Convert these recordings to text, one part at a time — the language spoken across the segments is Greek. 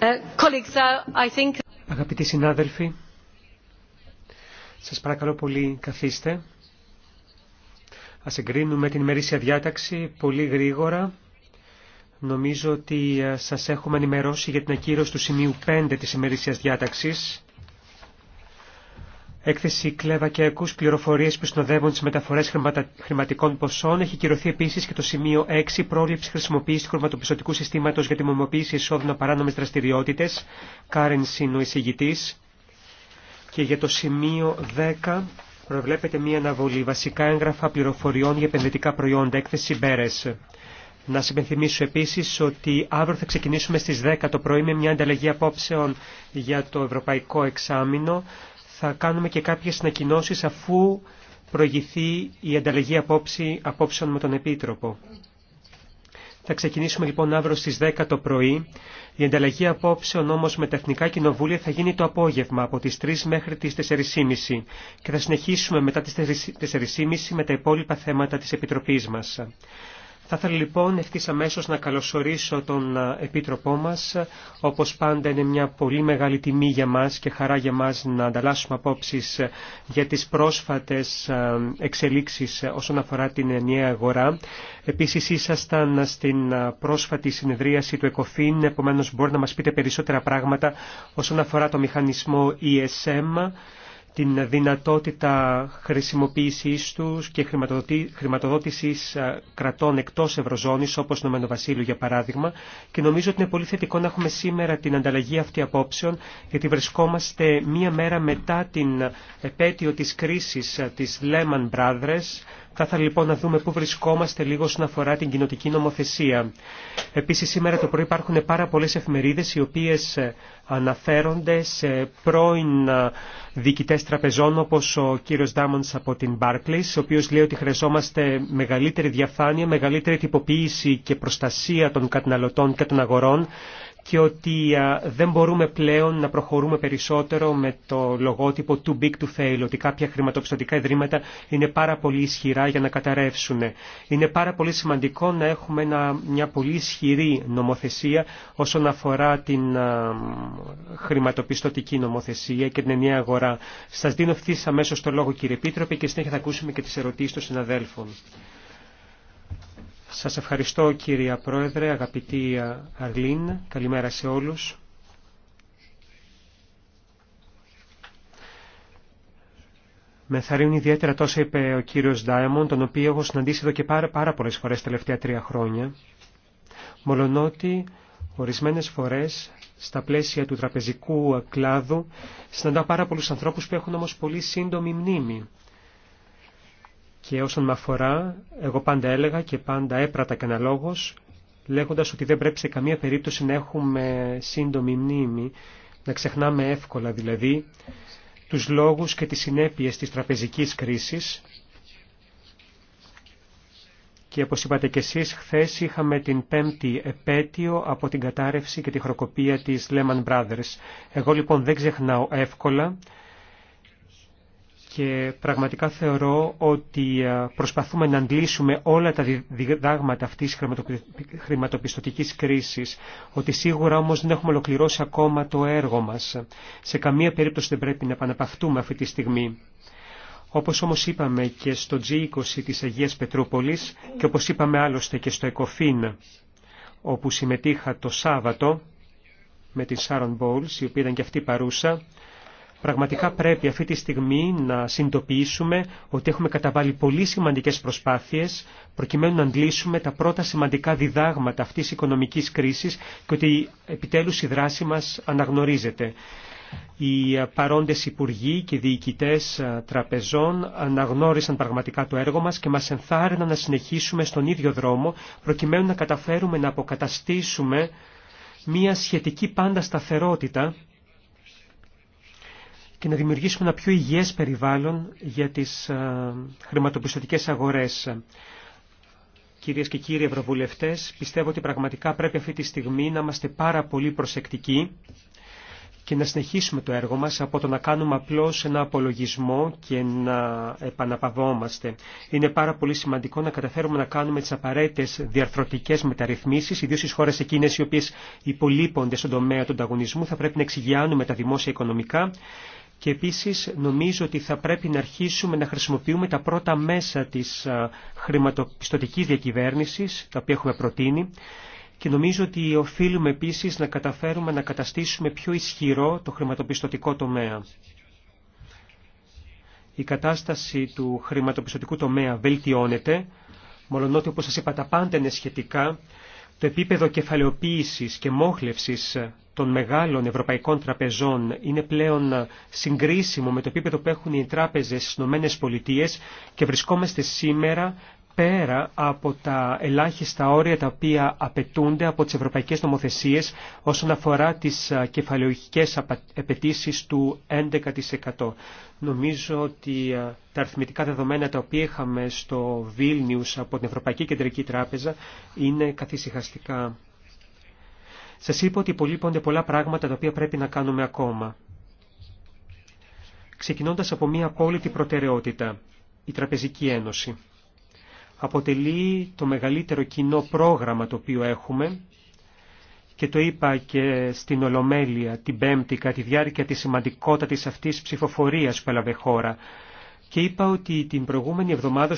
Ε, uh, Αγαπητοί συνάδελφοι, σας παρακαλώ πολύ καθίστε. Ας εγκρίνουμε την ημερήσια διάταξη πολύ γρήγορα. Νομίζω ότι ε, σας έχουμε ενημερώσει για την ακύρωση του σημείου 5 της ημερήσιας διάταξης. Έκθεση κλέβα και ακούς πληροφορίες που συνοδεύουν τις μεταφορές χρηματικών ποσών. Έχει κυρωθεί επίσης και το σημείο 6, πρόληψη χρησιμοποίηση του χρηματοπιστωτικού συστήματος για τη μομοποίηση εισόδων παράνομες δραστηριότητες. Κάρεν είναι ο εισηγητής. Και για το σημείο 10 προβλέπεται μία αναβολή βασικά έγγραφα πληροφοριών για επενδυτικά προϊόντα. Έκθεση Μπέρες. Να συμπενθυμίσω επίση ότι αύριο θα ξεκινήσουμε στι 10 το πρωί με μια ανταλλαγή απόψεων για το Ευρωπαϊκό Εξάμεινο θα κάνουμε και κάποιες ανακοινώσει αφού προηγηθεί η ανταλλαγή απόψη, απόψεων με τον Επίτροπο. Θα ξεκινήσουμε λοιπόν αύριο στις 10 το πρωί. Η ανταλλαγή απόψεων όμως με τα Εθνικά Κοινοβούλια θα γίνει το απόγευμα από τις 3 μέχρι τις 4.30 και θα συνεχίσουμε μετά τις 4.30 με τα υπόλοιπα θέματα της Επιτροπής μας. Θα ήθελα λοιπόν ευθύ αμέσω να καλωσορίσω τον Επίτροπό μας. Όπως πάντα είναι μια πολύ μεγάλη τιμή για μας και χαρά για μας να ανταλλάσσουμε απόψει ε, για τις πρόσφατες εξελίξεις ε, όσον αφορά την ενιαία αγορά. Επίση ήσασταν στην πρόσφατη συνεδρίαση του ΕΚΟΦΗΝ, επομένω μπορεί να μα πείτε περισσότερα πράγματα όσον αφορά το μηχανισμό ESM την δυνατότητα χρησιμοποίησής τους και χρηματοδότησης ε, κρατών εκτός Ευρωζώνης, όπως Νομένο Βασίλειο για παράδειγμα, και νομίζω ότι είναι πολύ θετικό να έχουμε σήμερα την ανταλλαγή αυτή απόψεων, γιατί βρισκόμαστε μία μέρα μετά την επέτειο της κρίσης ε, της Lehman Brothers, θα ήθελα λοιπόν να δούμε πού βρισκόμαστε λίγο όσον αφορά την κοινοτική νομοθεσία. Επίση, σήμερα το πρωί υπάρχουν πάρα πολλέ εφημερίδε οι οποίε ε, αναφέρονται σε πρώην ε, διοικητέ τραπεζών όπω ο κύριο Ντάμον από την Barclays, ο οποίο λέει ότι χρειαζόμαστε μεγαλύτερη διαφάνεια, μεγαλύτερη τυποποίηση και προστασία των καταναλωτών και των αγορών και ότι δεν μπορούμε πλέον να προχωρούμε περισσότερο με το λογότυπο too big to fail, ότι κάποια χρηματοπιστωτικά ιδρύματα είναι πάρα πολύ ισχυρά για να καταρρεύσουν. Είναι πάρα πολύ σημαντικό να έχουμε μια πολύ ισχυρή νομοθεσία όσον αφορά την χρηματοπιστωτική νομοθεσία και την ενιαία αγορά. Σας δίνω ευθύ αμέσω το λόγο κύριε Πίτροπε και συνέχεια θα ακούσουμε και τις ερωτήσεις των συναδέλφων. Σας ευχαριστώ κύριε Πρόεδρε, αγαπητή ε, Αρλίν. Καλημέρα σε όλους. Με θαρρύνουν ιδιαίτερα τόσο είπε ο κύριος Ντάιμον, τον οποίο έχω συναντήσει εδώ και πάρα, πάρα πολλές φορές τα τελευταία τρία χρόνια. Μολονότι ορισμένες φορές στα πλαίσια του τραπεζικού κλάδου συναντάω πάρα πολλούς ανθρώπους που έχουν όμως πολύ σύντομη μνήμη. Και όσον με αφορά, εγώ πάντα έλεγα και πάντα έπρατα κανένα λόγος, λέγοντας ότι δεν πρέπει σε καμία περίπτωση να έχουμε σύντομη μνήμη, να ξεχνάμε εύκολα δηλαδή τους λόγους και τις συνέπειες της τραπεζικής κρίσης. Και όπως είπατε και εσείς, χθες είχαμε την πέμπτη επέτειο από την κατάρρευση και τη χροκοπία της Lehman Brothers. Εγώ λοιπόν δεν ξεχνάω εύκολα και πραγματικά θεωρώ ότι ε, προσπαθούμε να αντλήσουμε όλα τα διδάγματα αυτής της χρηματοπιστωτικής κρίσης, ότι σίγουρα όμως δεν έχουμε ολοκληρώσει ακόμα το έργο μας. Σε καμία περίπτωση δεν πρέπει να επαναπαυτούμε αυτή τη στιγμή. Όπως όμως είπαμε και στο G20 της Αγίας Πετρούπολης και όπως είπαμε άλλωστε και στο ΕΚΟΦΗΝ, όπου συμμετείχα το Σάββατο με την Σάρον Bowles η οποία ήταν και αυτή παρούσα, Πραγματικά πρέπει αυτή τη στιγμή να συνειδητοποιήσουμε ότι έχουμε καταβάλει πολύ σημαντικές προσπάθειες προκειμένου να αντλήσουμε τα πρώτα σημαντικά διδάγματα αυτής της οικονομικής κρίσης και ότι επιτέλους η δράση μας αναγνωρίζεται. Οι παρόντες υπουργοί και διοικητές τραπεζών αναγνώρισαν πραγματικά το έργο μας και μας ενθάρρυναν να συνεχίσουμε στον ίδιο δρόμο προκειμένου να καταφέρουμε να αποκαταστήσουμε μια σχετική πάντα σταθερότητα και να δημιουργήσουμε ένα πιο υγιές περιβάλλον για τις ε, χρηματοπιστωτικές αγορές. Κυρίες και κύριοι Ευρωβουλευτές, πιστεύω ότι πραγματικά πρέπει αυτή τη στιγμή να είμαστε πάρα πολύ προσεκτικοί και να συνεχίσουμε το έργο μας από το να κάνουμε απλώς ένα απολογισμό και να επαναπαυόμαστε. Είναι πάρα πολύ σημαντικό να καταφέρουμε να κάνουμε τις απαραίτητες διαρθρωτικές μεταρρυθμίσεις, ιδίως στις χώρες εκείνες οι οποίες υπολείπονται στον τομέα του ανταγωνισμού. Θα πρέπει να εξηγιάνουμε τα δημόσια οικονομικά και επίσης νομίζω ότι θα πρέπει να αρχίσουμε να χρησιμοποιούμε τα πρώτα μέσα της ε, χρηματοπιστωτικής διακυβέρνησης, τα οποία έχουμε προτείνει, και νομίζω ότι οφείλουμε επίσης να καταφέρουμε να καταστήσουμε πιο ισχυρό το χρηματοπιστωτικό τομέα. Η κατάσταση του χρηματοπιστωτικού τομέα βελτιώνεται, μόλον ότι όπως σας είπα τα πάντα είναι σχετικά το επίπεδο κεφαλαιοποίησης και μόχλευσης των μεγάλων ευρωπαϊκών τραπεζών είναι πλέον συγκρίσιμο με το επίπεδο που έχουν οι τράπεζες στις ΗΠΑ και βρισκόμαστε σήμερα πέρα από τα ελάχιστα όρια τα οποία απαιτούνται από τις ευρωπαϊκές νομοθεσίες όσον αφορά τις κεφαλαιοχικές απαιτήσει του 11%. Νομίζω ότι τα αριθμητικά δεδομένα τα οποία είχαμε στο Βίλνιους από την Ευρωπαϊκή Κεντρική Τράπεζα είναι καθησυχαστικά. Σας είπα ότι υπολείπονται πολλά πράγματα τα οποία πρέπει να κάνουμε ακόμα. Ξεκινώντας από μια απόλυτη προτεραιότητα, η Τραπεζική Ένωση αποτελεί το μεγαλύτερο κοινό πρόγραμμα το οποίο έχουμε και το είπα και στην Ολομέλεια την Πέμπτη κατά τη διάρκεια της σημαντικότατης αυτής ψηφοφορίας που έλαβε χώρα. Και είπα ότι την προηγούμενη εβδομάδα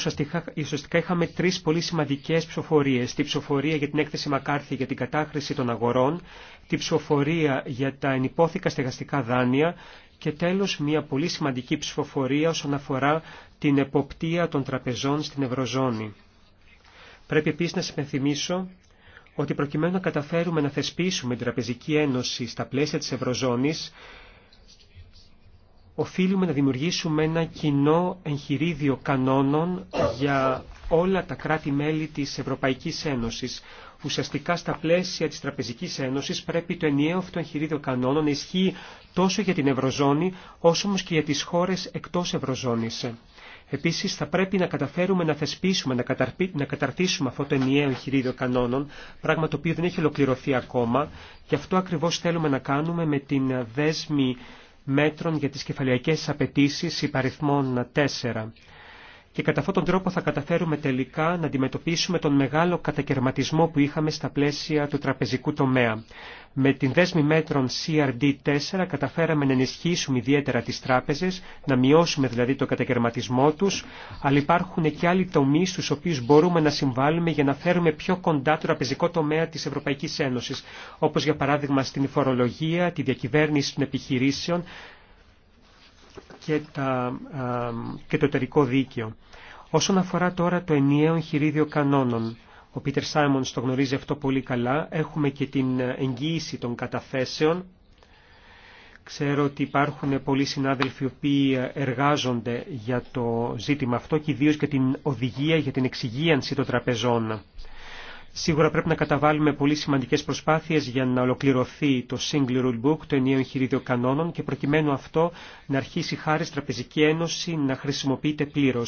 ουσιαστικά είχαμε τρεις πολύ σημαντικές ψηφοφορίες. Τη ψηφοφορία για την έκθεση Μακάρθη για την κατάχρηση των αγορών, τη ψηφοφορία για τα ενυπόθηκα στεγαστικά δάνεια και τέλος μια πολύ σημαντική ψηφοφορία όσον αφορά την εποπτεία των τραπεζών στην Ευρωζώνη. Πρέπει επίσης να σας ότι προκειμένου να καταφέρουμε να θεσπίσουμε την Τραπεζική Ένωση στα πλαίσια της Ευρωζώνης, οφείλουμε να δημιουργήσουμε ένα κοινό εγχειρίδιο κανόνων για όλα τα κράτη-μέλη της Ευρωπαϊκής Ένωσης. Ουσιαστικά στα πλαίσια της Τραπεζικής Ένωσης πρέπει το ενιαίο αυτό εγχειρίδιο κανόνων να ισχύει τόσο για την Ευρωζώνη όσο και για τις χώρες εκτός Ευρωζώνης. Επίσης θα πρέπει να καταφέρουμε να θεσπίσουμε, να, καταρπί, να καταρτήσουμε αυτό το ενιαίο εγχειρίδιο κανόνων, πράγμα το οποίο δεν έχει ολοκληρωθεί ακόμα. και αυτό ακριβώς θέλουμε να κάνουμε με την δέσμη μέτρων για τις κεφαλαιακές απαιτήσεις υπαριθμών 4 και κατά αυτόν τον τρόπο θα καταφέρουμε τελικά να αντιμετωπίσουμε τον μεγάλο κατακαιρματισμό που είχαμε στα πλαίσια του τραπεζικού τομέα. Με την δέσμη μέτρων CRD4 καταφέραμε να ενισχύσουμε ιδιαίτερα τις τράπεζες, να μειώσουμε δηλαδή τον κατακαιρματισμό τους, αλλά υπάρχουν και άλλοι τομείς στους οποίους μπορούμε να συμβάλλουμε για να φέρουμε πιο κοντά το τραπεζικό τομέα της Ευρωπαϊκής Ένωσης, όπως για παράδειγμα στην φορολογία, τη διακυβέρνηση των επιχειρήσεων, και, το εταιρικό δίκαιο. Όσον αφορά τώρα το ενιαίο εγχειρίδιο κανόνων, ο Πίτερ Σάιμον το γνωρίζει αυτό πολύ καλά, έχουμε και την εγγύηση των καταθέσεων. Ξέρω ότι υπάρχουν πολλοί συνάδελφοι οι οποίοι εργάζονται για το ζήτημα αυτό και ιδίω για την οδηγία για την εξυγίανση των τραπεζών. Σίγουρα πρέπει να καταβάλουμε πολύ σημαντικέ προσπάθειε για να ολοκληρωθεί το Single Rule Book, το ενίο εγχειρίδιο κανόνων και προκειμένου αυτό να αρχίσει χάρη Τραπεζική Ένωση να χρησιμοποιείται πλήρω.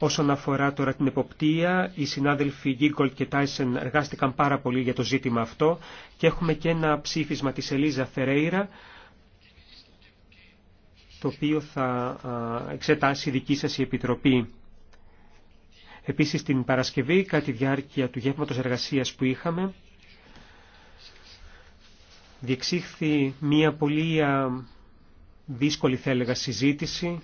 Όσον αφορά τώρα την εποπτεία, οι συνάδελφοι Γκίγκολτ και Τάισεν εργάστηκαν πάρα πολύ για το ζήτημα αυτό και έχουμε και ένα ψήφισμα της Ελίζα Φερέιρα το οποίο θα εξετάσει η δική σας η Επιτροπή. Επίσης την Παρασκευή, κατά τη διάρκεια του γεύματος εργασίας που είχαμε, διεξήχθη μια πολύ δύσκολη θα έλεγα συζήτηση,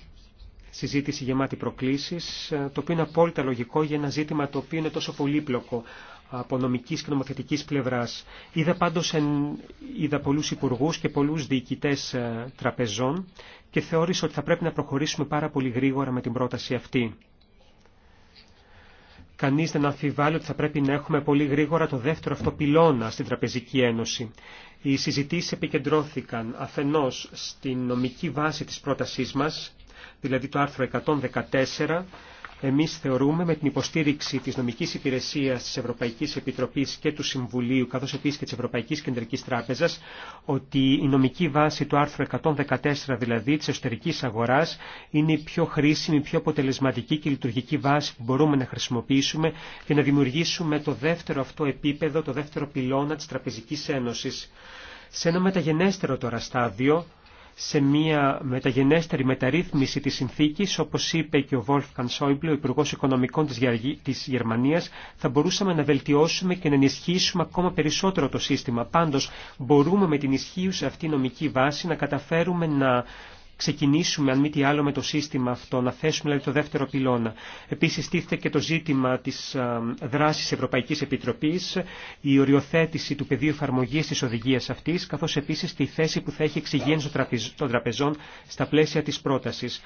συζήτηση γεμάτη προκλήσεις, το οποίο είναι απόλυτα λογικό για ένα ζήτημα το οποίο είναι τόσο πολύπλοκο από νομικής και νομοθετικής πλευράς. Είδα πάντως εν, είδα πολλούς υπουργούς και πολλούς διοικητές τραπεζών και θεώρησα ότι θα πρέπει να προχωρήσουμε πάρα πολύ γρήγορα με την πρόταση αυτή κανείς δεν αμφιβάλλει ότι θα πρέπει να έχουμε πολύ γρήγορα το δεύτερο αυτό πυλώνα στην Τραπεζική Ένωση. Οι συζητήσεις επικεντρώθηκαν αφενός στην νομική βάση της πρότασής μας, δηλαδή το άρθρο 114, εμείς θεωρούμε με την υποστήριξη της νομικής υπηρεσίας της Ευρωπαϊκής Επιτροπής και του Συμβουλίου, καθώς επίσης και της Ευρωπαϊκής Κεντρικής Τράπεζας, ότι η νομική βάση του άρθρου 114, δηλαδή της εσωτερική αγοράς, είναι η πιο χρήσιμη, η πιο αποτελεσματική και λειτουργική βάση που μπορούμε να χρησιμοποιήσουμε για να δημιουργήσουμε το δεύτερο αυτό επίπεδο, το δεύτερο πυλώνα της Τραπεζικής Ένωσης. Σε ένα μεταγενέστερο τώρα στάδιο, σε μια μεταγενέστερη μεταρρύθμιση της συνθήκης, όπως είπε και ο Βόλφκαν Σόιμπλε, ο Υπουργός Οικονομικών της Γερμανίας, θα μπορούσαμε να βελτιώσουμε και να ενισχύσουμε ακόμα περισσότερο το σύστημα. Πάντως, μπορούμε με την ισχύουσα αυτή νομική βάση να καταφέρουμε να ξεκινήσουμε αν μη τι άλλο με το σύστημα αυτό, να θέσουμε δηλαδή, το δεύτερο πυλώνα. Επίσης στήθηκε και το ζήτημα της δράσης Ευρωπαϊκής Επιτροπής, η οριοθέτηση του πεδίου εφαρμογή της οδηγίας αυτής, καθώς επίσης τη θέση που θα έχει εξηγήνωση των τραπεζών στα πλαίσια της πρότασης.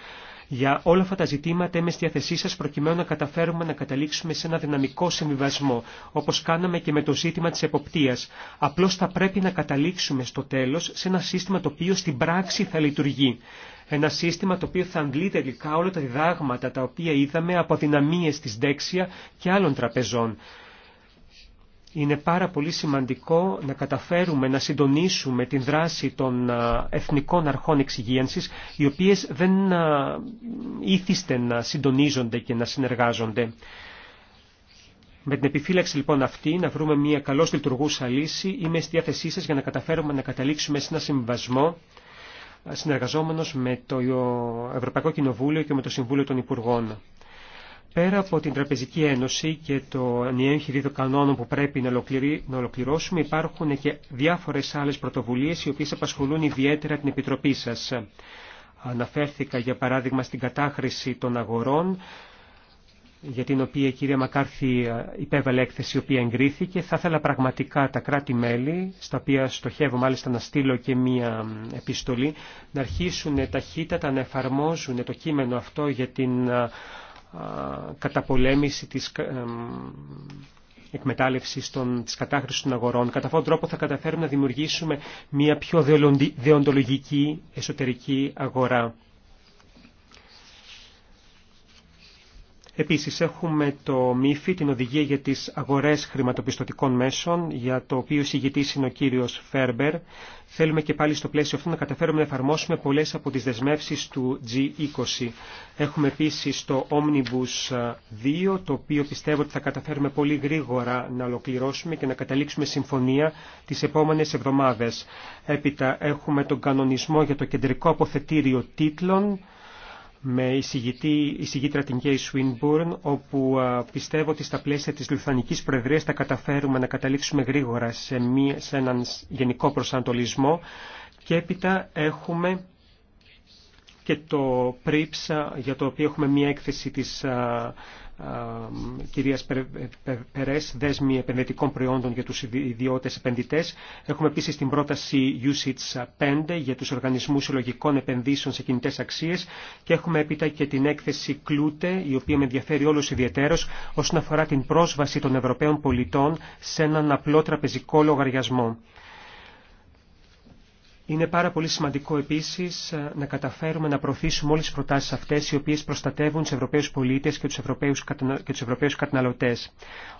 Για όλα αυτά τα ζητήματα είμαι στη διάθεσή σα προκειμένου να καταφέρουμε να καταλήξουμε σε ένα δυναμικό συμβιβασμό, όπω κάναμε και με το ζήτημα τη εποπτεία. Απλώ θα πρέπει να καταλήξουμε στο τέλο σε ένα σύστημα το οποίο στην πράξη θα λειτουργεί. Ένα σύστημα το οποίο θα αντλεί τελικά όλα τα διδάγματα τα οποία είδαμε από δυναμίε τη Δέξια και άλλων τραπεζών είναι πάρα πολύ σημαντικό να καταφέρουμε να συντονίσουμε την δράση των εθνικών αρχών εξυγίανσης, οι οποίες δεν ήθιστε να συντονίζονται και να συνεργάζονται. Με την επιφύλαξη λοιπόν αυτή να βρούμε μια καλώς λειτουργούσα λύση, είμαι στη διάθεσή σας για να καταφέρουμε να καταλήξουμε σε ένα συμβασμό συνεργαζόμενος με το Ευρωπαϊκό Κοινοβούλιο και με το Συμβούλιο των Υπουργών. Πέρα από την Τραπεζική Ένωση και το ενιαίο κανόνων που πρέπει να ολοκληρώσουμε, υπάρχουν και διάφορε άλλε πρωτοβουλίε, οι οποίε απασχολούν ιδιαίτερα την Επιτροπή σα. Αναφέρθηκα για παράδειγμα στην κατάχρηση των αγορών, για την οποία η κυρία Μακάρθη ε, υπέβαλε έκθεση η οποία εγκρίθηκε. Θα ήθελα πραγματικά τα κράτη-μέλη, στα οποία στοχεύω μάλιστα να στείλω και μία επιστολή, να αρχίσουν ταχύτατα να εφαρμόζουν το κείμενο αυτό για την ε, καταπολέμηση της εκμετάλλευσης των, της κατάχρησης των αγορών. Κατά αυτόν τον τρόπο θα καταφέρουμε να δημιουργήσουμε μια πιο δεοντολογική εσωτερική αγορά. Επίσης έχουμε το ΜΥΦΙ, την οδηγία για τις αγορές χρηματοπιστωτικών μέσων, για το οποίο συγητής είναι ο κύριος Φέρμπερ. Θέλουμε και πάλι στο πλαίσιο αυτό να καταφέρουμε να εφαρμόσουμε πολλές από τις δεσμεύσεις του G20. Έχουμε επίσης το Omnibus 2, το οποίο πιστεύω ότι θα καταφέρουμε πολύ γρήγορα να ολοκληρώσουμε και να καταλήξουμε συμφωνία τις επόμενες εβδομάδες. Έπειτα έχουμε τον κανονισμό για το κεντρικό αποθετήριο τίτλων, με εισηγητή, εισηγήτρα την Κέι Σουίνμπουρν, όπου πιστεύω ότι στα πλαίσια της Λουθανικής Προεδρίας θα καταφέρουμε να καταλήξουμε γρήγορα σε, σε έναν γενικό προσανατολισμό και έπειτα έχουμε και το πρίψα για το οποίο έχουμε μία έκθεση της ε, κυρίας Περές, δέσμη επενδυτικών προϊόντων για τους ιδιώτες επενδυτές. Έχουμε επίσης την πρόταση USITS 5 για τους οργανισμούς συλλογικών επενδύσεων σε κινητές αξίες και έχουμε έπειτα και την έκθεση Κλούτε, η οποία με ενδιαφέρει όλους ιδιαίτερος όσον αφορά την πρόσβαση των Ευρωπαίων πολιτών σε έναν απλό τραπεζικό λογαριασμό. Είναι πάρα πολύ σημαντικό επίση ε, να καταφέρουμε να προωθήσουμε όλε τι προτάσει αυτέ οι οποίε προστατεύουν του Ευρωπαίου πολίτε και του Ευρωπαίου κατανα... καταναλωτέ.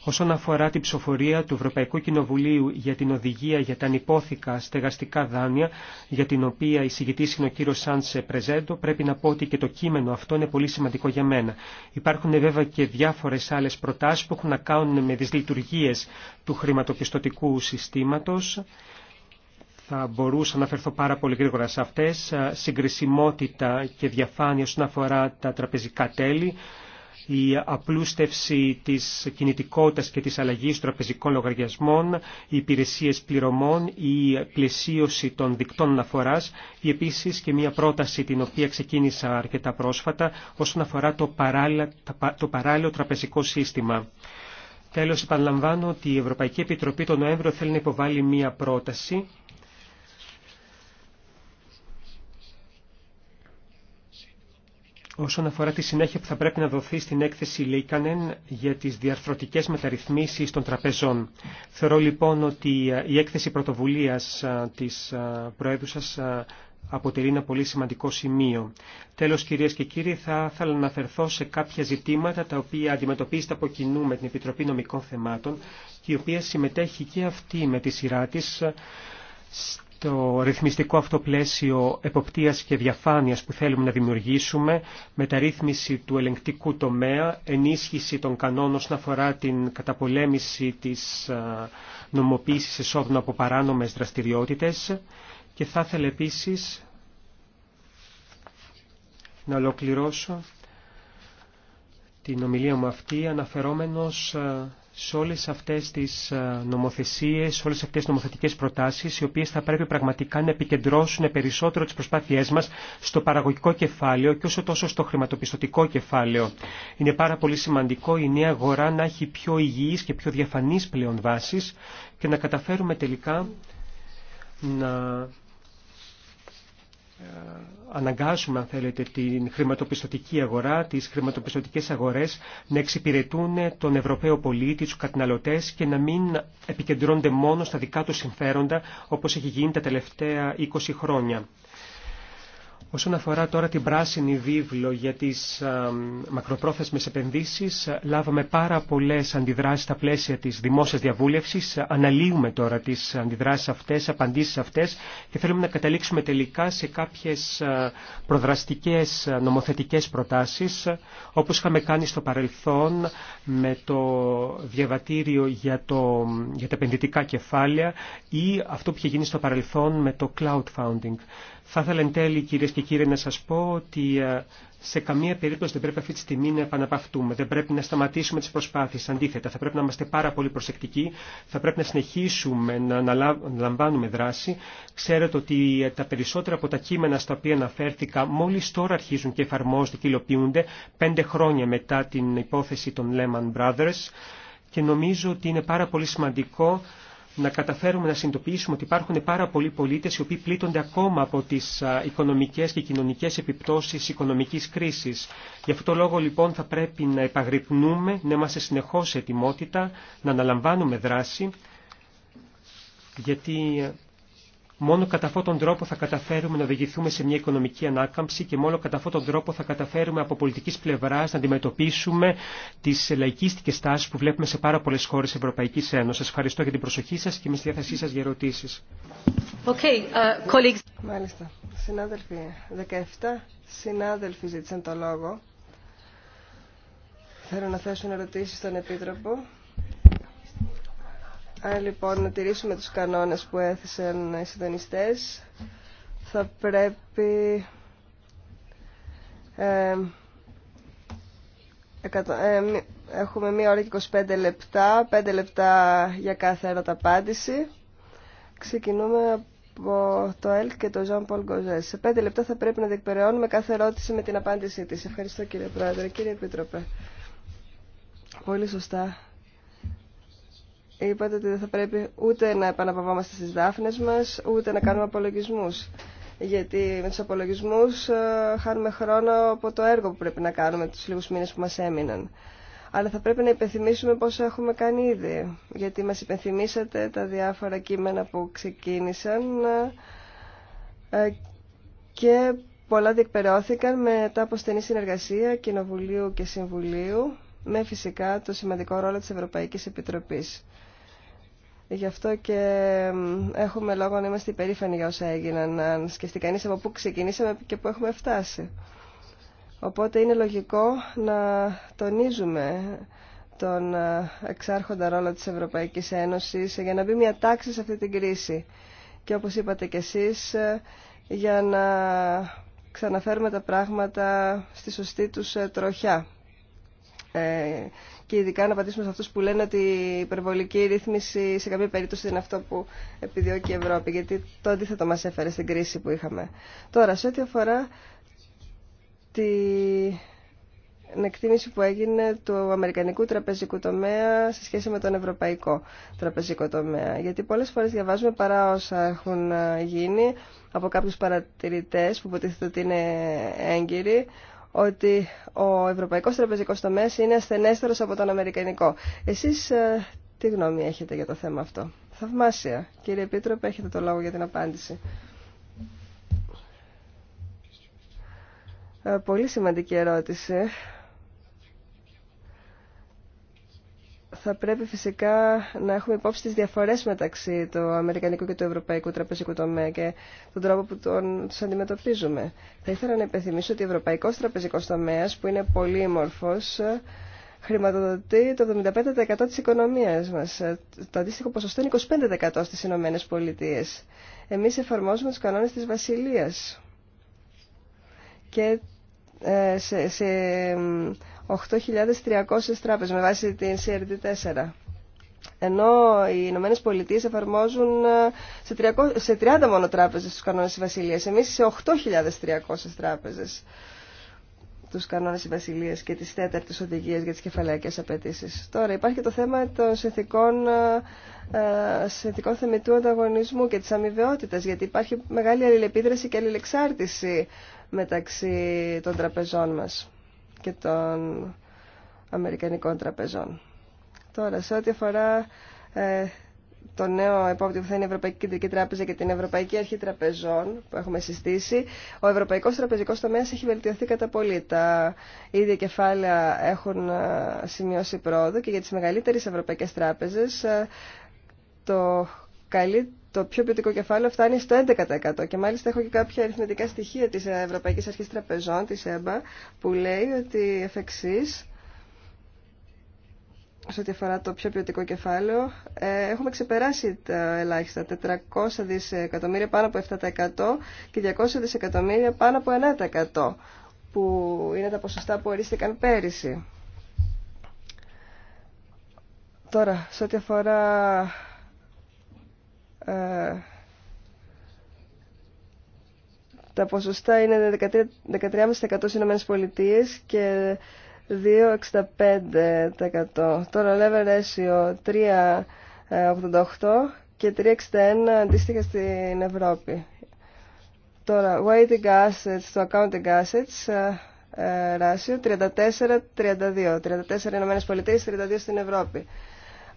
Όσον αφορά την ψηφοφορία του Ευρωπαϊκού Κοινοβουλίου για την οδηγία για τα ανυπόθηκα στεγαστικά δάνεια, για την οποία η είναι ο κύριο Σάντσε Πρεζέντο, πρέπει να πω ότι και το κείμενο αυτό είναι πολύ σημαντικό για μένα. Υπάρχουν βέβαια και διάφορε άλλε προτάσει που έχουν να κάνουν με τι λειτουργίε του χρηματοπιστωτικού συστήματο θα μπορούσα να αφαιρθώ πάρα πολύ γρήγορα σε αυτές. Συγκρισιμότητα και διαφάνεια όσον αφορά τα τραπεζικά τέλη, η απλούστευση της κινητικότητας και της αλλαγής τραπεζικών λογαριασμών, οι υπηρεσίες πληρωμών, η πλαισίωση των δικτών αναφοράς ή επίσης και μια πρόταση την οποία ξεκίνησα αρκετά πρόσφατα όσον αφορά το παράλληλο, το παράλληλο τραπεζικό σύστημα. Τέλος, επαναλαμβάνω ότι η Ευρωπαϊκή Επιτροπή τον Νοέμβριο θέλει να υποβάλει μία πρόταση Όσον αφορά τη συνέχεια που θα πρέπει να δοθεί στην έκθεση Λίκανεν για τις διαρθρωτικές μεταρρυθμίσεις των τραπεζών. Θεωρώ λοιπόν ότι ε, η έκθεση πρωτοβουλίας ε, της ε, Προέδρου σας αποτελεί ένα πολύ σημαντικό σημείο. Τέλος κυρίες και κύριοι θα ήθελα να αναφερθώ σε κάποια ζητήματα τα οποία αντιμετωπίζεται από κοινού με την Επιτροπή Νομικών Θεμάτων και η οποία συμμετέχει και αυτή με τη σειρά της το ρυθμιστικό αυτό πλαίσιο εποπτείας και διαφάνειας που θέλουμε να δημιουργήσουμε, μεταρρύθμιση του ελεγκτικού τομέα, ενίσχυση των κανόνων όσον αφορά την καταπολέμηση της ε, νομοποίησης εσόδων από παράνομες δραστηριότητες και θα ήθελα επίσης να ολοκληρώσω την ομιλία μου αυτή αναφερόμενος ε, σε όλες αυτές τις ε, νομοθεσίες, σε όλες αυτές τις νομοθετικές προτάσεις, οι οποίες θα πρέπει πραγματικά να επικεντρώσουν περισσότερο τις προσπάθειές μας στο παραγωγικό κεφάλαιο και όσο τόσο στο χρηματοπιστωτικό κεφάλαιο. Είναι πάρα πολύ σημαντικό η νέα αγορά να έχει πιο υγιείς και πιο διαφανείς πλέον βάσεις και να καταφέρουμε τελικά να ε, αναγκάσουμε, αν θέλετε, την χρηματοπιστωτική αγορά, τις χρηματοπιστωτικές αγορές να εξυπηρετούν τον Ευρωπαίο πολίτη, τους καταναλωτές και να μην επικεντρώνονται μόνο στα δικά τους συμφέροντα, όπως έχει γίνει τα τελευταία 20 χρόνια. Όσον αφορά τώρα την πράσινη βίβλο για τις ε, μακροπρόθεσμες επενδύσεις, ε, λάβαμε πάρα πολλές αντιδράσεις στα πλαίσια της δημόσιας διαβούλευσης. Ε, αναλύουμε τώρα τις αντιδράσεις αυτές, απαντήσεις αυτές και θέλουμε να καταλήξουμε τελικά σε κάποιες προδραστικές νομοθετικές προτάσεις, όπως είχαμε κάνει στο παρελθόν με το διαβατήριο για, το, για τα επενδυτικά κεφάλαια ή αυτό που είχε γίνει στο παρελθόν με το cloud founding. Θα ήθελα εν τέλει κυρίες και κύριοι να σας πω ότι ε, σε καμία περίπτωση δεν πρέπει αυτή τη στιγμή να επαναπαυτούμε, δεν πρέπει να σταματήσουμε τις προσπάθειες. Αντίθετα, θα πρέπει να είμαστε πάρα πολύ προσεκτικοί, θα πρέπει να συνεχίσουμε να λαμβάνουμε δράση. Ξέρετε ότι ε, τα περισσότερα από τα κείμενα στα οποία αναφέρθηκα μόλις τώρα αρχίζουν και εφαρμόζονται και υλοποιούνται, πέντε χρόνια μετά την υπόθεση των Lehman Brothers και νομίζω ότι είναι πάρα πολύ σημαντικό να καταφέρουμε να συνειδητοποιήσουμε ότι υπάρχουν πάρα πολλοί πολίτες οι οποίοι πλήττονται ακόμα από τις οικονομικές και κοινωνικές επιπτώσεις οικονομικής κρίσης. Γι' αυτό λόγο λοιπόν θα πρέπει να επαγρυπνούμε, να είμαστε συνεχώς σε ετοιμότητα, να αναλαμβάνουμε δράση, γιατί Μόνο κατά αυτόν τον τρόπο θα καταφέρουμε να οδηγηθούμε σε μια οικονομική ανάκαμψη και μόνο κατά αυτόν τον τρόπο θα καταφέρουμε από πολιτική πλευρά να αντιμετωπίσουμε τι λαϊκίστικε τάσει που βλέπουμε σε πάρα πολλέ χώρε Ευρωπαϊκή Ένωση. Ευχαριστώ για την προσοχή σα και είμαι στη διάθεσή σα για ερωτήσει. Okay, uh, Μάλιστα. Συνάδελφοι, 17 συνάδελφοι ζήτησαν το λόγο. Θέλω να θέσουν ερωτήσεις στον Επίτροπο. Αν λοιπόν να τηρήσουμε τους κανόνες που έθεσαν οι συντονιστές, θα πρέπει έχουμε μία ώρα και 25 λεπτά, 5 λεπτά για κάθε έρωτα απάντηση. Ξεκινούμε από το ΕΛΚ και το Ζαν Πολ Σε 5 λεπτά θα πρέπει να διεκπαιρεώνουμε κάθε ερώτηση με την απάντησή της. Ευχαριστώ κύριε Πρόεδρε, κύριε Επίτροπε. Πολύ σωστά είπατε ότι δεν θα πρέπει ούτε να επαναπαυόμαστε στις δάφνες μας, ούτε να κάνουμε απολογισμούς. Γιατί με τους απολογισμούς ε, χάνουμε χρόνο από το έργο που πρέπει να κάνουμε τους λίγους μήνες που μας έμειναν. Αλλά θα πρέπει να υπενθυμίσουμε πόσα έχουμε κάνει ήδη. Γιατί μας υπενθυμίσατε τα διάφορα κείμενα που ξεκίνησαν ε, και πολλά διεκπαιρεώθηκαν μετά από στενή συνεργασία Κοινοβουλίου και Συμβουλίου με φυσικά το σημαντικό ρόλο της Ευρωπαϊκής Επιτροπής. Γι' αυτό και έχουμε λόγο να είμαστε υπερήφανοι για όσα έγιναν, αν σκεφτεί κανείς από πού ξεκινήσαμε και πού έχουμε φτάσει. Οπότε είναι λογικό να τονίζουμε τον ε, εξάρχοντα ρόλο της Ευρωπαϊκής Ένωσης για να μπει μια τάξη σε αυτή την κρίση. Και όπως είπατε κι εσείς, ε, για να ξαναφέρουμε τα πράγματα στη σωστή τους ε, τροχιά και ειδικά να απαντήσουμε σε αυτούς που λένε ότι η υπερβολική ρύθμιση σε κάποια περίπτωση είναι αυτό που επιδιώκει η Ευρώπη, γιατί το αντίθετο μας έφερε στην κρίση που είχαμε. Τώρα, σε ό,τι αφορά την εκτίμηση που έγινε του αμερικανικού τραπεζικού τομέα σε σχέση με τον ευρωπαϊκό τραπεζικό τομέα. Γιατί πολλές φορές διαβάζουμε παρά όσα έχουν ε, γίνει από κάποιου παρατηρητές που υποτίθεται ότι είναι έγκυροι, ότι ο ευρωπαϊκός τραπεζικός τομέας είναι ασθενέστερος από τον αμερικανικό. Εσείς ε, τι γνώμη έχετε για το θέμα αυτό. Θαυμάσια. Κύριε Επίτροπε, έχετε το λόγο για την απάντηση. Ε, πολύ σημαντική ερώτηση θα πρέπει φυσικά να έχουμε υπόψη τις διαφορές μεταξύ του Αμερικανικού και του Ευρωπαϊκού τραπεζικού τομέα και τον τρόπο που τον, τους αντιμετωπίζουμε. Θα ήθελα να υπενθυμίσω ότι ο Ευρωπαϊκός τραπεζικός τομέας, που είναι πολύ μόρφος, χρηματοδοτεί το 75% της οικονομίας μας. Το αντίστοιχο ποσοστό είναι 25% στις Ηνωμένες Πολιτείες. Εμείς εφαρμόζουμε τους κανόνες της Βασιλείας. Και ε, σε 8.300 τράπεζες με βάση την CRD4. Ενώ οι Ηνωμένε Πολιτείε εφαρμόζουν ε, σε 30, μόνο τράπεζες του κανόνες της Βασιλείας. Εμείς σε 8.300 τράπεζες τους κανόνες της Βασιλείας και τις τέταρτες οδηγίες για τις κεφαλαϊκές απαιτήσεις. Τώρα υπάρχει το θέμα των συνθηκών, ε, ε, συνθηκών θεμητού ανταγωνισμού και της αμοιβαιότητας, γιατί υπάρχει μεγάλη αλληλεπίδραση και αλληλεξάρτηση μεταξύ των τραπεζών μας και των Αμερικανικών τραπεζών. Τώρα, σε ό,τι αφορά ε, το νέο επόπτη που θα είναι η Ευρωπαϊκή Κεντρική Τράπεζα και την Ευρωπαϊκή Αρχή Τραπεζών που έχουμε συστήσει, ο Ευρωπαϊκός Τραπεζικός τομέας έχει βελτιωθεί κατά πολύ. Τα ίδια κεφάλαια έχουν ε, σημειώσει πρόοδο και για τις μεγαλύτερες ευρωπαϊκές τράπεζες ε, το καλύτερο το πιο ποιοτικό κεφάλαιο φτάνει στο 11% και μάλιστα έχω και κάποια αριθμητικά στοιχεία της Ευρωπαϊκής Αρχής Τραπεζών, της ΕΜΠΑ, που λέει ότι εφ' εξής, σε ό,τι αφορά το πιο ποιοτικό κεφάλαιο, ε, έχουμε ξεπεράσει τα ελάχιστα 400 δισεκατομμύρια πάνω από 7% και 200 δισεκατομμύρια πάνω από 9% που είναι τα ποσοστά που ορίστηκαν πέρυσι. Τώρα, σε ό,τι αφορά ε, τα ποσοστά είναι 13,5% στι ΗΠΑ Πολιτείες και 2,65%. Τώρα level ratio 3,88% και 3,61 αντίστοιχα στην Ευρώπη. Τώρα, weighting assets, accounting assets, ε, ε, ratio 34-32. 34 Ηνωμένες Πολιτείες, 32 στην Ευρώπη.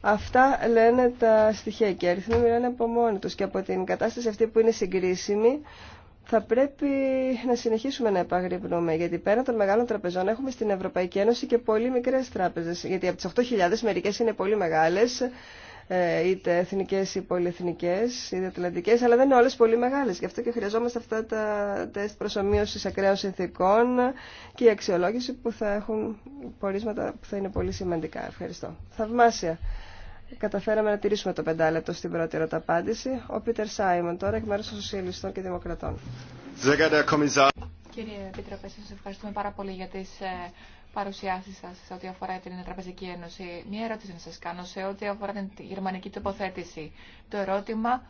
Αυτά λένε τα στοιχεία και οι αριθμοί μιλάνε από μόνοι τους και από την κατάσταση αυτή που είναι συγκρίσιμη θα πρέπει να συνεχίσουμε να επαγρυπνούμε γιατί πέρα των μεγάλων τραπεζών έχουμε στην Ευρωπαϊκή Ένωση και πολύ μικρές τράπεζες γιατί από τις 8.000 μερικές είναι πολύ μεγάλες ε, είτε εθνικές ή πολυεθνικές, είτε ατλαντικές, αλλά δεν είναι όλες πολύ μεγάλες. Γι' αυτό και χρειαζόμαστε αυτά τα τεστ προσωμείωσης ακραίων συνθήκων και η αξιολόγηση που θα έχουν πορίσματα που θα είναι πολύ σημαντικά. Ευχαριστώ. Θαυμάσια καταφέραμε να τηρήσουμε το πεντάλεπτο στην πρώτη ερώτα-απάντηση. Ο Πίτερ Σάιμον, τώρα εκ μέρου των Σοσιαλιστών και Δημοκρατών. Κύριε Επίτροπε, σα ευχαριστούμε πάρα πολύ για τι ε, παρουσιάσει σα σε ό,τι αφορά την Τραπεζική Ένωση. Μία ερώτηση να σα κάνω σε ό,τι αφορά την γερμανική τοποθέτηση. Το ερώτημα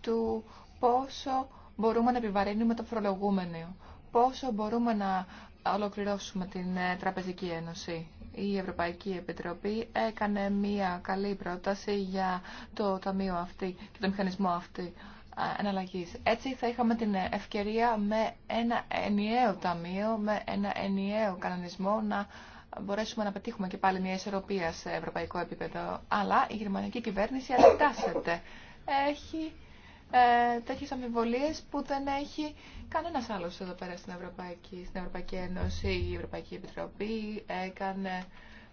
του πόσο μπορούμε να επιβαρύνουμε το φορολογούμενο, πόσο μπορούμε να ολοκληρώσουμε την ε, Τραπεζική Ένωση η Ευρωπαϊκή Επιτροπή έκανε μία καλή πρόταση για το ταμείο αυτή και το μηχανισμό αυτή ε, εναλλαγής. Έτσι θα είχαμε την ευκαιρία με ένα ενιαίο ταμείο, με ένα ενιαίο κανονισμό να μπορέσουμε να πετύχουμε και πάλι μια ισορροπία σε ευρωπαϊκό επίπεδο. Αλλά η γερμανική κυβέρνηση αντιτάσσεται. Έχει ε, τέτοιες αμφιβολίες που δεν έχει Κανένα άλλο εδώ πέρα στην Ευρωπαϊκή, στην Ευρωπαϊκή Ένωση, η Ευρωπαϊκή Επιτροπή έκανε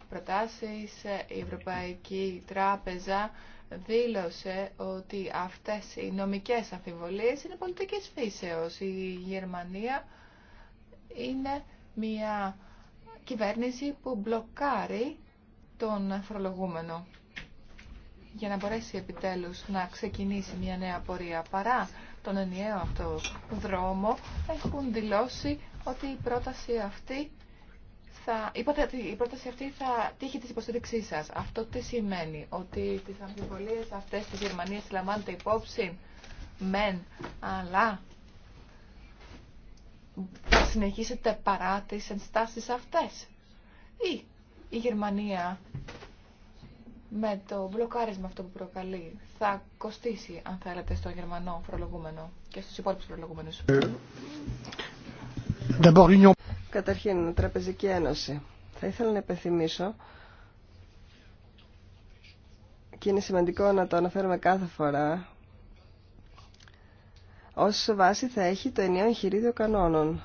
προτάσεις, η Ευρωπαϊκή Τράπεζα δήλωσε ότι αυτές οι νομικές αμφιβολίες είναι πολιτική φύσεως. Η Γερμανία είναι μια κυβέρνηση που μπλοκάρει τον φορολογούμενο για να μπορέσει επιτέλους να ξεκινήσει μια νέα πορεία παρά τον ενιαίο αυτό δρόμο έχουν δηλώσει ότι η πρόταση αυτή θα, η πρόταση αυτή θα τύχει τη υποστήριξή σα. Αυτό τι σημαίνει, ότι τι αμφιβολίε αυτέ τη Γερμανία λαμβάνετε υπόψη, μεν, αλλά θα συνεχίσετε παρά τι ενστάσει αυτέ. Ή η Γερμανία με το μπλοκάρισμα αυτό που προκαλεί θα κοστίσει, αν θέλετε, στο γερμανό φορολογούμενο και στους υπόλοιπους φορολογούμενους. Καταρχήν, Τραπεζική Ένωση. Θα ήθελα να υπενθυμίσω και είναι σημαντικό να το αναφέρουμε κάθε φορά όσο βάση θα έχει το ενιαίο εγχειρίδιο κανόνων.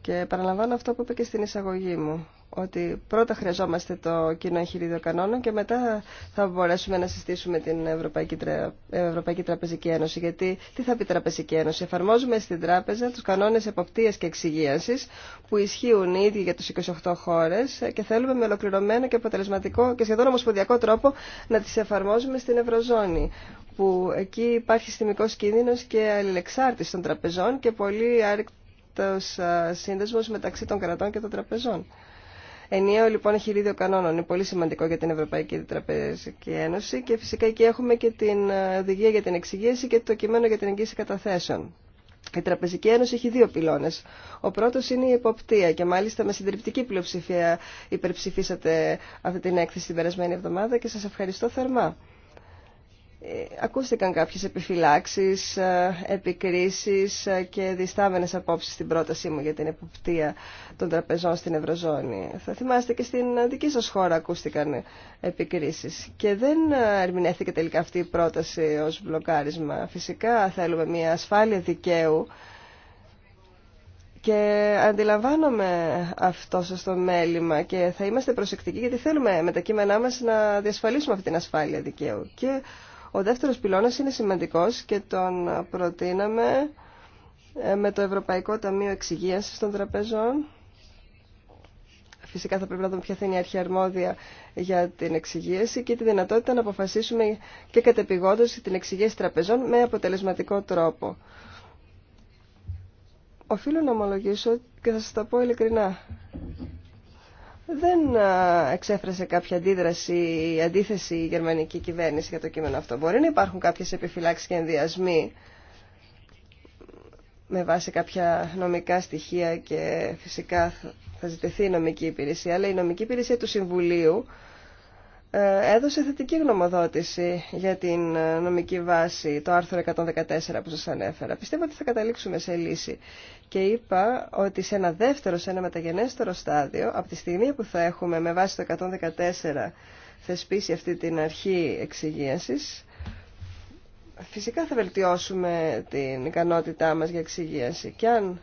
Και παραλαμβάνω αυτό που είπε και στην εισαγωγή μου ότι πρώτα χρειαζόμαστε το κοινό εγχειρίδιο κανόνων και μετά θα μπορέσουμε να συστήσουμε την Ευρωπαϊκή, Τρα... Ευρωπαϊκή Τραπεζική Ένωση. Γιατί τι θα πει η Τραπεζική Ένωση. Εφαρμόζουμε στην τράπεζα τους κανόνες εποπτείας και εξυγίανσης που ισχύουν ήδη για τους 28 χώρε και θέλουμε με ολοκληρωμένο και αποτελεσματικό και σχεδόν ομοσπονδιακό τρόπο να τις εφαρμόζουμε στην Ευρωζώνη που εκεί υπάρχει συστημικός κίνδυνος και αλληλεξάρτηση των τραπεζών και πολύ άρρηκτος σύνδεσμος μεταξύ των κρατών και των τραπεζών. Ενιαίο λοιπόν χειρίδιο κανόνων είναι πολύ σημαντικό για την Ευρωπαϊκή Τραπεζική Ένωση και φυσικά εκεί έχουμε και την ε, οδηγία για την εξηγήση και το κείμενο για την εγγύηση καταθέσεων. Η Τραπεζική Ένωση έχει δύο πυλώνε. Ο πρώτο είναι η υποπτία, και μάλιστα με συντριπτική πλειοψηφία υπερψηφίσατε αυτή την έκθεση την περασμένη εβδομάδα και σα ευχαριστώ θερμά. Ε, ακούστηκαν κάποιες επιφυλάξεις, ε, επικρίσεις ε, και διστάμενες απόψεις στην πρότασή μου για την εποπτεία των τραπεζών στην Ευρωζώνη. Θα θυμάστε και στην δική σας χώρα ακούστηκαν επικρίσεις και δεν ερμηνεύτηκε τελικά αυτή η πρόταση ως μπλοκάρισμα. Φυσικά θέλουμε μια ασφάλεια δικαίου και αντιλαμβάνομαι αυτό σας το μέλημα και θα είμαστε προσεκτικοί γιατί θέλουμε με τα κείμενά μας να διασφαλίσουμε αυτή την ασφάλεια δικαίου. Ο δεύτερος πυλώνας είναι σημαντικός και τον προτείναμε ε, με το Ευρωπαϊκό Ταμείο Εξυγίασης των Τραπεζών. Φυσικά θα πρέπει να δούμε ποια θα είναι η αρχή αρμόδια για την εξυγίαση και τη δυνατότητα να αποφασίσουμε και κατεπηγόντως την εξυγίαση τραπεζών με αποτελεσματικό τρόπο. Οφείλω να ομολογήσω και θα σας τα πω ειλικρινά δεν εξέφρασε κάποια αντίδραση ή αντίθεση η γερμανική κυβέρνηση για το κείμενο αυτό. Μπορεί να υπάρχουν κάποιες επιφυλάξεις και ενδιασμοί με βάση κάποια νομικά στοιχεία και φυσικά θα ζητηθεί η νομική υπηρεσία, αλλά η νομική υπηρεσία του Συμβουλίου ε, έδωσε θετική γνωμοδότηση για την ε, νομική βάση, το άρθρο 114 που σας ανέφερα. Πιστεύω ότι θα καταλήξουμε σε λύση. Και είπα ότι σε ένα δεύτερο, σε ένα μεταγενέστερο στάδιο, από τη στιγμή που θα έχουμε με βάση το 114 θεσπίσει αυτή την αρχή εξυγίασης, φυσικά θα βελτιώσουμε την ικανότητά μας για εξυγίαση. Και αν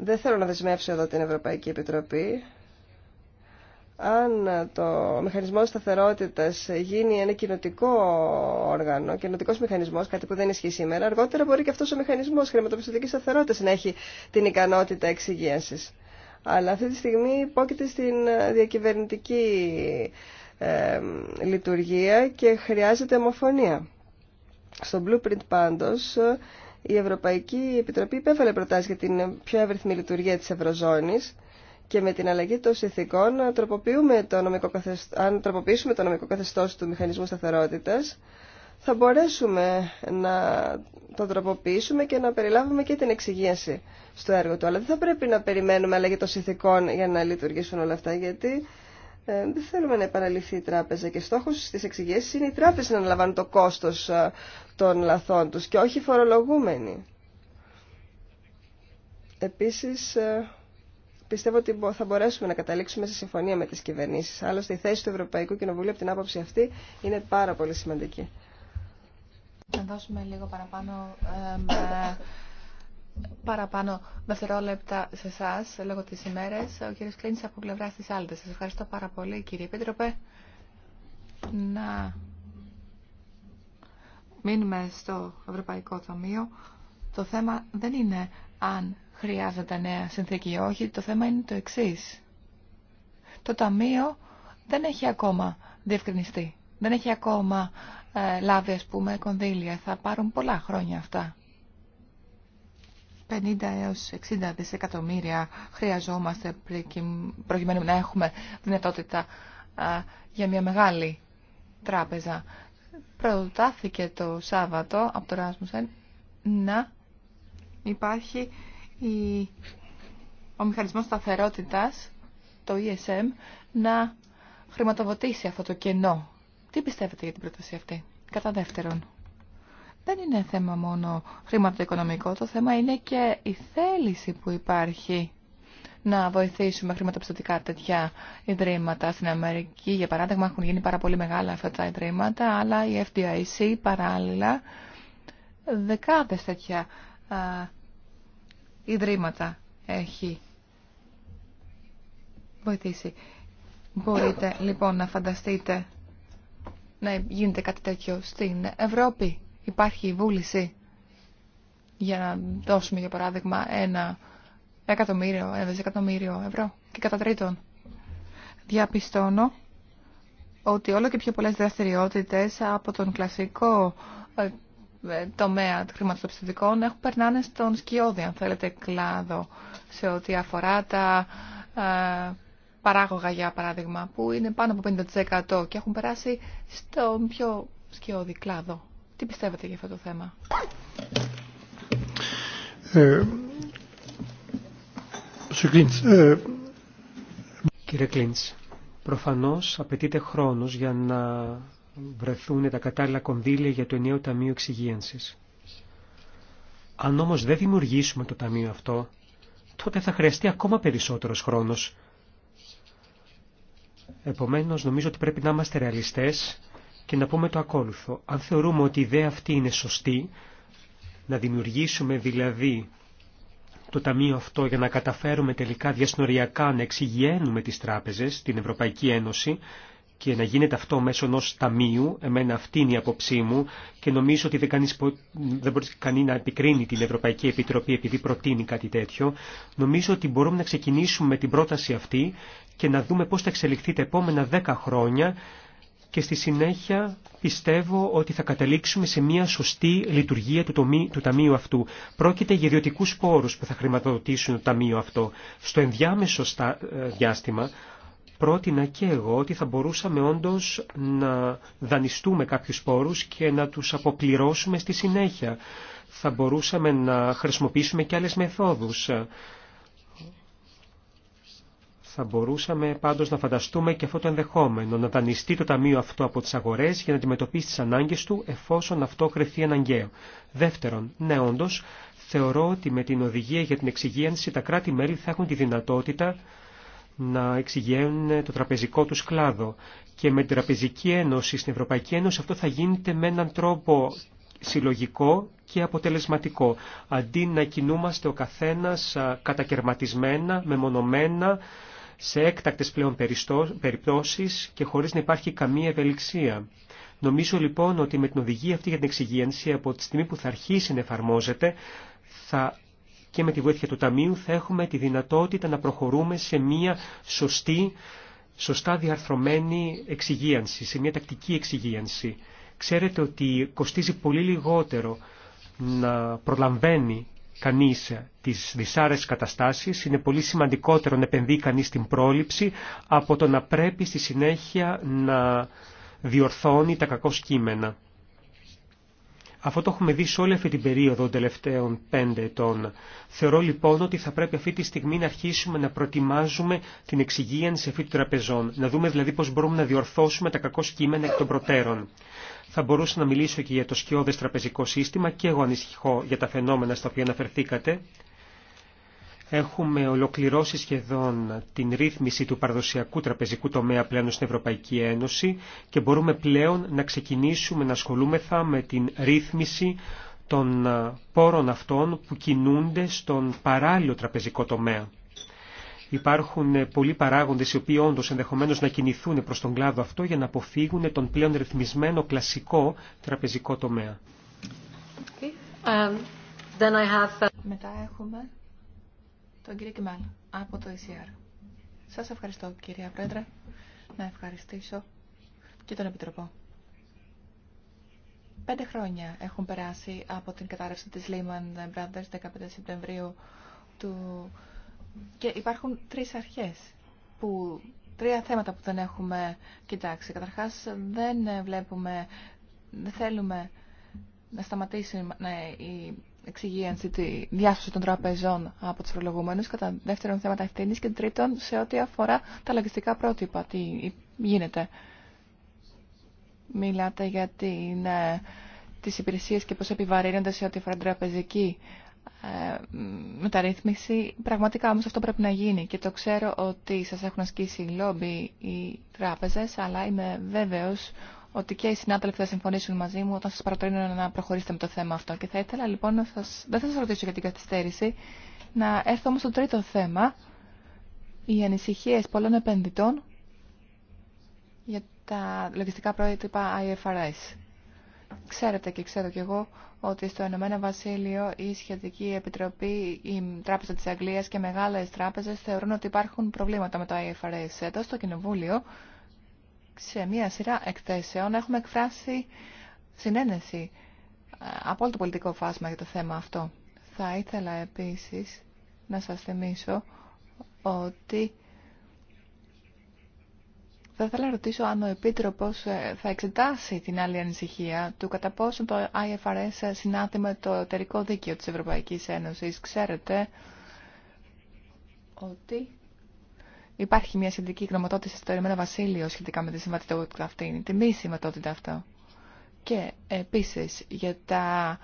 δεν θέλω να δεσμεύσω εδώ την Ευρωπαϊκή Επιτροπή, αν το μηχανισμό σταθερότητας γίνει ένα κοινοτικό όργανο, κοινοτικό μηχανισμός, κάτι που δεν ισχύει σήμερα, αργότερα μπορεί και αυτός ο μηχανισμός χρηματοπιστωτικής σταθερότητας να έχει την ικανότητα εξυγίασης. Αλλά αυτή τη στιγμή υπόκειται στην διακυβερνητική ε, λειτουργία και χρειάζεται ομοφωνία. Στο Blueprint πάντως η Ευρωπαϊκή Επιτροπή υπέβαλε προτάσεις για την πιο εύρυθμη λειτουργία της Ευρωζώνη και με την αλλαγή των συνθήκων τροποποιούμε το νομικό αν τροποποιήσουμε το νομικό καθεστώς του μηχανισμού σταθερότητας θα μπορέσουμε να το τροποποιήσουμε και να περιλάβουμε και την εξυγίαση στο έργο του. Αλλά δεν θα πρέπει να περιμένουμε αλλαγή των συνθήκων για να λειτουργήσουν όλα αυτά γιατί ε, δεν θέλουμε να επαναληφθεί η τράπεζα και στόχος της εξυγίασης είναι οι τράπεζες να αναλαμβάνουν το κόστος ε, των λαθών τους και όχι οι φορολογούμενοι. Επίσης, ε, πιστεύω ότι θα μπορέσουμε να καταλήξουμε σε συμφωνία με τις κυβερνήσεις. Άλλωστε η θέση του Ευρωπαϊκού Κοινοβουλίου από την άποψη αυτή είναι πάρα πολύ σημαντική. Να δώσουμε λίγο παραπάνω, ε, παραπάνω δευτερόλεπτα σε εσά λόγω της ημέρες. Ο κύριος Κλίνης από πλευρά τη Άλλη. Σας ευχαριστώ πάρα πολύ κύριε Επίτροπε. Να μείνουμε στο Ευρωπαϊκό Ταμείο. Το θέμα δεν είναι αν χρειάζεται νέα συνθήκη ή όχι. Το θέμα είναι το εξή. Το Ταμείο δεν έχει ακόμα διευκρινιστεί. Δεν έχει ακόμα ε, λάβει, ας πούμε, κονδύλια. Θα πάρουν πολλά χρόνια αυτά. 50 έως 60 δισεκατομμύρια χρειαζόμαστε προκειμένου να έχουμε δυνατότητα ε, για μια μεγάλη τράπεζα. Προτάθηκε το Σάββατο από το Ράσμουσεν να υπάρχει ο μηχανισμός σταθερότητας, το ESM, να χρηματοδοτήσει αυτό το κενό. Τι πιστεύετε για την πρόταση αυτή, κατά δεύτερον. Δεν είναι θέμα μόνο χρηματοοικονομικό, το θέμα είναι και η θέληση που υπάρχει να βοηθήσουμε χρηματοπιστωτικά τέτοια ιδρύματα. Στην Αμερική, για παράδειγμα, έχουν γίνει πάρα πολύ μεγάλα αυτά τα ιδρύματα, αλλά η FDIC παράλληλα δεκάδες τέτοια ιδρύματα έχει βοηθήσει. Μπορείτε λοιπόν να φανταστείτε να γίνεται κάτι τέτοιο στην Ευρώπη. Υπάρχει βούληση για να δώσουμε για παράδειγμα ένα εκατομμύριο, ένα δισεκατομμύριο ευρώ. Και κατά τρίτον, διαπιστώνω ότι όλο και πιο πολλές δραστηριότητες από τον κλασικό ε, ε, τομέα χρηματοπιστωτικών έχουν περνάνε στον σκιώδη, αν θέλετε, κλάδο σε ό,τι αφορά τα ε, παράγωγα, για παράδειγμα, που είναι πάνω από 50% και έχουν περάσει στον πιο σκιώδη κλάδο. Τι πιστεύετε για αυτό το θέμα? Ε, ε, Κύριε Κλίντς, προφανώς απαιτείται χρόνος για να βρεθούν τα κατάλληλα κονδύλια για το ενιαίο Ταμείο Εξυγίανσης. Αν όμως δεν δημιουργήσουμε το Ταμείο αυτό, τότε θα χρειαστεί ακόμα περισσότερος χρόνος. Επομένως, νομίζω ότι πρέπει να είμαστε ρεαλιστές και να πούμε το ακόλουθο. Αν θεωρούμε ότι η ιδέα αυτή είναι σωστή, να δημιουργήσουμε δηλαδή το ταμείο αυτό για να καταφέρουμε τελικά διασνοριακά να εξηγιαίνουμε τις τράπεζες, την Ευρωπαϊκή Ένωση και να γίνεται αυτό μέσω ενό ταμείου, εμένα αυτή είναι η απόψή μου και νομίζω ότι δεν, κανείς, δεν μπορεί κανεί να επικρίνει την Ευρωπαϊκή Επιτροπή επειδή προτείνει κάτι τέτοιο. Νομίζω ότι μπορούμε να ξεκινήσουμε με την πρόταση αυτή και να δούμε πώς θα εξελιχθεί τα επόμενα δέκα χρόνια και στη συνέχεια πιστεύω ότι θα καταλήξουμε σε μια σωστή λειτουργία του, τομή, του Ταμείου αυτού. Πρόκειται για ιδιωτικού πόρου που θα χρηματοδοτήσουν το Ταμείο αυτό. Στο ενδιάμεσο ε, διάστημα πρότεινα και εγώ ότι θα μπορούσαμε όντως να δανειστούμε κάποιους πόρους και να τους αποπληρώσουμε στη συνέχεια. Θα μπορούσαμε να χρησιμοποιήσουμε και άλλες μεθόδους. Θα μπορούσαμε πάντως να φανταστούμε και αυτό το ενδεχόμενο, να δανειστεί το ταμείο αυτό από τις αγορές για να αντιμετωπίσει τις ανάγκες του εφόσον αυτό κρυθεί αναγκαίο. Δεύτερον, ναι όντως, θεωρώ ότι με την οδηγία για την εξυγίανση τα κράτη-μέλη θα έχουν τη δυνατότητα να εξηγαίνουν ε, το τραπεζικό τους κλάδο. Και με την Τραπεζική Ένωση στην Ευρωπαϊκή Ένωση αυτό θα γίνεται με έναν τρόπο συλλογικό και αποτελεσματικό. Αντί να κινούμαστε ο καθένας κατακαιρματισμένα, μεμονωμένα, σε έκτακτες πλέον περιπτώσεις και χωρίς να υπάρχει καμία ευελιξία. Νομίζω λοιπόν ότι με την οδηγία αυτή για την εξυγίανση από τη στιγμή που θα αρχίσει να εφαρμόζεται θα και με τη βοήθεια του Ταμείου θα έχουμε τη δυνατότητα να προχωρούμε σε μια σωστή, σωστά διαρθρωμένη εξυγίανση, σε μια τακτική εξυγίανση. Ξέρετε ότι κοστίζει πολύ λιγότερο να προλαμβαίνει κανείς τις δυσάρες καταστάσεις, είναι πολύ σημαντικότερο να επενδύει κανείς στην πρόληψη από το να πρέπει στη συνέχεια να διορθώνει τα κακό κείμενα. Αυτό το έχουμε δει σε όλη αυτή την περίοδο των τελευταίων πέντε ετών. Θεωρώ λοιπόν ότι θα πρέπει αυτή τη στιγμή να αρχίσουμε να προετοιμάζουμε την εξυγίανση αυτή των τραπεζών. Να δούμε δηλαδή πώς μπορούμε να διορθώσουμε τα κακό κείμενα εκ των προτέρων. Θα μπορούσα να μιλήσω και για το σκιώδες τραπεζικό σύστημα και εγώ ανησυχώ για τα φαινόμενα στα οποία αναφερθήκατε. Έχουμε ολοκληρώσει σχεδόν την ρύθμιση του παραδοσιακού τραπεζικού τομέα πλέον στην Ευρωπαϊκή Ένωση και μπορούμε πλέον να ξεκινήσουμε να ασχολούμεθα με την ρύθμιση των πόρων αυτών που κινούνται στον παράλληλο τραπεζικό τομέα. Υπάρχουν πολλοί παράγοντε οι οποίοι όντω ενδεχομένω να κινηθούν προ τον κλάδο αυτό για να αποφύγουν τον πλέον ρυθμισμένο κλασικό τραπεζικό τομέα. Um, uh, Μετά έχουμε τον κύριο από το ECR. Σας ευχαριστώ κυρία Πρόεδρε. Να ευχαριστήσω και τον Επιτροπό. Πέντε χρόνια έχουν περάσει από την κατάρρευση της Lehman Brothers 15 Σεπτεμβρίου του... και υπάρχουν τρεις αρχές που... Τρία θέματα που δεν έχουμε κοιτάξει. Καταρχάς δεν βλέπουμε, δεν θέλουμε να σταματήσει η εξυγίανση, τη διάσωση των τραπεζών από του προλογούμενου, κατά δεύτερον θέματα ευθύνη και τρίτον σε ό,τι αφορά τα λογιστικά πρότυπα. Τι γίνεται. Μιλάτε για τι υπηρεσίε τις υπηρεσίες και πώς επιβαρύνονται σε ό,τι αφορά την τραπεζική ε, μεταρρύθμιση. Πραγματικά όμως αυτό πρέπει να γίνει και το ξέρω ότι σας έχουν ασκήσει λόμπι οι τράπεζες, αλλά είμαι βέβαιος ότι και οι συνάδελφοι θα συμφωνήσουν μαζί μου όταν σα παρατηρούν να προχωρήσετε με το θέμα αυτό. Και θα ήθελα λοιπόν να σα Δεν θα σα ρωτήσω για την καθυστέρηση. Να έρθω όμω στο τρίτο θέμα. Οι ανησυχίε πολλών επενδυτών για τα λογιστικά πρότυπα IFRS. Ξέρετε και ξέρω κι εγώ ότι στο Ηνωμένο Βασίλειο η σχετική επιτροπή, η Τράπεζα τη Αγγλίας και μεγάλε τράπεζε θεωρούν ότι υπάρχουν προβλήματα με το IFRS. Εδώ στο Κοινοβούλιο σε μία σειρά εκθέσεων έχουμε εκφράσει συνένεση ε, από όλο το πολιτικό φάσμα για το θέμα αυτό. Θα ήθελα επίσης να σας θυμίσω ότι θα ήθελα να ρωτήσω αν ο Επίτροπος ε, θα εξετάσει την άλλη ανησυχία του κατά πόσο το IFRS συνάδει με το εταιρικό δίκαιο της Ευρωπαϊκής Ένωσης. Ξέρετε ότι Υπάρχει μια σχετική γνωμοτότηση στο Ηνωμένο Βασίλειο σχετικά με τη συμβατότητα αυτή, τη μη συμβατότητα αυτό. Και επίση για, τα...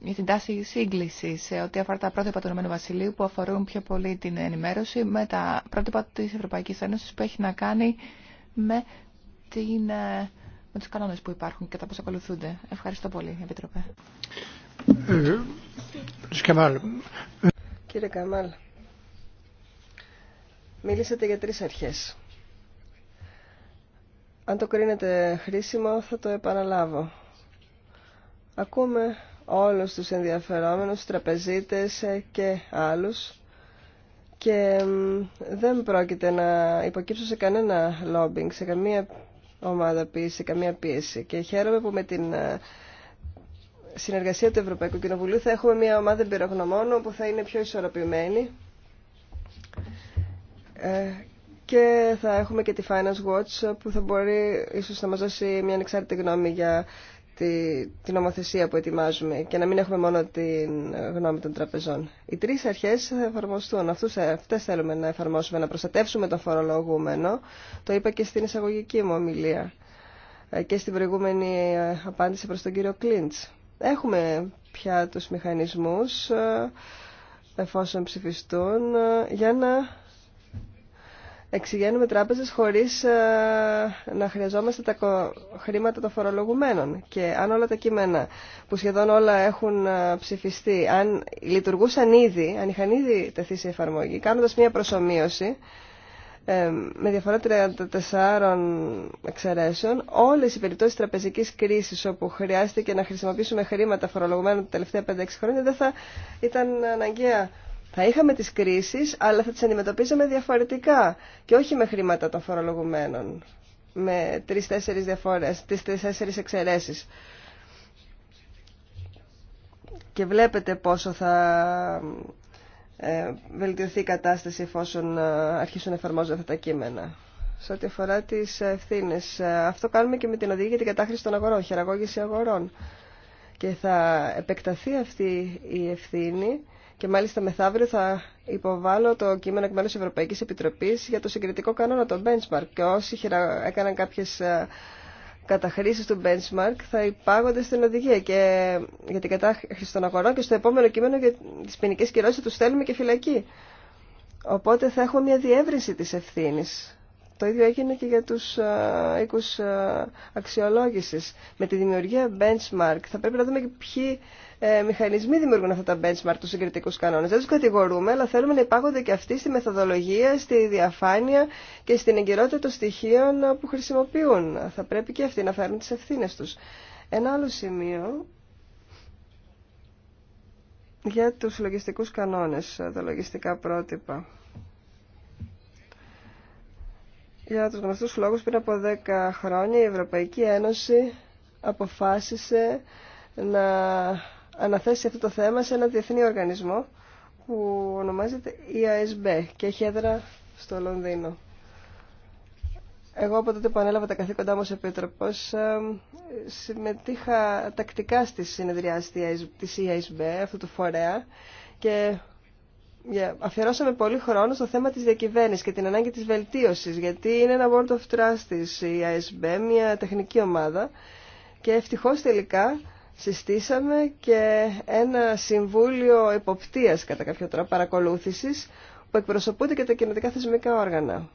για την τάση σύγκληση σε ό,τι αφορά τα πρότυπα του Ηνωμένου Βασιλείου που αφορούν πιο πολύ την ενημέρωση με τα πρότυπα τη Ευρωπαϊκής Ένωσης που έχει να κάνει με, την... Ε, με κανόνες που υπάρχουν και τα πώ ακολουθούνται. Ευχαριστώ πολύ, Επίτροπε. Ε, ε, Κύριε Καμάλ. Μίλησατε για τρεις αρχές. Αν το κρίνετε χρήσιμο θα το επαναλάβω. Ακούμε όλους τους ενδιαφερόμενους, τραπεζίτες ε, και άλλους και δεν πρόκειται να υποκύψω σε κανένα λόμπινγκ, σε καμία ομάδα πίεση, σε καμία πίεση. Και χαίρομαι που με την ε, συνεργασία του Ευρωπαϊκού Κοινοβουλίου θα έχουμε μια ομάδα εμπειρογνωμόνων που θα είναι πιο ισορροπημένη ε, και θα έχουμε και τη Finance Watch που θα μπορεί ίσως να μας δώσει μια ανεξάρτητη γνώμη για τη, την νομοθεσία που ετοιμάζουμε και να μην έχουμε μόνο την γνώμη των τραπεζών. Οι τρεις αρχές θα εφαρμοστούν. Αυτούς, αυτές θέλουμε να εφαρμόσουμε, να προστατεύσουμε τον φορολογούμενο. Το είπα και στην εισαγωγική μου ομιλία ε, και στην προηγούμενη ε, απάντηση προς τον κύριο Κλίντς. Έχουμε πια τους μηχανισμούς εφόσον ψηφιστούν για να εξηγαίνουμε τράπεζες χωρίς ε, να χρειαζόμαστε τα χρήματα των φορολογουμένων. Και αν όλα τα κείμενα που σχεδόν όλα έχουν ε, ψηφιστεί, αν λειτουργούσαν ήδη, αν είχαν ήδη τεθεί σε εφαρμογή, κάνοντας μια προσωμείωση, ε, με διαφορά 34 εξαιρέσεων, όλες οι περιπτώσεις τραπεζικής κρίσης όπου χρειάστηκε να χρησιμοποιήσουμε χρήματα φορολογουμένων τα τελευταία 5-6 χρόνια δεν θα ήταν αναγκαία θα είχαμε τις κρίσεις, αλλά θα τις αντιμετωπίζαμε διαφορετικά και όχι με χρήματα των φορολογουμένων, με τρεις-τέσσερις διαφορές, τις τρεις-τέσσερις εξαιρέσεις. Και βλέπετε πόσο θα ε, βελτιωθεί η κατάσταση εφόσον ε, αρχίσουν να εφαρμόζονται αυτά τα κείμενα. Σε ό,τι αφορά τι ευθύνε, ε, αυτό κάνουμε και με την οδηγία για την κατάχρηση των αγορών, χειραγώγηση αγορών. Και θα επεκταθεί αυτή η ευθύνη και μάλιστα μεθαύριο θα υποβάλω το κείμενο εκ μέρου Ευρωπαϊκή Επιτροπή για το συγκριτικό κανόνα, το benchmark. Και όσοι έκαναν κάποιε καταχρήσει του benchmark θα υπάγονται στην οδηγία και για την κατάχρηση των αγορών και στο επόμενο κείμενο για τι ποινικέ κυρώσει του στέλνουμε και φυλακή. Οπότε θα έχουμε μια διεύρυνση τη ευθύνη. Το ίδιο έγινε και για τους ε, οίκους ε, αξιολόγησης. Με τη δημιουργία benchmark θα πρέπει να δούμε και ποιοι ε, μηχανισμοί δημιουργούν αυτά τα benchmark, του συγκριτικού κανόνε. Δεν του κατηγορούμε, αλλά θέλουμε να υπάγονται και αυτοί στη μεθοδολογία, στη διαφάνεια και στην εγκυρότητα των στοιχείων που χρησιμοποιούν. Θα πρέπει και αυτοί να φέρουν τι ευθύνε του. Ένα άλλο σημείο για τους λογιστικούς κανόνες, τα λογιστικά πρότυπα. Για τους γνωστούς λόγους πριν από 10 χρόνια η Ευρωπαϊκή Ένωση αποφάσισε να αναθέσει αυτό το θέμα σε ένα διεθνή οργανισμό που ονομάζεται EASB και έχει έδρα στο Λονδίνο. Εγώ από τότε που ανέλαβα τα καθήκοντά μου ως Επίτροπος συμμετείχα τακτικά στις συνεδριάσεις της EASB, αυτού του φορέα και αφιερώσαμε πολύ χρόνο στο θέμα της διακυβέρνησης και την ανάγκη της βελτίωσης γιατί είναι ένα World of trust της EASB, μια τεχνική ομάδα και ευτυχώς τελικά συστήσαμε και ένα συμβούλιο εποπτείας κατά κάποιο τρόπο παρακολούθησης που εκπροσωπούνται και τα κοινωτικά θεσμικά όργανα.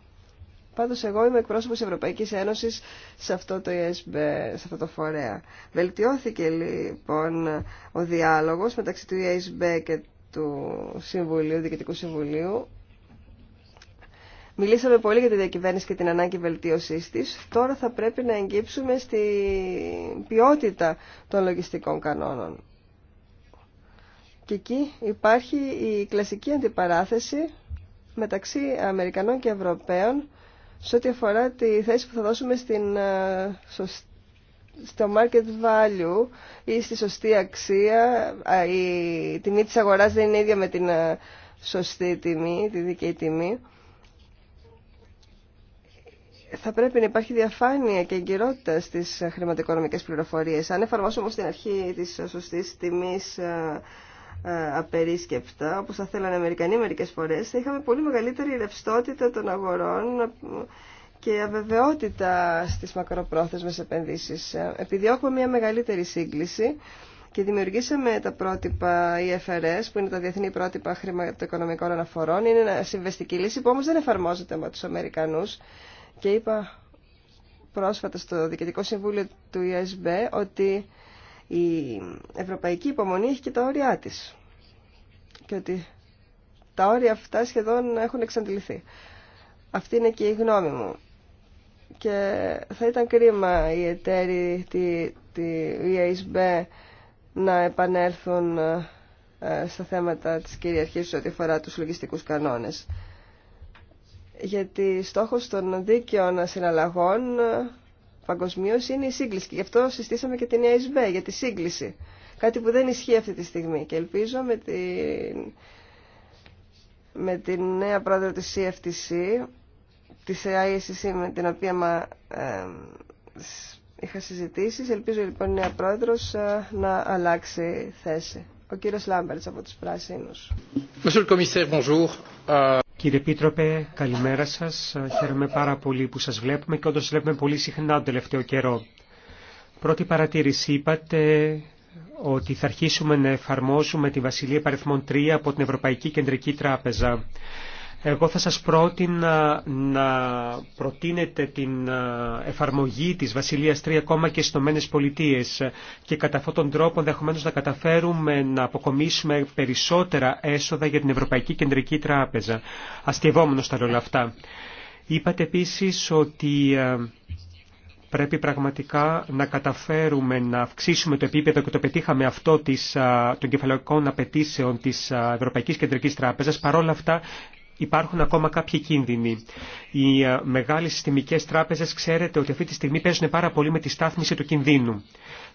Πάντως εγώ είμαι εκπρόσωπος Ευρωπαϊκής Ένωσης σε αυτό το, ESB, σε αυτό το φορέα. Βελτιώθηκε λοιπόν ο διάλογος μεταξύ του ESB και του Συμβουλίου, Διοικητικού Συμβουλίου Μιλήσαμε πολύ για τη διακυβέρνηση και την ανάγκη βελτίωσή τη. Τώρα θα πρέπει να εγγύψουμε στη ποιότητα των λογιστικών κανόνων. Και εκεί υπάρχει η κλασική αντιπαράθεση μεταξύ Αμερικανών και Ευρωπαίων σε ό,τι αφορά τη θέση που θα δώσουμε στην, ε, στο market value ή στη σωστή αξία. Η τιμή της αγοράς δεν είναι ίδια με την ε, σωστή τιμή, τη δική τιμή θα πρέπει να υπάρχει διαφάνεια και εγκυρότητα στις χρηματοοικονομικές πληροφορίες. Αν εφαρμόσουμε στην αρχή της σωστής τιμής ε, ε, απερίσκεπτα, όπως θα θέλανε οι Αμερικανοί μερικές φορές, θα είχαμε πολύ μεγαλύτερη ρευστότητα των αγορών ε, και αβεβαιότητα στις μακροπρόθεσμες επενδύσεις. Επιδιώκουμε μια μεγαλύτερη σύγκληση και δημιουργήσαμε τα πρότυπα EFRS, που είναι τα διεθνή πρότυπα χρηματοοικονομικών αναφορών. Είναι μια συμβεστική λύση που όμως δεν εφαρμόζεται με του Αμερικανού. Και είπα πρόσφατα στο Δικαιτικό Συμβούλιο του ISB ότι η ευρωπαϊκή υπομονή έχει και τα όρια της και ότι τα όρια αυτά σχεδόν έχουν εξαντληθεί. Αυτή είναι και η γνώμη μου. Και θα ήταν κρίμα οι εταίροι τη, τη να επανέλθουν ε, στα θέματα της κυριαρχίας ό,τι αφορά τους λογιστικούς κανόνες γιατί στόχος των δίκαιων συναλλαγών ε, παγκοσμίω είναι η σύγκληση και γι' αυτό συστήσαμε και την νέα για τη σύγκληση. Κάτι που δεν ισχύει αυτή τη στιγμή και ελπίζω με την, με τη νέα πρόεδρο της CFTC, της ISCC με την οποία μα, ε, είχα συζητήσει, ελπίζω λοιπόν η νέα πρόεδρος ε, να αλλάξει θέση. Ο κύριος Λάμπερτς από τους Πράσινους. Κύριε Πίτροπε, καλημέρα σας. Χαίρομαι πάρα πολύ που σας βλέπουμε και όντως βλέπουμε πολύ συχνά τον τελευταίο καιρό. Πρώτη παρατήρηση είπατε ότι θα αρχίσουμε να εφαρμόσουμε τη Βασιλεία Παριθμών 3 από την Ευρωπαϊκή Κεντρική Τράπεζα εγώ θα σας πρότεινα να προτείνετε την ε, εφαρμογή της Βασιλείας 3 ακόμα και στις Ηνωμένες Πολιτείες και κατά αυτόν τον τρόπο ενδεχομένω να καταφέρουμε να αποκομίσουμε περισσότερα έσοδα για την Ευρωπαϊκή Κεντρική Τράπεζα. Αστευόμενος τα όλα αυτά. Είπατε επίσης ότι ε, πρέπει πραγματικά να καταφέρουμε να αυξήσουμε το επίπεδο και το πετύχαμε αυτό ε, των κεφαλαϊκών απαιτήσεων της Ευρωπαϊκής Κεντρικής Τράπεζας. Παρ' αυτά υπάρχουν ακόμα κάποιοι κίνδυνοι. Οι ε, μεγάλες συστημικές τράπεζες ξέρετε ότι αυτή τη στιγμή παίζουν πάρα πολύ με τη στάθμιση του κινδύνου.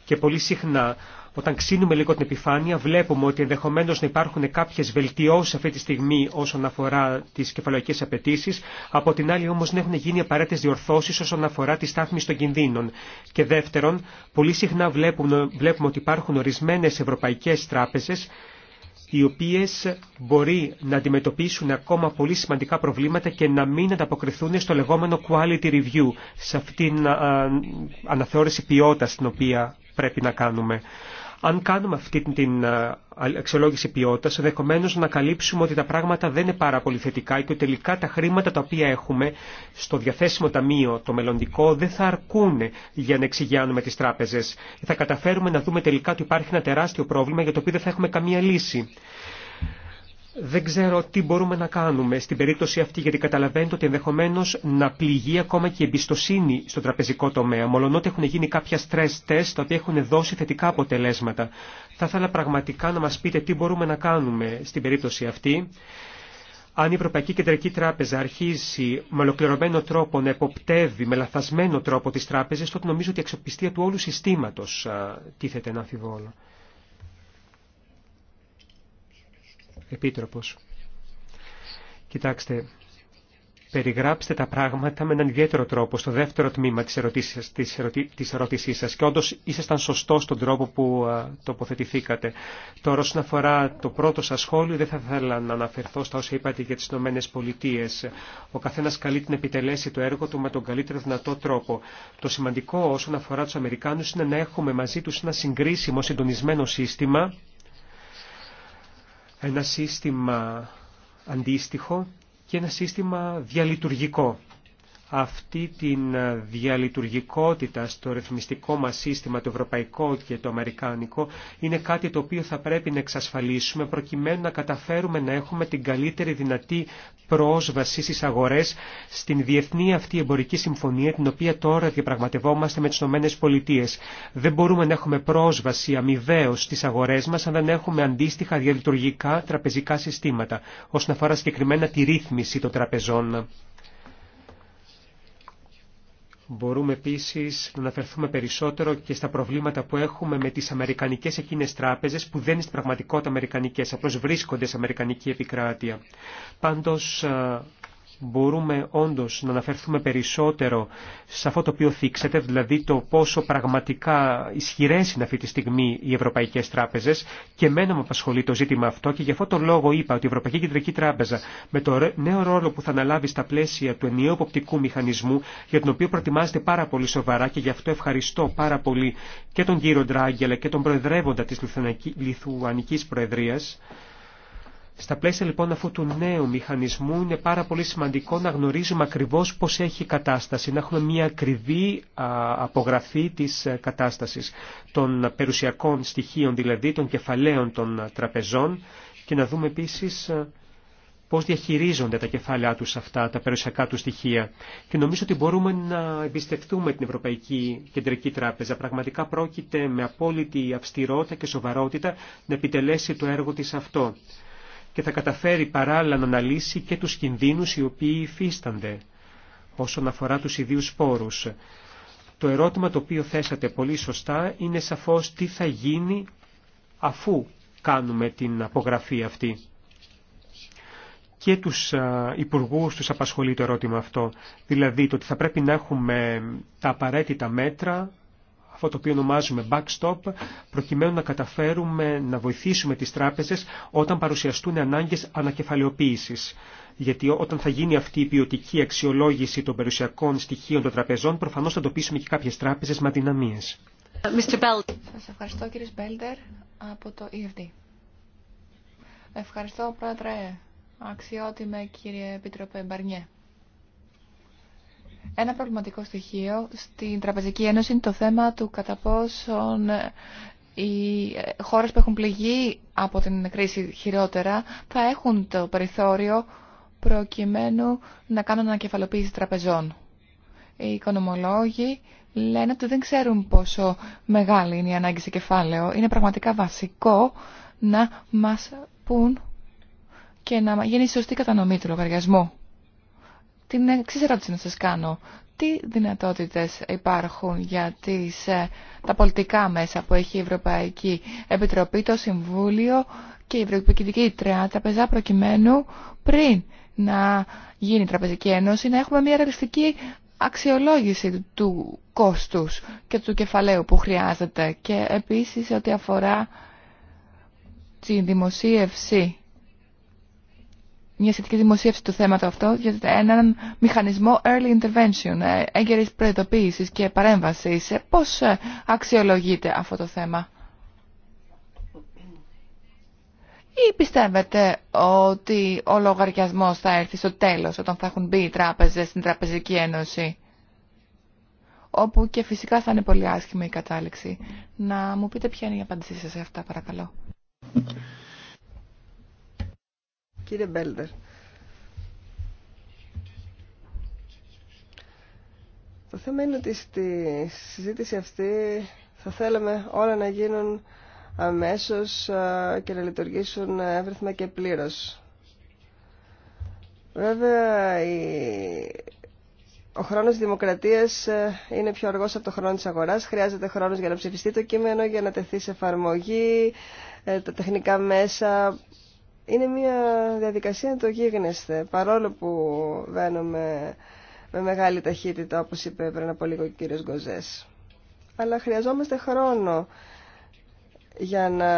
Και πολύ συχνά όταν ξύνουμε λίγο την επιφάνεια βλέπουμε ότι ενδεχομένω να υπάρχουν κάποιε βελτιώσει αυτή τη στιγμή όσον αφορά τις κεφαλαϊκές απαιτήσει, από την άλλη όμως να έχουν γίνει απαραίτητε διορθώσεις όσον αφορά τη στάθμιση των κινδύνων. Και δεύτερον, πολύ συχνά βλέπουμε, βλέπουμε ότι υπάρχουν ορισμένε ευρωπαϊκέ τράπεζε οι οποίες μπορεί να αντιμετωπίσουν ακόμα πολύ σημαντικά προβλήματα και να μην ανταποκριθούν στο λεγόμενο quality review, σε αυτήν την αναθεώρηση ποιότητας την οποία πρέπει να κάνουμε. Αν κάνουμε αυτή την ε, αξιολόγηση ποιότητα, ενδεχομένω να καλύψουμε ότι τα πράγματα δεν είναι πάρα πολύ θετικά και ότι τελικά τα χρήματα τα οποία έχουμε στο διαθέσιμο ταμείο, το μελλοντικό, δεν θα αρκούν για να εξηγιάνουμε τι τράπεζε. Θα καταφέρουμε να δούμε τελικά ότι υπάρχει ένα τεράστιο πρόβλημα για το οποίο δεν θα έχουμε καμία λύση δεν ξέρω τι μπορούμε να κάνουμε στην περίπτωση αυτή, γιατί καταλαβαίνετε ότι ενδεχομένω να πληγεί ακόμα και η εμπιστοσύνη στο τραπεζικό τομέα, μολονότι έχουν γίνει κάποια stress test τα οποία έχουν δώσει θετικά αποτελέσματα. Θα ήθελα πραγματικά να μα πείτε τι μπορούμε να κάνουμε στην περίπτωση αυτή. Αν η Ευρωπαϊκή Κεντρική Τράπεζα αρχίσει με ολοκληρωμένο τρόπο να εποπτεύει με λαθασμένο τρόπο τι τράπεζε, τότε νομίζω ότι η αξιοπιστία του όλου συστήματο τίθεται ένα αμφιβόλο. Επίτροπος. Κοιτάξτε, περιγράψτε τα πράγματα με έναν ιδιαίτερο τρόπο στο δεύτερο τμήμα της ερώτησής, της, ερωτη, της ερώτησής σας και όντως ήσασταν σωστό στον τρόπο που α, τοποθετηθήκατε. Τώρα όσον αφορά το πρώτο σας σχόλιο δεν θα ήθελα να αναφερθώ στα όσα είπατε για τις Ηνωμένε Πολιτείες. Ο καθένας καλεί την επιτελέσει το έργο του με τον καλύτερο δυνατό τρόπο. Το σημαντικό όσον αφορά τους Αμερικάνους είναι να έχουμε μαζί τους ένα συγκρίσιμο συντονισμένο σύστημα ένα σύστημα αντίστοιχο και ένα σύστημα διαλειτουργικό αυτή την ε, διαλειτουργικότητα στο ρυθμιστικό μας σύστημα, το ευρωπαϊκό και το αμερικάνικο, είναι κάτι το οποίο θα πρέπει να εξασφαλίσουμε προκειμένου να καταφέρουμε να έχουμε την καλύτερη δυνατή πρόσβαση στις αγορές στην διεθνή αυτή εμπορική συμφωνία την οποία τώρα διαπραγματευόμαστε με τις ΗΠΑ. Δεν μπορούμε να έχουμε πρόσβαση αμοιβαίω στις αγορές μας αν δεν έχουμε αντίστοιχα διαλειτουργικά τραπεζικά συστήματα όσον αφορά συγκεκριμένα τη ρύθμιση των τραπεζών. Μπορούμε επίσης να αναφερθούμε περισσότερο και στα προβλήματα που έχουμε με τις αμερικανικές εκείνες τράπεζες που δεν είναι στην πραγματικότητα αμερικανικές, απλώς βρίσκονται σε αμερικανική επικράτεια. Πάντως μπορούμε όντως να αναφερθούμε περισσότερο σε αυτό το οποίο θίξετε, δηλαδή το πόσο πραγματικά ισχυρές είναι αυτή τη στιγμή οι ευρωπαϊκές τράπεζες και εμένα με απασχολεί το ζήτημα αυτό και γι' αυτό το λόγο είπα ότι η Ευρωπαϊκή Κεντρική Τράπεζα με το νέο ρόλο που θα αναλάβει στα πλαίσια του ενιαίου ποπτικού μηχανισμού για τον οποίο προετοιμάζεται πάρα πολύ σοβαρά και γι' αυτό ευχαριστώ πάρα πολύ και τον κύριο Ντράγκελα και τον Προεδρεύοντα της Λιθουανικής Προεδρίας στα πλαίσια λοιπόν αυτού του νέου μηχανισμού είναι πάρα πολύ σημαντικό να γνωρίζουμε ακριβώς πώς έχει η κατάσταση, να έχουμε μια ακριβή απογραφή της ε, κατάστασης των περιουσιακών στοιχείων, δηλαδή των κεφαλαίων των τραπεζών και να δούμε επίσης ε, πώς διαχειρίζονται τα κεφάλαιά τους αυτά, τα περιουσιακά του στοιχεία. Και νομίζω ότι μπορούμε να εμπιστευτούμε την Ευρωπαϊκή Κεντρική Τράπεζα. Πραγματικά πρόκειται με απόλυτη αυστηρότητα και σοβαρότητα να επιτελέσει το έργο της αυτό και θα καταφέρει παράλληλα να αναλύσει και τους κινδύνους οι οποίοι υφίστανται όσον αφορά τους ιδίους πόρους. Το ερώτημα το οποίο θέσατε πολύ σωστά είναι σαφώς τι θα γίνει αφού κάνουμε την απογραφή αυτή. Και τους υπουργούς τους απασχολεί το ερώτημα αυτό. Δηλαδή το ότι θα πρέπει να έχουμε τα απαραίτητα μέτρα αυτό το οποίο ονομάζουμε backstop, προκειμένου να καταφέρουμε να βοηθήσουμε τις τράπεζες όταν παρουσιαστούν ανάγκες ανακεφαλαιοποίησης. Γιατί όταν θα γίνει αυτή η ποιοτική αξιολόγηση των περιουσιακών στοιχείων των τραπεζών, προφανώς θα εντοπίσουμε και κάποιες τράπεζες με αδυναμίες. Σας ευχαριστώ κύριε Μπέλτερ από το EFD. Ευχαριστώ πρόεδρε, αξιότιμε κύριε Επίτροπε Μπαρνιέ. Ένα προβληματικό στοιχείο στην Τραπεζική Ένωση είναι το θέμα του κατά πόσον ε, οι ε, χώρες που έχουν πληγεί από την κρίση χειρότερα θα έχουν το περιθώριο προκειμένου να κάνουν ανακεφαλοποίηση τραπεζών. Οι οικονομολόγοι λένε ότι δεν ξέρουν πόσο μεγάλη είναι η ανάγκη σε κεφάλαιο. Είναι πραγματικά βασικό να μας πούν και να γίνει σωστή κατανομή του λογαριασμού την εξή ερώτηση να σας κάνω. Τι δυνατότητες υπάρχουν για τις, ε, τα πολιτικά μέσα που έχει η Ευρωπαϊκή Επιτροπή, το Συμβούλιο και η Ευρωπαϊκή Τράπεζα προκειμένου πριν να γίνει η Τραπεζική Ένωση, να έχουμε μια ρεαλιστική αξιολόγηση του κόστους και του κεφαλαίου που χρειάζεται και επίσης ό,τι αφορά τη δημοσίευση μια σχετική δημοσίευση του θέματο αυτό για έναν μηχανισμό early intervention, ε, έγκαιρη προειδοποίηση και παρέμβαση. Ε, πώς ε, αξιολογείται αυτό το θέμα. Ή πιστεύετε ότι ο λογαριασμό θα έρθει στο τέλο, όταν θα έχουν μπει οι τράπεζε στην Τραπεζική Ένωση όπου και φυσικά θα είναι πολύ άσχημη η κατάληξη. Να μου πείτε ποια είναι η απάντησή σα σε αυτά, παρακαλώ. Κύριε Μπέλτερ. Το θέμα είναι ότι στη συζήτηση αυτή θα θέλαμε όλα να γίνουν αμέσως και να λειτουργήσουν εύρυθμα και πλήρως. Βέβαια, ο χρόνος της δημοκρατίας ε, είναι πιο αργός από το χρόνο της αγοράς. Χρειάζεται χρόνος για να ψηφιστεί το κείμενο, για να τεθεί σε εφαρμογή, ε, τα τεχνικά μέσα είναι μια διαδικασία να το γίγνεστε, παρόλο που βαίνουμε με μεγάλη ταχύτητα, όπως είπε πριν από λίγο ο κύριος Γκοζές. Αλλά χρειαζόμαστε χρόνο για να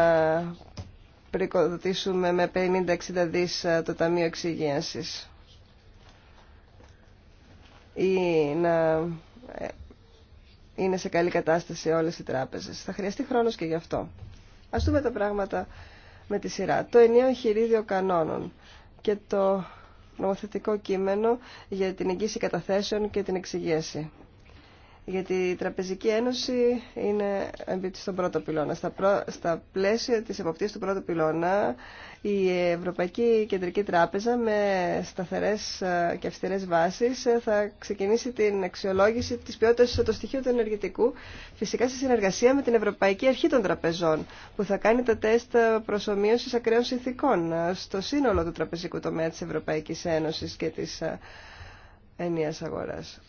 πρικοδοτήσουμε με 50-60 δις ε, το Ταμείο Εξυγίασης. ή να ε, είναι σε καλή κατάσταση όλες οι τράπεζες. Θα χρειαστεί χρόνος και γι' αυτό. Ας δούμε τα πράγματα με τη σειρά. Το ενιαίο χειρίδιο κανόνων και το νομοθετικό κείμενο για την εγγύηση καταθέσεων και την εξηγήση γιατί η Τραπεζική Ένωση είναι εμπίπτει στον πρώτο πυλώνα. Στα, στα πλαίσια της εποπτείας του πρώτου πυλώνα, η Ευρωπαϊκή Κεντρική Τράπεζα με σταθερές ε, και αυστηρές βάσεις ε, θα ξεκινήσει την αξιολόγηση της ποιότητας των στοιχείου του ενεργητικού, φυσικά σε συνεργασία με την Ευρωπαϊκή Αρχή των Τραπεζών, που θα κάνει τα τεστ ε, προσωμείωσης ακραίων συνθήκων στο σύνολο του τραπεζικού τομέα της Ευρωπαϊκής Ένωσης και της ενίας αγοράς.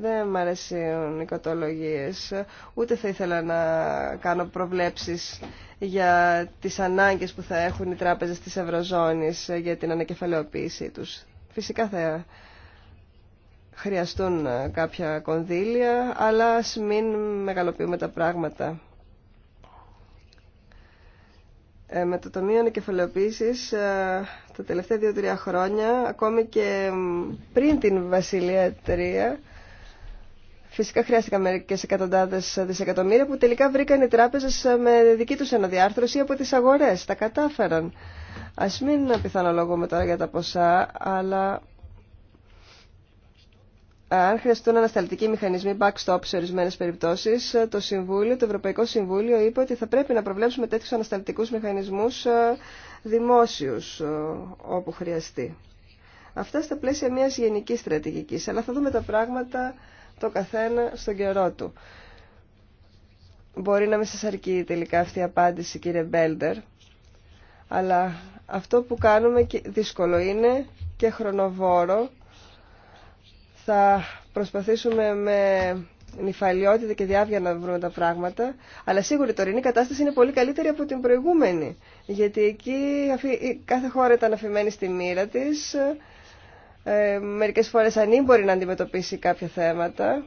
Δεν μ' αρέσουν οι ούτε θα ήθελα να κάνω προβλέψεις για τις ανάγκες που θα έχουν οι τράπεζες της Ευρωζώνης για την ανακεφαλαιοποίησή τους. Φυσικά θα χρειαστούν κάποια κονδύλια, αλλά ας μην μεγαλοποιούμε τα πράγματα. Ε, με το τομείο Ανακεφαλαιοποίησης ε, τα τελευταία δύο-τρία χρόνια, ακόμη και πριν την Βασιλεία Φυσικά χρειάστηκαν μερικέ εκατοντάδε δισεκατομμύρια που τελικά βρήκαν οι τράπεζε με δική του αναδιάρθρωση από τι αγορέ. Τα κατάφεραν. Α μην πιθανολογούμε τώρα για τα ποσά, αλλά αν χρειαστούν ανασταλτικοί μηχανισμοί backstop σε ορισμένε περιπτώσει, το το Ευρωπαϊκό Συμβούλιο είπε ότι θα πρέπει να προβλέψουμε τέτοιου ανασταλτικού μηχανισμού ε, δημόσιου ε, όπου χρειαστεί. Αυτά στα πλαίσια μια γενική στρατηγική. Αλλά θα δούμε τα πράγματα το καθένα στον καιρό του. Μπορεί να μην σας αρκεί τελικά αυτή η απάντηση κύριε Μπέλντερ, αλλά αυτό που κάνουμε δύσκολο είναι και χρονοβόρο. Θα προσπαθήσουμε με νυφαλιότητα και διάβια να βρούμε τα πράγματα, αλλά σίγουρα η τωρινή κατάσταση είναι πολύ καλύτερη από την προηγούμενη, γιατί εκεί κάθε χώρα ήταν αφημένη στη μοίρα της ε, μερικές φορές μπορεί να αντιμετωπίσει κάποια θέματα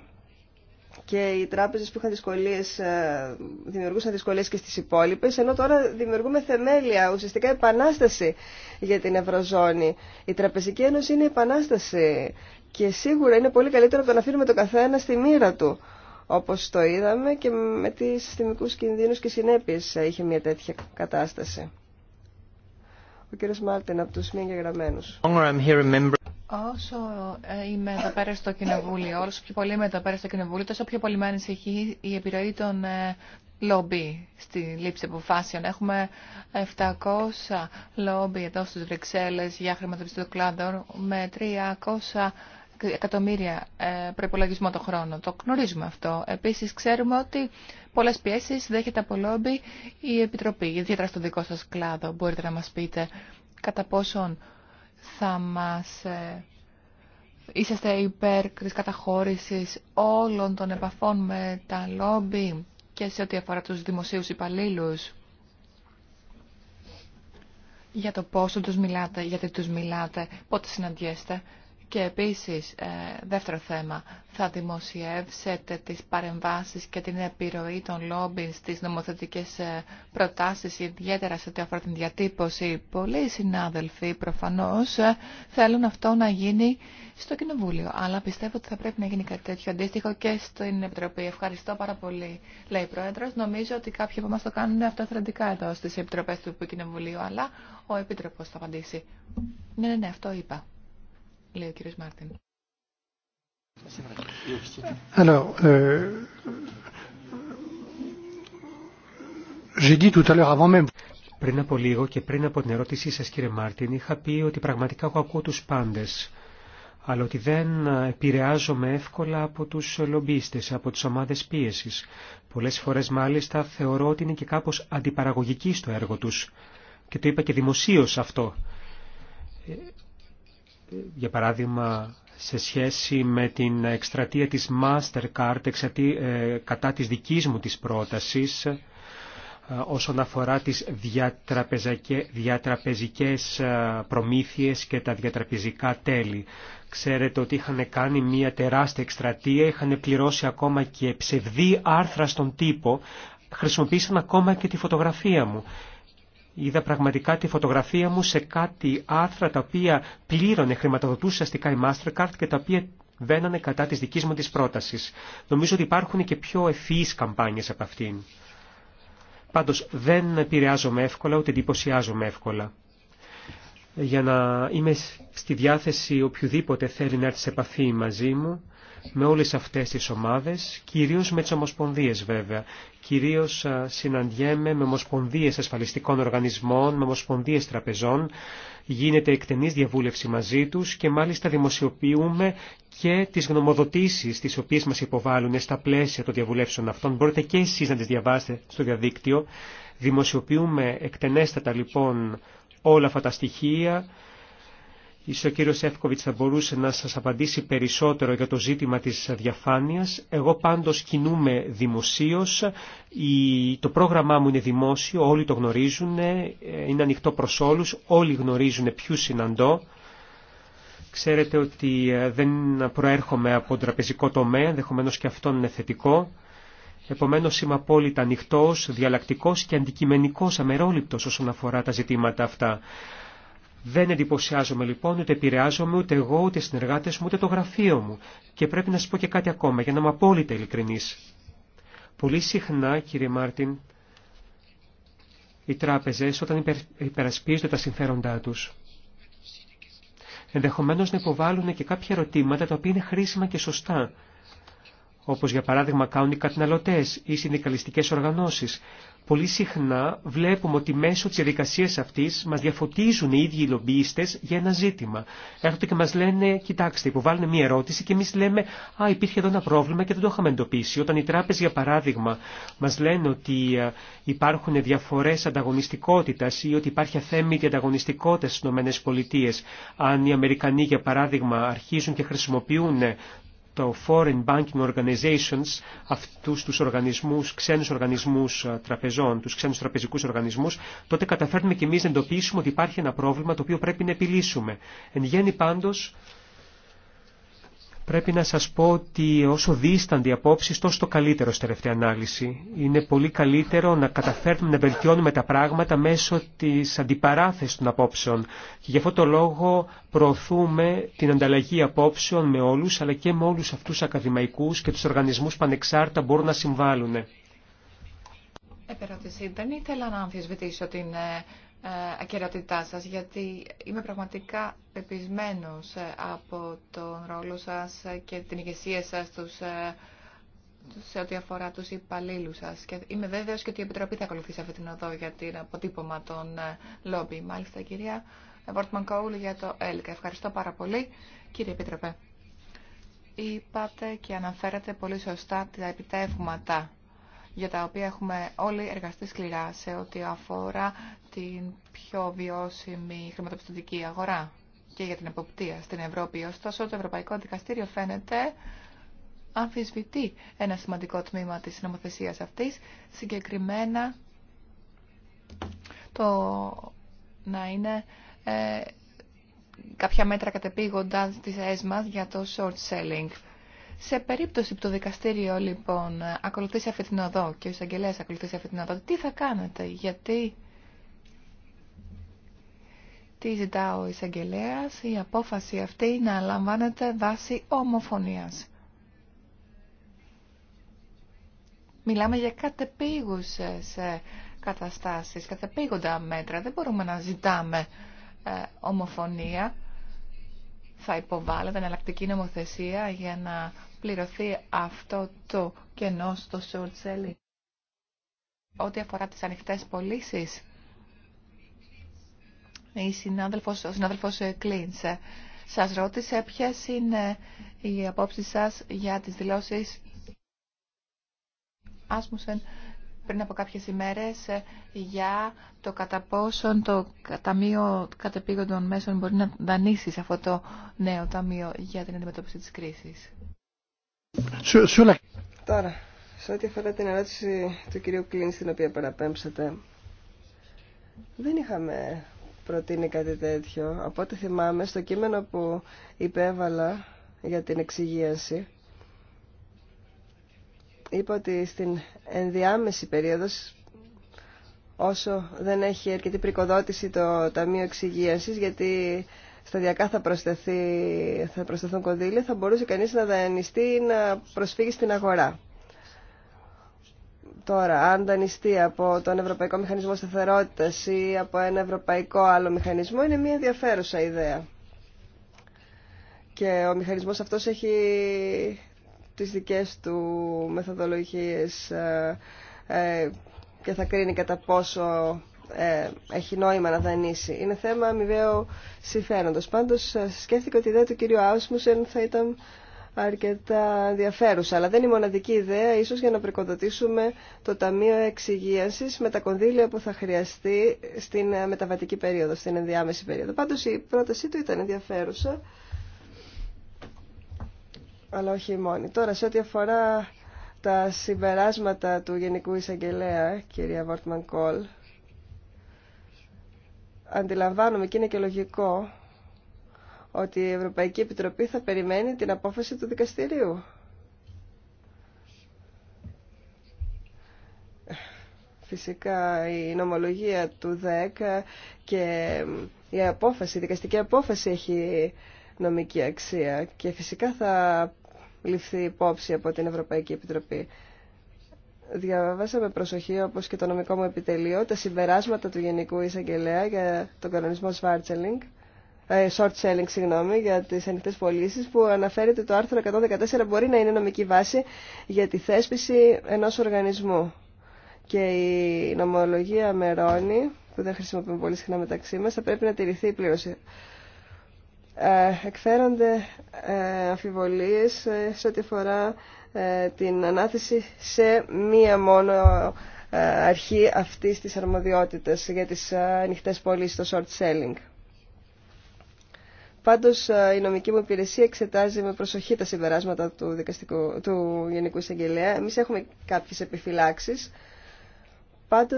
και οι τράπεζες που είχαν δυσκολίες, ε, δημιουργούσαν δυσκολίες και στις υπόλοιπες, ενώ τώρα δημιουργούμε θεμέλια, ουσιαστικά επανάσταση για την Ευρωζώνη. Η Τραπεζική Ένωση είναι επανάσταση και σίγουρα είναι πολύ καλύτερο από το να αφήνουμε το καθένα στη μοίρα του, όπως το είδαμε και με τις συστημικούς κινδύνους και συνέπειες είχε μια τέτοια κατάσταση ο κ. Μάρτιν από για Όσο ε, είμαι εδώ πέρα στο κοινοβούλιο, όσο πιο πολύ είμαι εδώ πέρα στο κοινοβούλιο, τόσο πιο πολύ με ανησυχεί η επιρροή των ε, λόμπι στη λήψη αποφάσεων. Έχουμε 700 λόμπι εδώ στους Βρυξέλλε για χρηματοπιστωτικό κλάδων με 300 εκατομμύρια ε, προπολογισμό το χρόνο. Το γνωρίζουμε αυτό. Επίση, ξέρουμε ότι πολλέ πιέσει δέχεται από λόμπι η Επιτροπή, ιδιαίτερα στο δικό σα κλάδο. Μπορείτε να μα πείτε κατά πόσον θα μα. Ε, είσαστε υπέρ της καταχώρησης όλων των επαφών με τα λόμπι και σε ό,τι αφορά τους δημοσίους υπαλλήλους για το πόσο τους μιλάτε, γιατί τους μιλάτε, πότε συναντιέστε και επίσης, ε, δεύτερο θέμα, θα δημοσιεύσετε τις παρεμβάσεις και την επιρροή των λόμπιν στις νομοθετικές ε, προτάσεις, ιδιαίτερα σε ό,τι αφορά την διατύπωση. Πολλοί συνάδελφοι προφανώς ε, θέλουν αυτό να γίνει στο Κοινοβούλιο, αλλά πιστεύω ότι θα πρέπει να γίνει κάτι τέτοιο αντίστοιχο και στην Επιτροπή. Ευχαριστώ πάρα πολύ, λέει η Πρόεδρος. Νομίζω ότι κάποιοι από εμάς το κάνουν αυτοθρεντικά εδώ στις Επιτροπές του Κοινοβουλίου, αλλά ο Επίτροπος θα απαντήσει. Ναι, ναι, ναι, αυτό είπα λέει ο κύριος Μάρτιν. Euh, πριν από λίγο και πριν από την ερώτησή σας κύριε Μάρτιν είχα πει ότι πραγματικά έχω ακούω τους πάντες αλλά ότι δεν επηρεάζομαι εύκολα από τους λομπίστες, από τις ομάδες πίεσης. Πολλές φορές μάλιστα θεωρώ ότι είναι και κάπως αντιπαραγωγική στο έργο τους και το είπα και δημοσίως αυτό. Ε, για παράδειγμα σε σχέση με την εκστρατεία της Mastercard εξατή, ε, κατά της δικής μου της πρότασης ε, όσον αφορά τις διατραπεζικές ε, προμήθειες και τα διατραπεζικά τέλη. Ξέρετε ότι είχαν κάνει μια τεράστια εκστρατεία, είχαν πληρώσει ακόμα και ψευδή άρθρα στον τύπο, χρησιμοποίησαν ακόμα και τη φωτογραφία μου. Είδα πραγματικά τη φωτογραφία μου σε κάτι άρθρα τα οποία πλήρωνε, χρηματοδοτούσε αστικά η Mastercard και τα οποία βαίνανε κατά της δικής μου της πρότασης. Νομίζω ότι υπάρχουν και πιο ευφυείς καμπάνιες από αυτήν. Πάντως δεν επηρεάζομαι εύκολα, ούτε εντυπωσιάζομαι εύκολα. Για να είμαι στη διάθεση οποιοδήποτε θέλει να έρθει σε επαφή μαζί μου, με όλες αυτές τις ομάδες, κυρίως με τις ομοσπονδίες βέβαια. Κυρίως συναντιέμαι με ομοσπονδίες ασφαλιστικών οργανισμών, με ομοσπονδίες τραπεζών, γίνεται εκτενής διαβούλευση μαζί τους και μάλιστα δημοσιοποιούμε και τις γνωμοδοτήσεις τις οποίες μας υποβάλλουν στα πλαίσια των διαβουλεύσεων αυτών. Μπορείτε και εσείς να τις διαβάσετε στο διαδίκτυο. Δημοσιοποιούμε εκτενέστατα λοιπόν όλα αυτά τα στοιχεία Ίσως ο κύριος Εύκοβιτς θα μπορούσε να σας απαντήσει περισσότερο για το ζήτημα της διαφάνειας. Εγώ πάντως κινούμαι δημοσίως. Το πρόγραμμά μου είναι δημόσιο, όλοι το γνωρίζουν, ε, είναι ανοιχτό προς όλους, όλοι γνωρίζουν ποιου συναντώ. Ξέρετε ότι ε, δεν προέρχομαι από τον τραπεζικό τομέα, ενδεχομένω και αυτόν είναι θετικό. Επομένως είμαι απόλυτα ανοιχτό, διαλλακτικός και αντικειμενικός αμερόληπτος όσον αφορά τα ζητήματα αυτά. Δεν εντυπωσιάζομαι λοιπόν, ούτε επηρεάζομαι ούτε εγώ, ούτε οι συνεργάτε μου, ούτε το γραφείο μου. Και πρέπει να σα πω και κάτι ακόμα, για να είμαι απόλυτα ειλικρινή. Πολύ συχνά, κύριε Μάρτιν, οι τράπεζε όταν υπερασπίζονται τα συμφέροντά του, ενδεχομένω να υποβάλλουν και κάποια ερωτήματα τα οποία είναι χρήσιμα και σωστά όπως για παράδειγμα κάνουν οι καταναλωτές ή οι συνδικαλιστικές οργανώσεις. Πολύ συχνά βλέπουμε ότι μέσω της διαδικασία αυτής μας διαφωτίζουν οι ίδιοι οι λομπίστες για ένα ζήτημα. Έρχονται και μας λένε, κοιτάξτε, υποβάλλουν μια ερώτηση και εμείς λέμε, α, υπήρχε εδώ ένα πρόβλημα και δεν το είχαμε εντοπίσει. Όταν οι τράπεζες, για παράδειγμα, μας λένε ότι ε, υπάρχουν διαφορές ανταγωνιστικότητας ή ότι υπάρχει αθέμητη ανταγωνιστικότητα στις ΗΠΑ, αν οι Αμερικανοί, για παράδειγμα, αρχίζουν και χρησιμοποιούν το Foreign Banking Organizations, αυτούς τους οργανισμούς, ξένους οργανισμούς ε, τραπεζών, τους ξένους τραπεζικούς οργανισμούς, τότε καταφέρνουμε και εμείς να εντοπίσουμε ότι υπάρχει ένα πρόβλημα το οποίο πρέπει να επιλύσουμε. Εν γέννη πάντως, Πρέπει να σας πω ότι όσο δίστανται οι απόψεις, τόσο το καλύτερο στη τελευταία ανάλυση. Είναι πολύ καλύτερο να καταφέρνουμε να βελτιώνουμε τα πράγματα μέσω της αντιπαράθεσης των απόψεων. Και γι' αυτό το λόγο προωθούμε την ανταλλαγή απόψεων με όλους, αλλά και με όλους αυτούς τους ακαδημαϊκούς και τους οργανισμούς που ανεξάρτητα μπορούν να συμβάλλουν. Επερώτηση. Δεν ήθελα να αμφισβητήσω την ε, ε, ακαιρεότητά σας, γιατί είμαι πραγματικά πεπισμένος ε, από τον ρόλο σας και την ηγεσία σας στους, ε, σε ό,τι αφορά τους υπαλλήλους σας. Και είμαι βέβαιος και ότι η Επιτροπή θα ακολουθήσει αυτή την οδό για την αποτύπωμα των λόμπι. Μάλιστα, κυρία Βόρτμαν Κόουλ για το ΕΛΚΑ. Ευχαριστώ πάρα πολύ, κύριε Επίτροπε. Είπατε και αναφέρατε πολύ σωστά τα επιτεύγματα για τα οποία έχουμε όλοι εργαστεί σκληρά σε ό,τι αφορά την πιο βιώσιμη χρηματοπιστωτική αγορά και για την εποπτεία στην Ευρώπη. Ωστόσο, το Ευρωπαϊκό Δικαστήριο φαίνεται αμφισβητεί ένα σημαντικό τμήμα της νομοθεσίας αυτής, συγκεκριμένα το να είναι ε, κάποια μέτρα κατεπήγοντα της ΕΣΜΑ για το short selling. Σε περίπτωση που το δικαστήριο λοιπόν ακολουθήσει αυτή την οδό και ο εισαγγελέα ακολουθήσει αυτή την οδό, τι θα κάνετε, γιατί τι ζητά ο εισαγγελέα η απόφαση αυτή να λαμβάνεται βάσει ομοφωνίας. Μιλάμε για κατεπήγουσες ε, καταστάσεις, κατεπήγοντα μέτρα. Δεν μπορούμε να ζητάμε ε, ομοφωνία. Θα υποβάλλεται εναλλακτική νομοθεσία για να πληρωθεί αυτό το κενό στο short Ό,τι αφορά τις ανοιχτές πωλήσει η συνάδελφος, ο συνάδελφος ε, Κλίντς ε, σας ρώτησε ποιες είναι οι απόψεις σας για τις δηλώσεις Άσμουσεν πριν από κάποιες ημέρες ε, για το κατά πόσον το Ταμείο Κατεπήγοντων Μέσων μπορεί να δανείσει σε αυτό το νέο Ταμείο για την αντιμετώπιση της κρίσης. Τώρα, σε ό,τι αφορά την ερώτηση του κυρίου Κλίν, στην οποία παραπέμψατε, δεν είχαμε προτείνει κάτι τέτοιο. Από ό,τι θυμάμαι, στο κείμενο που υπέβαλα για την εξυγίαση, είπα ότι στην ενδιάμεση περίοδο, όσο δεν έχει αρκετή πρικοδότηση το Ταμείο Εξυγίασης, γιατί σταδιακά θα, προσθεθεί, θα προσθεθούν κονδύλια, θα μπορούσε κανείς να δανειστεί ή να προσφύγει στην αγορά. Τώρα, αν δανειστεί από τον Ευρωπαϊκό Μηχανισμό σταθερότητα ή από ένα ευρωπαϊκό άλλο μηχανισμό, είναι μια ενδιαφέρουσα ιδέα. Και ο μηχανισμό αυτό έχει τι δικέ του μεθοδολογίες ε, ε, και θα κρίνει κατά πόσο ε, έχει νόημα να δανείσει. Είναι θέμα αμοιβαίου συμφέροντος. Πάντως σκέφτηκα ότι η ιδέα του κυρίου Άουσμουσεν θα ήταν αρκετά ενδιαφέρουσα, αλλά δεν είναι η μοναδική ιδέα, ίσως για να πρικοδοτήσουμε το Ταμείο Εξυγίασης με τα κονδύλια που θα χρειαστεί στην μεταβατική περίοδο, στην ενδιάμεση περίοδο. Πάντω η πρότασή του ήταν ενδιαφέρουσα, αλλά όχι η μόνη. Τώρα, σε ό,τι αφορά τα συμπεράσματα του Γενικού Εισαγγελέα, κυρία Βόρτμαν Κόλ, αντιλαμβάνομαι και είναι και λογικό ότι η Ευρωπαϊκή Επιτροπή θα περιμένει την απόφαση του δικαστηρίου. Φυσικά η νομολογία του 10 και η απόφαση, η δικαστική απόφαση έχει νομική αξία και φυσικά θα ληφθεί υπόψη από την Ευρωπαϊκή Επιτροπή. Διαβάσαμε προσοχή, όπως και το νομικό μου επιτελείο, τα συμπεράσματα του Γενικού Εισαγγελέα για τον κανονισμό Σβάρτσελινγκ ε, short selling, συγγνώμη, για τι ανοιχτέ πωλήσει που αναφέρεται το άρθρο 114 μπορεί να είναι νομική βάση για τη θέσπιση ενός οργανισμού. Και η νομολογία Μερώνη, που δεν χρησιμοποιούμε πολύ συχνά μεταξύ μα, θα πρέπει να τηρηθεί πλήρωση ε, εκφέρονται ε, αμφιβολίες σε ό,τι αφορά την ανάθεση σε μία μόνο αρχή αυτής της αρμοδιότητας για τις ανοιχτές πωλήσει το short selling. Πάντω ε, η νομική μου υπηρεσία εξετάζει με προσοχή τα συμπεράσματα του, δικαστικού, του Γενικού Εισαγγελέα. Εμεί έχουμε κάποιες επιφυλάξεις. Πάντω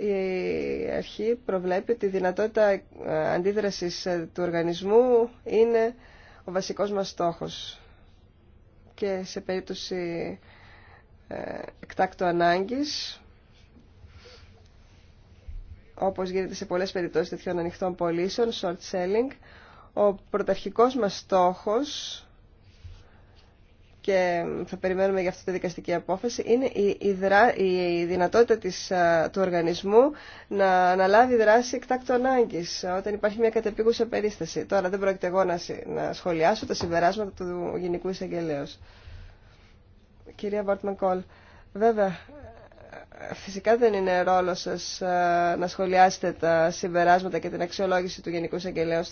ε, η αρχή προβλέπει ότι η δυνατότητα ε, αντίδρασης του οργανισμού είναι ο βασικός μας στόχος. Και σε περίπτωση εκτάκτου ανάγκης, όπως γίνεται σε πολλές περιπτώσεις τέτοιων ανοιχτών πωλήσεων, short selling, ο πρωταρχικός μας στόχος και θα περιμένουμε για αυτή τη δικαστική απόφαση, είναι η, δυνατότητα του οργανισμού να αναλάβει δράση εκτάκτου ανάγκη όταν υπάρχει μια κατεπίγουσα περίσταση. Τώρα δεν πρόκειται εγώ να, σχολιάσω τα συμπεράσματα του Γενικού Εισαγγελέως. Κυρία Βόρτμαν Κόλ, βέβαια Φυσικά δεν είναι ρόλο σα ε, να σχολιάσετε τα συμπεράσματα και την αξιολόγηση του Γενικού Εισαγγελέα.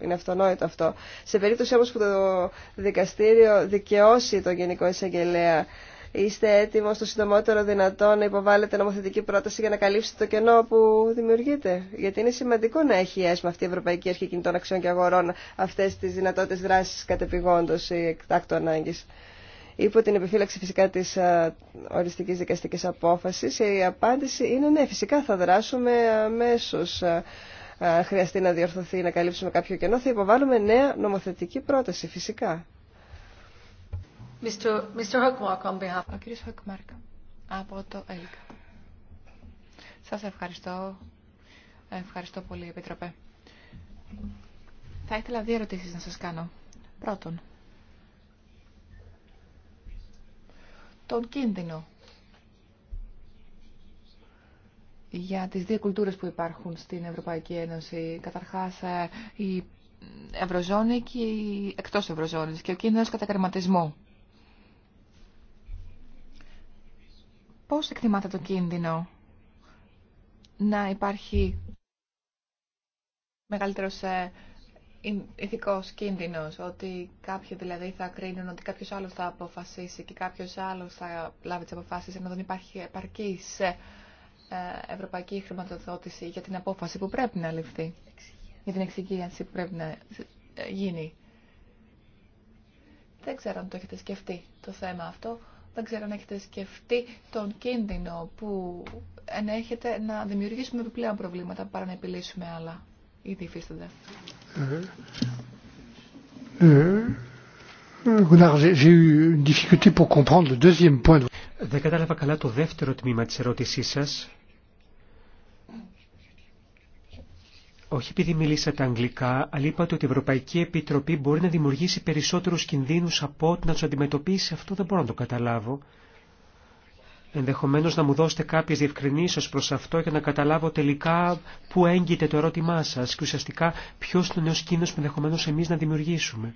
Είναι αυτονόητο αυτό. Σε περίπτωση όμω που το δικαστήριο δικαιώσει τον Γενικό Εισαγγελέα, είστε έτοιμο το συντομότερο δυνατό να υποβάλλετε νομοθετική πρόταση για να καλύψετε το κενό που δημιουργείται. Γιατί είναι σημαντικό να έχει η ΕΣΜΑ αυτή η Ευρωπαϊκή Αρχή Κινητών Αξιών και Αγορών αυτές τις δυνατότητες δράση κατεπηγόντω ή εκτάκτου ανάγκη υπό την επιφύλαξη φυσικά τη οριστική δικαστική απόφαση. Η απάντηση είναι ναι, φυσικά θα δράσουμε αμέσω. χρειαστεί να διορθωθεί, να καλύψουμε κάποιο κενό, θα υποβάλουμε νέα νομοθετική πρόταση, φυσικά. Mr. Ο από το Σας ευχαριστώ. Ευχαριστώ πολύ, Επίτροπε. Θα ήθελα δύο ερωτήσεις να σας κάνω. Πρώτον, τον κίνδυνο για τις δύο κουλτούρες που υπάρχουν στην Ευρωπαϊκή Ένωση. Καταρχάς ε, η Ευρωζώνη και η εκτός Ευρωζώνης και ο κίνδυνος κατακαιρματισμού. Πώς εκτιμάτε τον κίνδυνο να υπάρχει μεγαλύτερος ε, ηθικός κίνδυνο, ότι κάποιοι δηλαδή θα κρίνουν ότι κάποιο άλλο θα αποφασίσει και κάποιο άλλο θα λάβει τι αποφάσει ενώ δεν υπάρχει επαρκή επαρκής ε, ευρωπαϊκή χρηματοδότηση για την απόφαση που πρέπει να ληφθεί, για την εξυγίανση που πρέπει να ε, γίνει. Δεν ξέρω αν το έχετε σκεφτεί το θέμα αυτό. Δεν ξέρω αν έχετε σκεφτεί τον κίνδυνο που ενέχεται να δημιουργήσουμε επιπλέον προβλήματα παρά να επιλύσουμε άλλα ήδη υφίστανται. Δεν κατάλαβα καλά το δεύτερο τμήμα της ερώτησής σας. Όχι επειδή μιλήσατε αγγλικά, αλλά είπατε ότι η Ευρωπαϊκή Επιτροπή μπορεί να δημιουργήσει περισσότερους κινδύνους από ό,τι να τους αντιμετωπίσει. Αυτό δεν μπορώ να το καταλάβω. Ενδεχομένως να μου δώσετε κάποιες διευκρινήσεις προς αυτό για να καταλάβω τελικά πού έγκυται το ερώτημά σας και ουσιαστικά ποιος είναι ο νέος κίνδυνος που ενδεχομένως εμείς να δημιουργήσουμε.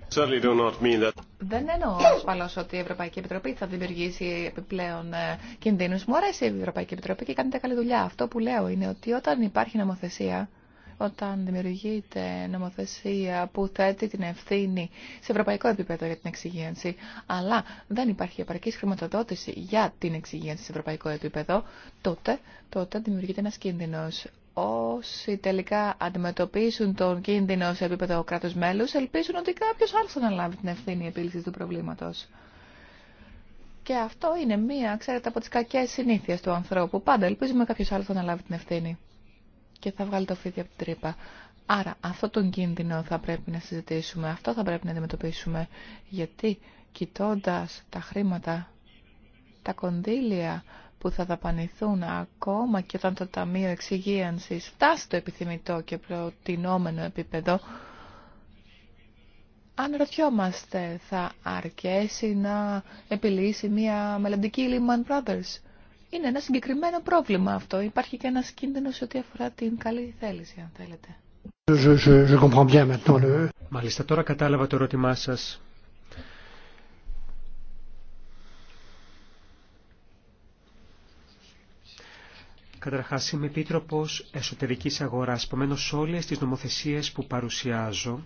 Δεν εννοώ ασφαλώς ότι η Ευρωπαϊκή Επιτροπή θα δημιουργήσει επιπλέον ε, κινδύνους. Μου αρέσει η Ευρωπαϊκή Επιτροπή και κάνετε καλή δουλειά. Αυτό που λέω είναι ότι όταν υπάρχει νομοθεσία όταν δημιουργείται νομοθεσία που θέτει την ευθύνη σε ευρωπαϊκό επίπεδο για την εξυγίανση, αλλά δεν υπάρχει επαρκή χρηματοδότηση για την εξυγίανση σε ευρωπαϊκό επίπεδο, τότε, τότε δημιουργείται ένα κίνδυνο. Όσοι τελικά αντιμετωπίσουν τον κίνδυνο σε επίπεδο κράτου μέλου, ελπίζουν ότι κάποιο άλλο θα αναλάβει την ευθύνη επιλύση του προβλήματο. Και αυτό είναι μία, ξέρετε, από τι κακέ συνήθειε του ανθρώπου. Πάντα ελπίζουμε κάποιο άλλο θα αναλάβει την ευθύνη και θα βγάλει το φίδι από την τρύπα. Άρα αυτό τον κίνδυνο θα πρέπει να συζητήσουμε, αυτό θα πρέπει να αντιμετωπίσουμε. Γιατί κοιτώντα τα χρήματα, τα κονδύλια που θα δαπανηθούν ακόμα και όταν το Ταμείο Εξυγίανσης φτάσει στο επιθυμητό και προτινόμενο επίπεδο, αν ρωτιόμαστε, θα αρκέσει να επιλύσει μια μελλοντική Lehman Brothers. Είναι ένα συγκεκριμένο πρόβλημα αυτό. Υπάρχει και ένας κίνδυνος ό,τι αφορά την καλή θέληση, αν θέλετε. Μάλιστα, τώρα κατάλαβα το ερώτημά σα. Καταρχά είμαι επίτροπο εσωτερικής αγοράς, Επομένω, όλε τι νομοθεσίε που παρουσιάζω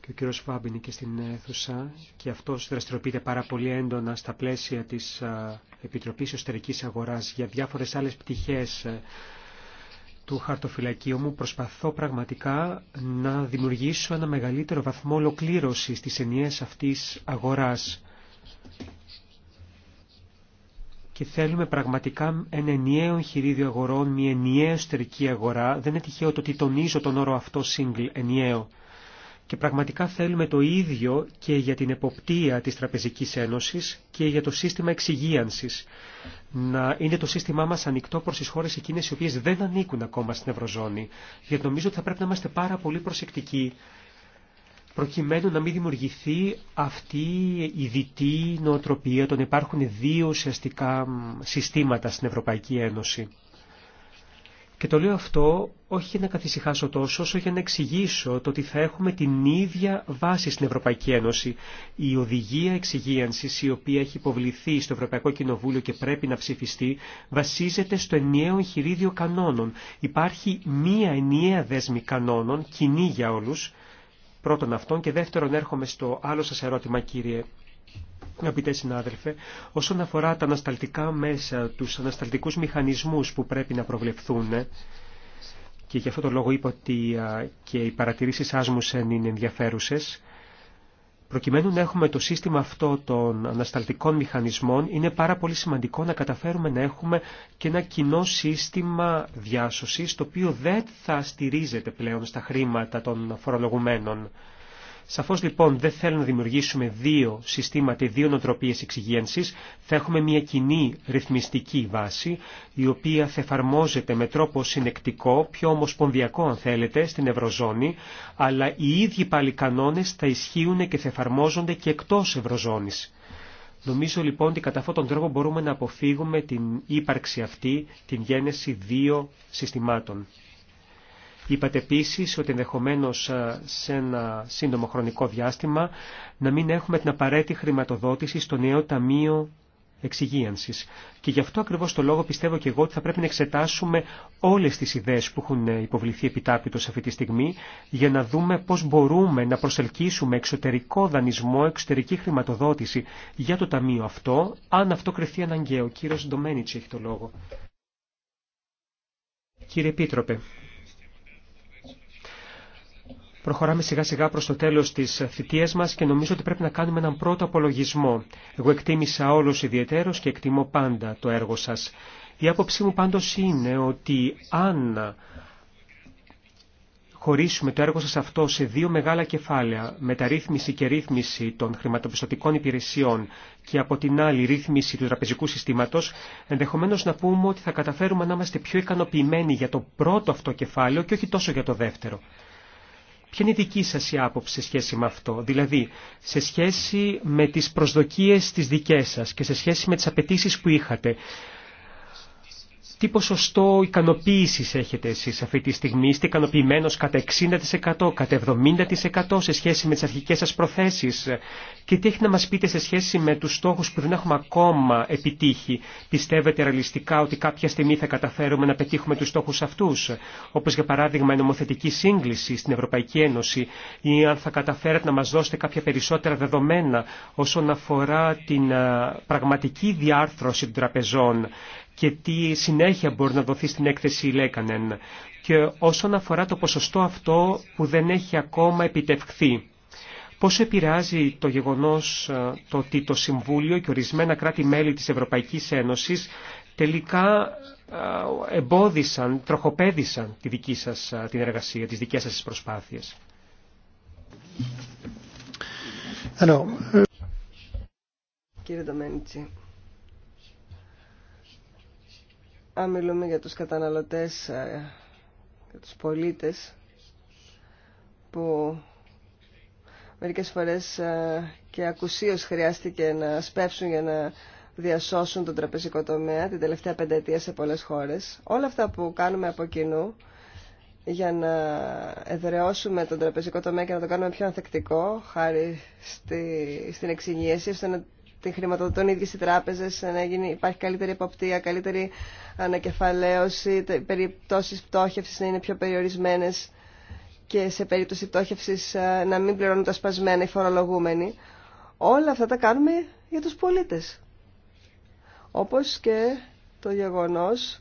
και ο κύριος Φάμπ είναι και στην αίθουσα και αυτός δραστηριοποιείται πάρα πολύ έντονα στα πλαίσια της Επιτροπής Εσωτερικής Αγοράς για διάφορες άλλες πτυχές ε, του χαρτοφυλακίου μου προσπαθώ πραγματικά να δημιουργήσω ένα μεγαλύτερο βαθμό ολοκλήρωση της ενιαίας αυτής αγοράς. Και θέλουμε πραγματικά ένα ενιαίο εγχειρίδιο αγορών, μια ενιαία εσωτερική αγορά. Δεν είναι τυχαίο το ότι τονίζω τον όρο αυτό single, ενιαίο και πραγματικά θέλουμε το ίδιο και για την εποπτεία της Τραπεζικής Ένωσης και για το σύστημα εξυγίανσης. Να είναι το σύστημά μας ανοιχτό προς τις χώρες εκείνες οι οποίες δεν ανήκουν ακόμα στην Ευρωζώνη. Γιατί νομίζω ότι θα πρέπει να είμαστε πάρα πολύ προσεκτικοί προκειμένου να μην δημιουργηθεί αυτή η δυτή νοοτροπία των υπάρχουν δύο ουσιαστικά συστήματα στην Ευρωπαϊκή Ένωση. Και το λέω αυτό όχι για να καθησυχάσω τόσο, όσο για να εξηγήσω το ότι θα έχουμε την ίδια βάση στην Ευρωπαϊκή Ένωση. Η οδηγία εξυγίανση, η οποία έχει υποβληθεί στο Ευρωπαϊκό Κοινοβούλιο και πρέπει να ψηφιστεί, βασίζεται στο ενιαίο εγχειρίδιο κανόνων. Υπάρχει μία ενιαία δέσμη κανόνων, κοινή για όλους, πρώτον αυτόν και δεύτερον έρχομαι στο άλλο σας ερώτημα κύριε Αγαπητέ συνάδελφε, όσον αφορά τα ανασταλτικά μέσα, τους ανασταλτικούς μηχανισμούς που πρέπει να προβλεφθούν, και γι' αυτό το λόγο είπα ότι και οι παρατηρήσεις Άσμουσεν είναι ενδιαφέρουσες, Προκειμένου να έχουμε το σύστημα αυτό των ανασταλτικών μηχανισμών, είναι πάρα πολύ σημαντικό να καταφέρουμε να έχουμε και ένα κοινό σύστημα διάσωσης, το οποίο δεν θα στηρίζεται πλέον στα χρήματα των φορολογουμένων. Σαφώς λοιπόν δεν θέλω να δημιουργήσουμε δύο συστήματα, δύο νοτροπίες εξυγένσης. Θα έχουμε μια κοινή ρυθμιστική βάση, η οποία θα εφαρμόζεται με τρόπο συνεκτικό, πιο ομοσπονδιακό αν θέλετε, στην Ευρωζώνη, αλλά οι ίδιοι πάλι κανόνες θα ισχύουν και θα εφαρμόζονται και εκτός Ευρωζώνης. Νομίζω λοιπόν ότι κατά αυτόν τον τρόπο μπορούμε να αποφύγουμε την ύπαρξη αυτή, την γένεση δύο συστημάτων. Είπατε επίση ότι ενδεχομένω ε, σε ένα σύντομο χρονικό διάστημα να μην έχουμε την απαραίτητη χρηματοδότηση στο νέο Ταμείο Εξυγίανσης. Και γι' αυτό ακριβώ το λόγο πιστεύω και εγώ ότι θα πρέπει να εξετάσουμε όλε τι ιδέε που έχουν υποβληθεί επιτάπητος αυτή τη στιγμή για να δούμε πώ μπορούμε να προσελκύσουμε εξωτερικό δανεισμό, εξωτερική χρηματοδότηση για το Ταμείο αυτό, αν αυτό κρυθεί αναγκαίο. Ο κύριο Ντομένιτς έχει το λόγο. Κύριε Επίτροπε, Προχωράμε σιγά σιγά προς το τέλος της θητείας μας και νομίζω ότι πρέπει να κάνουμε έναν πρώτο απολογισμό. Εγώ εκτίμησα όλους ιδιαιτέρως και εκτιμώ πάντα το έργο σας. Η άποψή μου πάντως είναι ότι αν χωρίσουμε το έργο σας αυτό σε δύο μεγάλα κεφάλαια, μεταρρύθμιση και ρύθμιση των χρηματοπιστωτικών υπηρεσιών και από την άλλη ρύθμιση του τραπεζικού συστήματος, ενδεχομένως να πούμε ότι θα καταφέρουμε να είμαστε πιο ικανοποιημένοι για το πρώτο αυτό κεφάλαιο και όχι τόσο για το δεύτερο. Ποια είναι η δική σας η άποψη σε σχέση με αυτό, δηλαδή σε σχέση με τις προσδοκίες τις δικές σας και σε σχέση με τις απαιτήσει που είχατε. Τι ποσοστό ικανοποίηση έχετε εσεί αυτή τη στιγμή, είστε ικανοποιημένο κατά 60%, κατά 70% σε σχέση με τι αρχικέ σα προθέσει, και τι έχει να μα πείτε σε σχέση με του στόχου που δεν έχουμε ακόμα επιτύχει. Πιστεύετε ρεαλιστικά ότι κάποια στιγμή θα καταφέρουμε να πετύχουμε του στόχου αυτού, όπω για παράδειγμα η νομοθετική σύγκληση στην Ευρωπαϊκή Ένωση, ή αν θα καταφέρετε να μα δώσετε κάποια περισσότερα δεδομένα όσον αφορά την πραγματική διάρθρωση των τραπεζών και τι συνέχεια μπορεί να δοθεί στην έκθεση Λέκανεν και όσον αφορά το ποσοστό αυτό που δεν έχει ακόμα επιτευχθεί. Πώς επηρεάζει το γεγονός ε, το ότι το Συμβούλιο και ορισμένα κράτη-μέλη της Ευρωπαϊκής Ένωσης τελικά ε, εμπόδισαν, τροχοπέδισαν τη δική σας ε, την εργασία, τις δικές σας προσπάθειας. προσπάθειες. Κύριε Αν μιλούμε για τους καταναλωτές, ε, για τους πολίτες, που μερικές φορές ε, και ακουσίως χρειάστηκε να σπεύσουν για να διασώσουν τον τραπεζικό τομέα την τελευταία πενταετία σε πολλές χώρες. Όλα αυτά που κάνουμε από κοινού για να εδραιώσουμε τον τραπεζικό τομέα και να το κάνουμε πιο ανθεκτικό χάρη στην εξηγήση, ώστε την χρηματοδοτούν οι ίδιες οι τράπεζες, να γίνει, υπάρχει καλύτερη εποπτεία, καλύτερη ανακεφαλαίωση, περιπτώσεις πτώχευσης να είναι πιο περιορισμένες και σε περίπτωση πτώχευσης ε, να μην πληρώνουν τα σπασμένα οι φορολογούμενοι. Όλα αυτά τα κάνουμε για τους πολίτες. Όπως και το γεγονός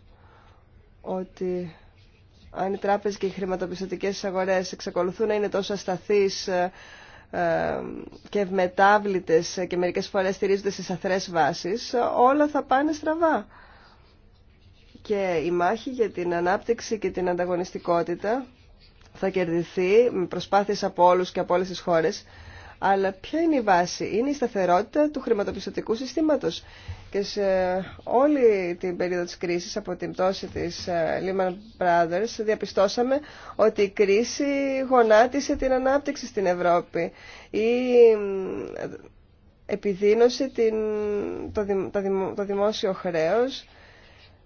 ότι αν οι τράπεζες και οι χρηματοπιστωτικές αγορές εξακολουθούν να είναι τόσο ασταθείς ε, ε, και ευμετάβλητες και μερικές φορές στηρίζονται σε αθρές βάσεις, όλα θα πάνε στραβά. Και η μάχη για την ανάπτυξη και την ανταγωνιστικότητα θα κερδιθεί με προσπάθειες από όλους και από όλες τις χώρες. Αλλά ποια είναι η βάση, είναι η σταθερότητα του χρηματοπιστωτικού συστήματος και σε όλη την περίοδο της κρίσης από την πτώση της ε, Lehman Brothers διαπιστώσαμε ότι η κρίση γονάτισε την ανάπτυξη στην Ευρώπη ή επιδίνωσε την, το, το δημόσιο χρέος,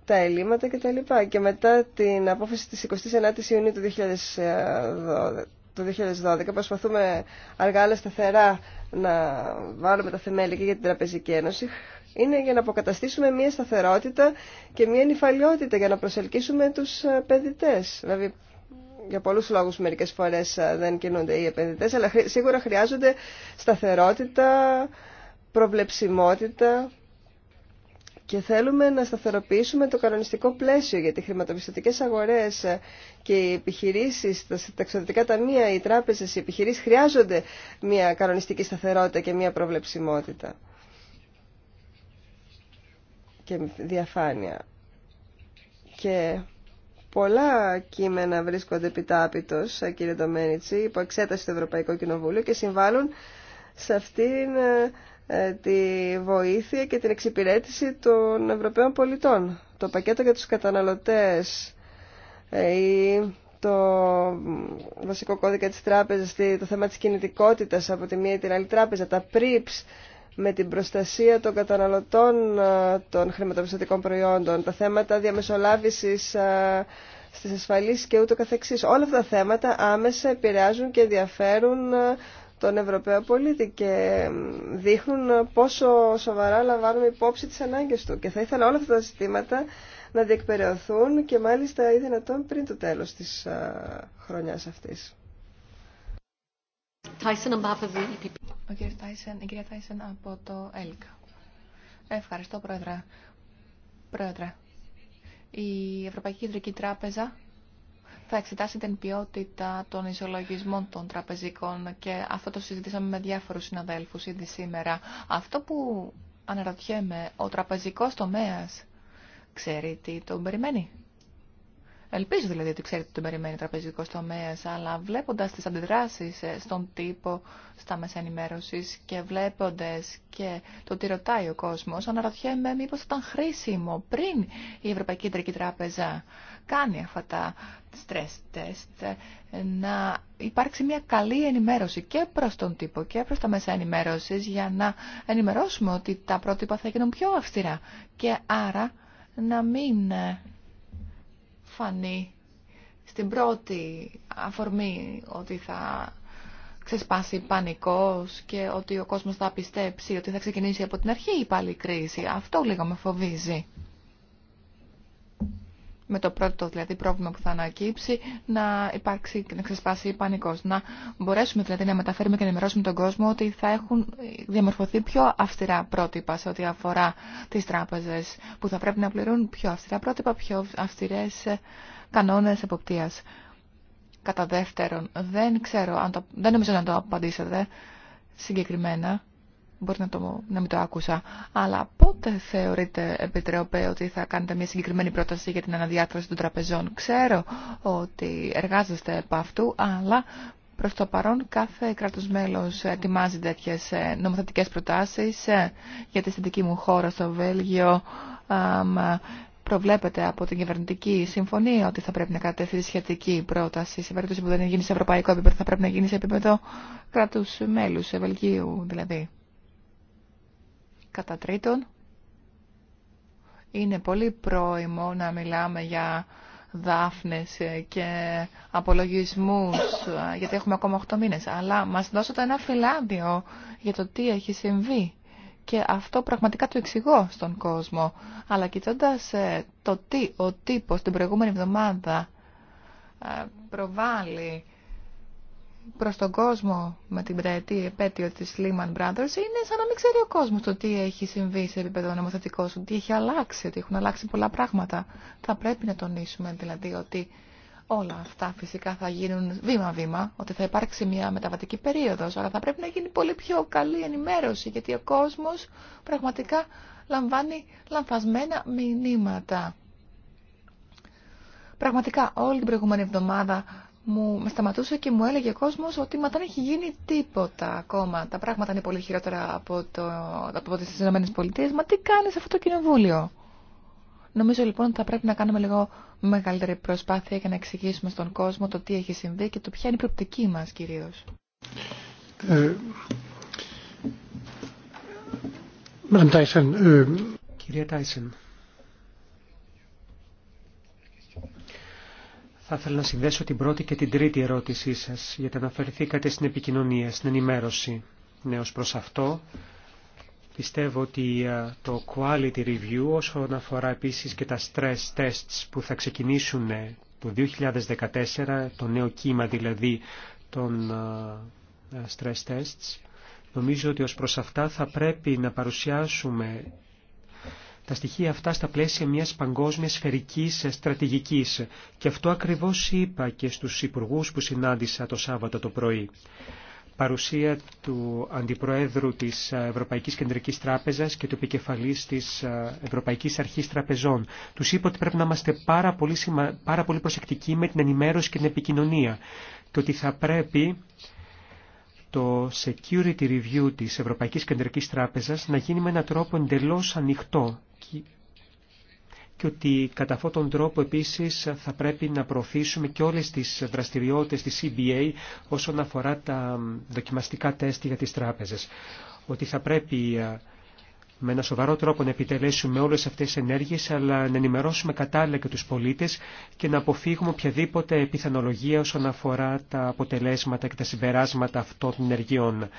τα ελλείμματα κτλ. Και, και μετά την απόφαση της 29ης Ιουνίου του 2012, του 2012. Προσπαθούμε αργά αλλά σταθερά να βάλουμε τα θεμέλια και για την Τραπεζική Ένωση είναι για να αποκαταστήσουμε μια σταθερότητα και μια νυφαλιότητα για να προσελκύσουμε τους ε, επενδυτές. Δηλαδή, για πολλούς λόγους μερικές φορές ε, δεν κινούνται οι επενδυτές, αλλά σίγουρα χρειάζονται σταθερότητα, προβλεψιμότητα και θέλουμε να σταθεροποιήσουμε το κανονιστικό πλαίσιο γιατί οι χρηματοπιστωτικές αγορές ε, και οι επιχειρήσεις, τα εξωτερικά ταμεία, οι τράπεζες, οι επιχειρήσεις χρειάζονται μια κανονιστική σταθερότητα και μια προβλεψιμότητα και διαφάνεια. Και πολλά κείμενα βρίσκονται επιτάπητος, κύριε Ντομένιτσι, υπό εξέταση στο Ευρωπαϊκό Κοινοβούλιο και συμβάλλουν σε αυτήν ε, ε, τη βοήθεια και την εξυπηρέτηση των Ευρωπαίων πολιτών. Το πακέτο για τους καταναλωτές ε, ή το βασικό κώδικα της τράπεζας, το θέμα της κινητικότητας από τη μία ή την άλλη τράπεζα, τα PRIPS, με την προστασία των καταναλωτών ε, των χρηματοπιστωτικών προϊόντων, τα θέματα διαμεσολάβησης ε, στις ασφαλίσεις και ούτω καθεξής. Όλα αυτά τα θέματα άμεσα επηρεάζουν και ενδιαφέρουν ε, τον Ευρωπαίο πολίτη και δείχνουν πόσο σοβαρά λαμβάνουμε υπόψη τις ανάγκες του. Και θα ήθελα όλα αυτά τα ζητήματα να διεκπαιρεωθούν και μάλιστα ή δυνατόν πριν το τέλος της χρονιάς αυτής. Τάισεν, e η κυρία Τάισεν από το ΕΛΚΑ. Ευχαριστώ, Πρόεδρε. Πρόεδρε, η Ευρωπαϊκή Κεντρική Τράπεζα θα εξετάσει την ποιότητα των ισολογισμών των τραπεζικών και αυτό το συζητήσαμε με διάφορους συναδέλφους ήδη σήμερα. Αυτό που αναρωτιέμαι, ο τραπεζικός τομέας ξέρει τι τον περιμένει. Ελπίζω δηλαδή ότι ξέρετε ότι τον περιμένει τραπεζικό τομέα, αλλά βλέποντα τι αντιδράσει ε, στον τύπο, στα μέσα ενημέρωση και βλέποντα και το τι ρωτάει ο κόσμο, αναρωτιέμαι μήπω ήταν χρήσιμο πριν η Ευρωπαϊκή Κεντρική Τράπεζα κάνει αυτά τα stress test ε, να υπάρξει μια καλή ενημέρωση και προ τον τύπο και προ τα μέσα ενημέρωση για να ενημερώσουμε ότι τα πρότυπα θα γίνουν πιο αυστηρά και άρα να μην ε, φανεί στην πρώτη αφορμή ότι θα ξεσπάσει πανικός και ότι ο κόσμος θα πιστέψει ότι θα ξεκινήσει από την αρχή η πάλι κρίση. Αυτό λίγο με φοβίζει με το πρώτο δηλαδή πρόβλημα που θα ανακύψει να υπάρξει, να ξεσπάσει πανικός. Να μπορέσουμε δηλαδή να μεταφέρουμε και να ενημερώσουμε τον κόσμο ότι θα έχουν διαμορφωθεί πιο αυστηρά πρότυπα σε ό,τι αφορά τις τράπεζες που θα πρέπει να πληρούν πιο αυστηρά πρότυπα, πιο αυστηρές ε, κανόνες εποπτείας. Κατά δεύτερον, δεν ξέρω, αν το, δεν νομίζω να το απαντήσετε συγκεκριμένα Μπορεί να, το, να μην το άκουσα. Αλλά πότε θεωρείτε, επιτρέπε ότι θα κάνετε μια συγκεκριμένη πρόταση για την αναδιάρθρωση των τραπεζών. Ξέρω ότι εργάζεστε από αυτού, αλλά προς το παρόν κάθε κράτος μέλος ετοιμάζει τέτοιες ε, νομοθετικές προτάσεις. Ε, γιατί στην δική μου χώρα, στο Βέλγιο, προβλέπεται από την κυβερνητική συμφωνία ότι θα πρέπει να κατατεθεί σχετική πρόταση. Σε περίπτωση που δεν γίνει σε ευρωπαϊκό επίπεδο, θα πρέπει να γίνει σε επίπεδο κράτου μέλου, σε Βελγίου δηλαδή. Κατά τρίτον, είναι πολύ πρόημο να μιλάμε για δάφνες και απολογισμούς, γιατί έχουμε ακόμα 8 μήνες, αλλά μας δώσατε ένα φυλάδιο για το τι έχει συμβεί. Και αυτό πραγματικά το εξηγώ στον κόσμο. Αλλά κοιτώντας ε, το τι ο τύπος την προηγούμενη εβδομάδα ε, προβάλλει προς τον κόσμο με την πρέτη επέτειο της Lehman Brothers είναι σαν να μην ξέρει ο κόσμος το τι έχει συμβεί σε επίπεδο νομοθετικό σου, τι έχει αλλάξει, ότι έχουν αλλάξει πολλά πράγματα. Θα πρέπει να τονίσουμε δηλαδή ότι όλα αυτά φυσικά θα γίνουν βήμα-βήμα, ότι θα υπάρξει μια μεταβατική περίοδος, αλλά θα πρέπει να γίνει πολύ πιο καλή ενημέρωση, γιατί ο κόσμος πραγματικά λαμβάνει λανθασμένα μηνύματα. Πραγματικά όλη την προηγούμενη εβδομάδα μου με σταματούσε και μου έλεγε ο κόσμος ότι μα δεν έχει γίνει τίποτα ακόμα. Τα πράγματα είναι πολύ χειρότερα από, το, από τις ΗΠΑ. Μα τι κάνεις αυτό το κοινοβούλιο. Νομίζω λοιπόν ότι θα πρέπει να κάνουμε λίγο μεγαλύτερη προσπάθεια για να εξηγήσουμε στον κόσμο το τι έχει συμβεί και το ποια είναι η προπτική μας κυρίως. Ε, ε Κυρία Τάισεν, Θα ήθελα να συνδέσω την πρώτη και την τρίτη ερώτησή σας, γιατί αναφερθήκατε στην επικοινωνία, στην ενημέρωση. Ναι, ως προς αυτό, πιστεύω ότι το quality review όσον αφορά επίσης και τα stress tests που θα ξεκινήσουν ε, το 2014, το νέο κύμα δηλαδή των stress tests, νομίζω ότι ως προς αυτά θα πρέπει να παρουσιάσουμε τα στοιχεία αυτά στα πλαίσια μιας παγκόσμιας σφαιρικής στρατηγικής. Και αυτό ακριβώς είπα και στους υπουργούς που συνάντησα το Σάββατο το πρωί. Παρουσία του Αντιπροέδρου της Ευρωπαϊκής Κεντρικής Τράπεζας και του επικεφαλής της Ευρωπαϊκής Αρχής Τραπεζών. Τους είπα ότι πρέπει να είμαστε πάρα πολύ, σημα... πάρα πολύ προσεκτικοί με την ενημέρωση και την επικοινωνία και ότι θα πρέπει το security review της Ευρωπαϊκής Κεντρικής Τράπεζας να γίνει με έναν τρόπο εντελώς ανοιχτό και ότι κατά αυτόν τον τρόπο επίσης θα πρέπει να προωθήσουμε και όλες τις δραστηριότητες της CBA όσον αφορά τα δοκιμαστικά τεστ για τις τράπεζες. Ότι θα πρέπει με ένα σοβαρό τρόπο να επιτελέσουμε όλες αυτές τις ενέργειες, αλλά να ενημερώσουμε κατάλληλα και τους πολίτες και να αποφύγουμε οποιαδήποτε επιθανολογία όσον αφορά τα αποτελέσματα και τα συμπεράσματα αυτών των ενεργειών.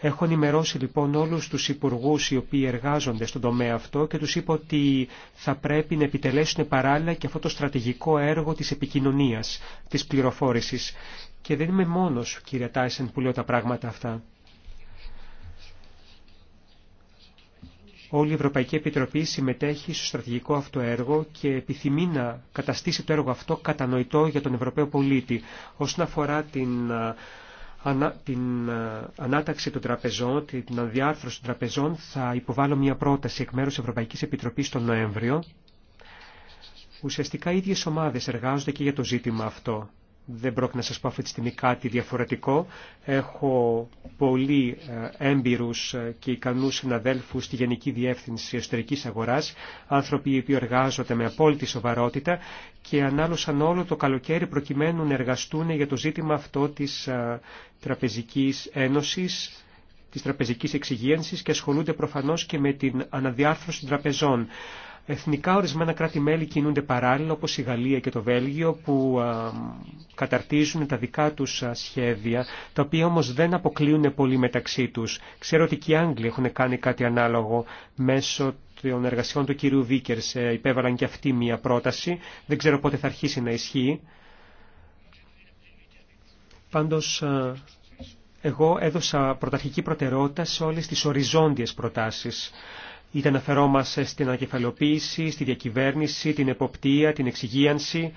Έχω ενημερώσει λοιπόν όλους τους υπουργούς οι οποίοι εργάζονται στον τομέα αυτό και τους είπα ότι θα πρέπει να επιτελέσουν παράλληλα και αυτό το στρατηγικό έργο της επικοινωνίας, της πληροφόρησης. Και δεν είμαι μόνος, κύριε Τάισεν, που λέω τα πράγματα αυτά. Όλη η Ευρωπαϊκή Επιτροπή συμμετέχει στο στρατηγικό αυτό έργο και επιθυμεί να καταστήσει το έργο αυτό κατανοητό για τον Ευρωπαίο πολίτη. Όσον αφορά την, την ανάταξη των τραπεζών, την ανδιάρθρωση των τραπεζών, θα υποβάλω μια πρόταση εκ μέρους Ευρωπαϊκής Επιτροπής τον Νοέμβριο. Ουσιαστικά οι ίδιες ομάδες εργάζονται και για το ζήτημα αυτό δεν πρόκειται να σας πω αυτή τη στιγμή κάτι διαφορετικό. Έχω πολύ ε, έμπειρους ε, και ικανούς συναδέλφους στη Γενική Διεύθυνση Εσωτερικής Αγοράς, άνθρωποι οι οποίοι εργάζονται με απόλυτη σοβαρότητα και ανάλωσαν όλο το καλοκαίρι προκειμένου να εργαστούν για το ζήτημα αυτό της ε, Τραπεζικής Ένωσης, της Τραπεζικής εξυγίανσης και ασχολούνται προφανώς και με την αναδιάρθρωση των τραπεζών. Εθνικά ορισμένα κράτη-μέλη κινούνται παράλληλα, όπως η Γαλλία και το Βέλγιο, που καταρτίζουν τα δικά τους σχέδια, τα οποία όμως δεν αποκλείουν πολύ μεταξύ τους. Ξέρω ότι και οι Άγγλοι έχουν κάνει κάτι ανάλογο μέσω των εργασιών του κυρίου Βίκερς. Ε, υπέβαλαν και αυτή μία πρόταση. Δεν ξέρω πότε θα αρχίσει να ισχύει. Πάντως, εγώ έδωσα πρωταρχική προτεραιότητα σε όλες τις οριζόντιες προτάσεις είτε αναφερόμαστε στην ανακεφαλαιοποίηση, στη διακυβέρνηση, την εποπτεία, την εξυγίανση,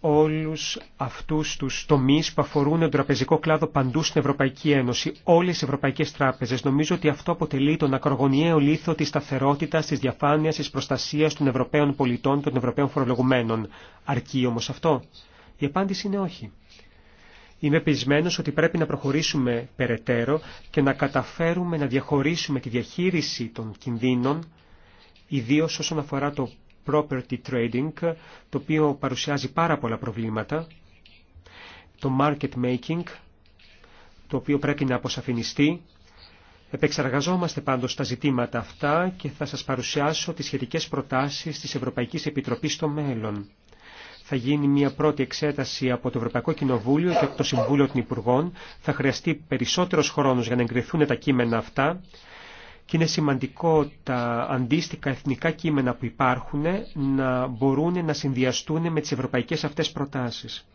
όλους αυτούς τους τομείς που αφορούν τον τραπεζικό κλάδο παντού στην Ευρωπαϊκή Ένωση, όλες οι ευρωπαϊκές τράπεζες. Νομίζω ότι αυτό αποτελεί τον ακρογωνιαίο λίθο της σταθερότητας, της διαφάνειας, της προστασίας των Ευρωπαίων πολιτών, των Ευρωπαίων φορολογουμένων. Αρκεί όμως αυτό. Η απάντηση είναι όχι. Είμαι πεισμένος ότι πρέπει να προχωρήσουμε περαιτέρω και να καταφέρουμε να διαχωρίσουμε τη διαχείριση των κινδύνων, ιδίως όσον αφορά το property trading, το οποίο παρουσιάζει πάρα πολλά προβλήματα, το market making, το οποίο πρέπει να αποσαφινιστεί. Επεξεργαζόμαστε πάντως τα ζητήματα αυτά και θα σας παρουσιάσω τις σχετικές προτάσεις της Ευρωπαϊκής Επιτροπής στο μέλλον θα γίνει μια πρώτη εξέταση από το Ευρωπαϊκό Κοινοβούλιο και από το Συμβούλιο των Υπουργών. Θα χρειαστεί περισσότερος χρόνος για να εγκριθούν τα κείμενα αυτά και είναι σημαντικό τα αντίστοιχα εθνικά κείμενα που υπάρχουν να μπορούν να συνδυαστούν με τις ευρωπαϊκές αυτές προτάσεις.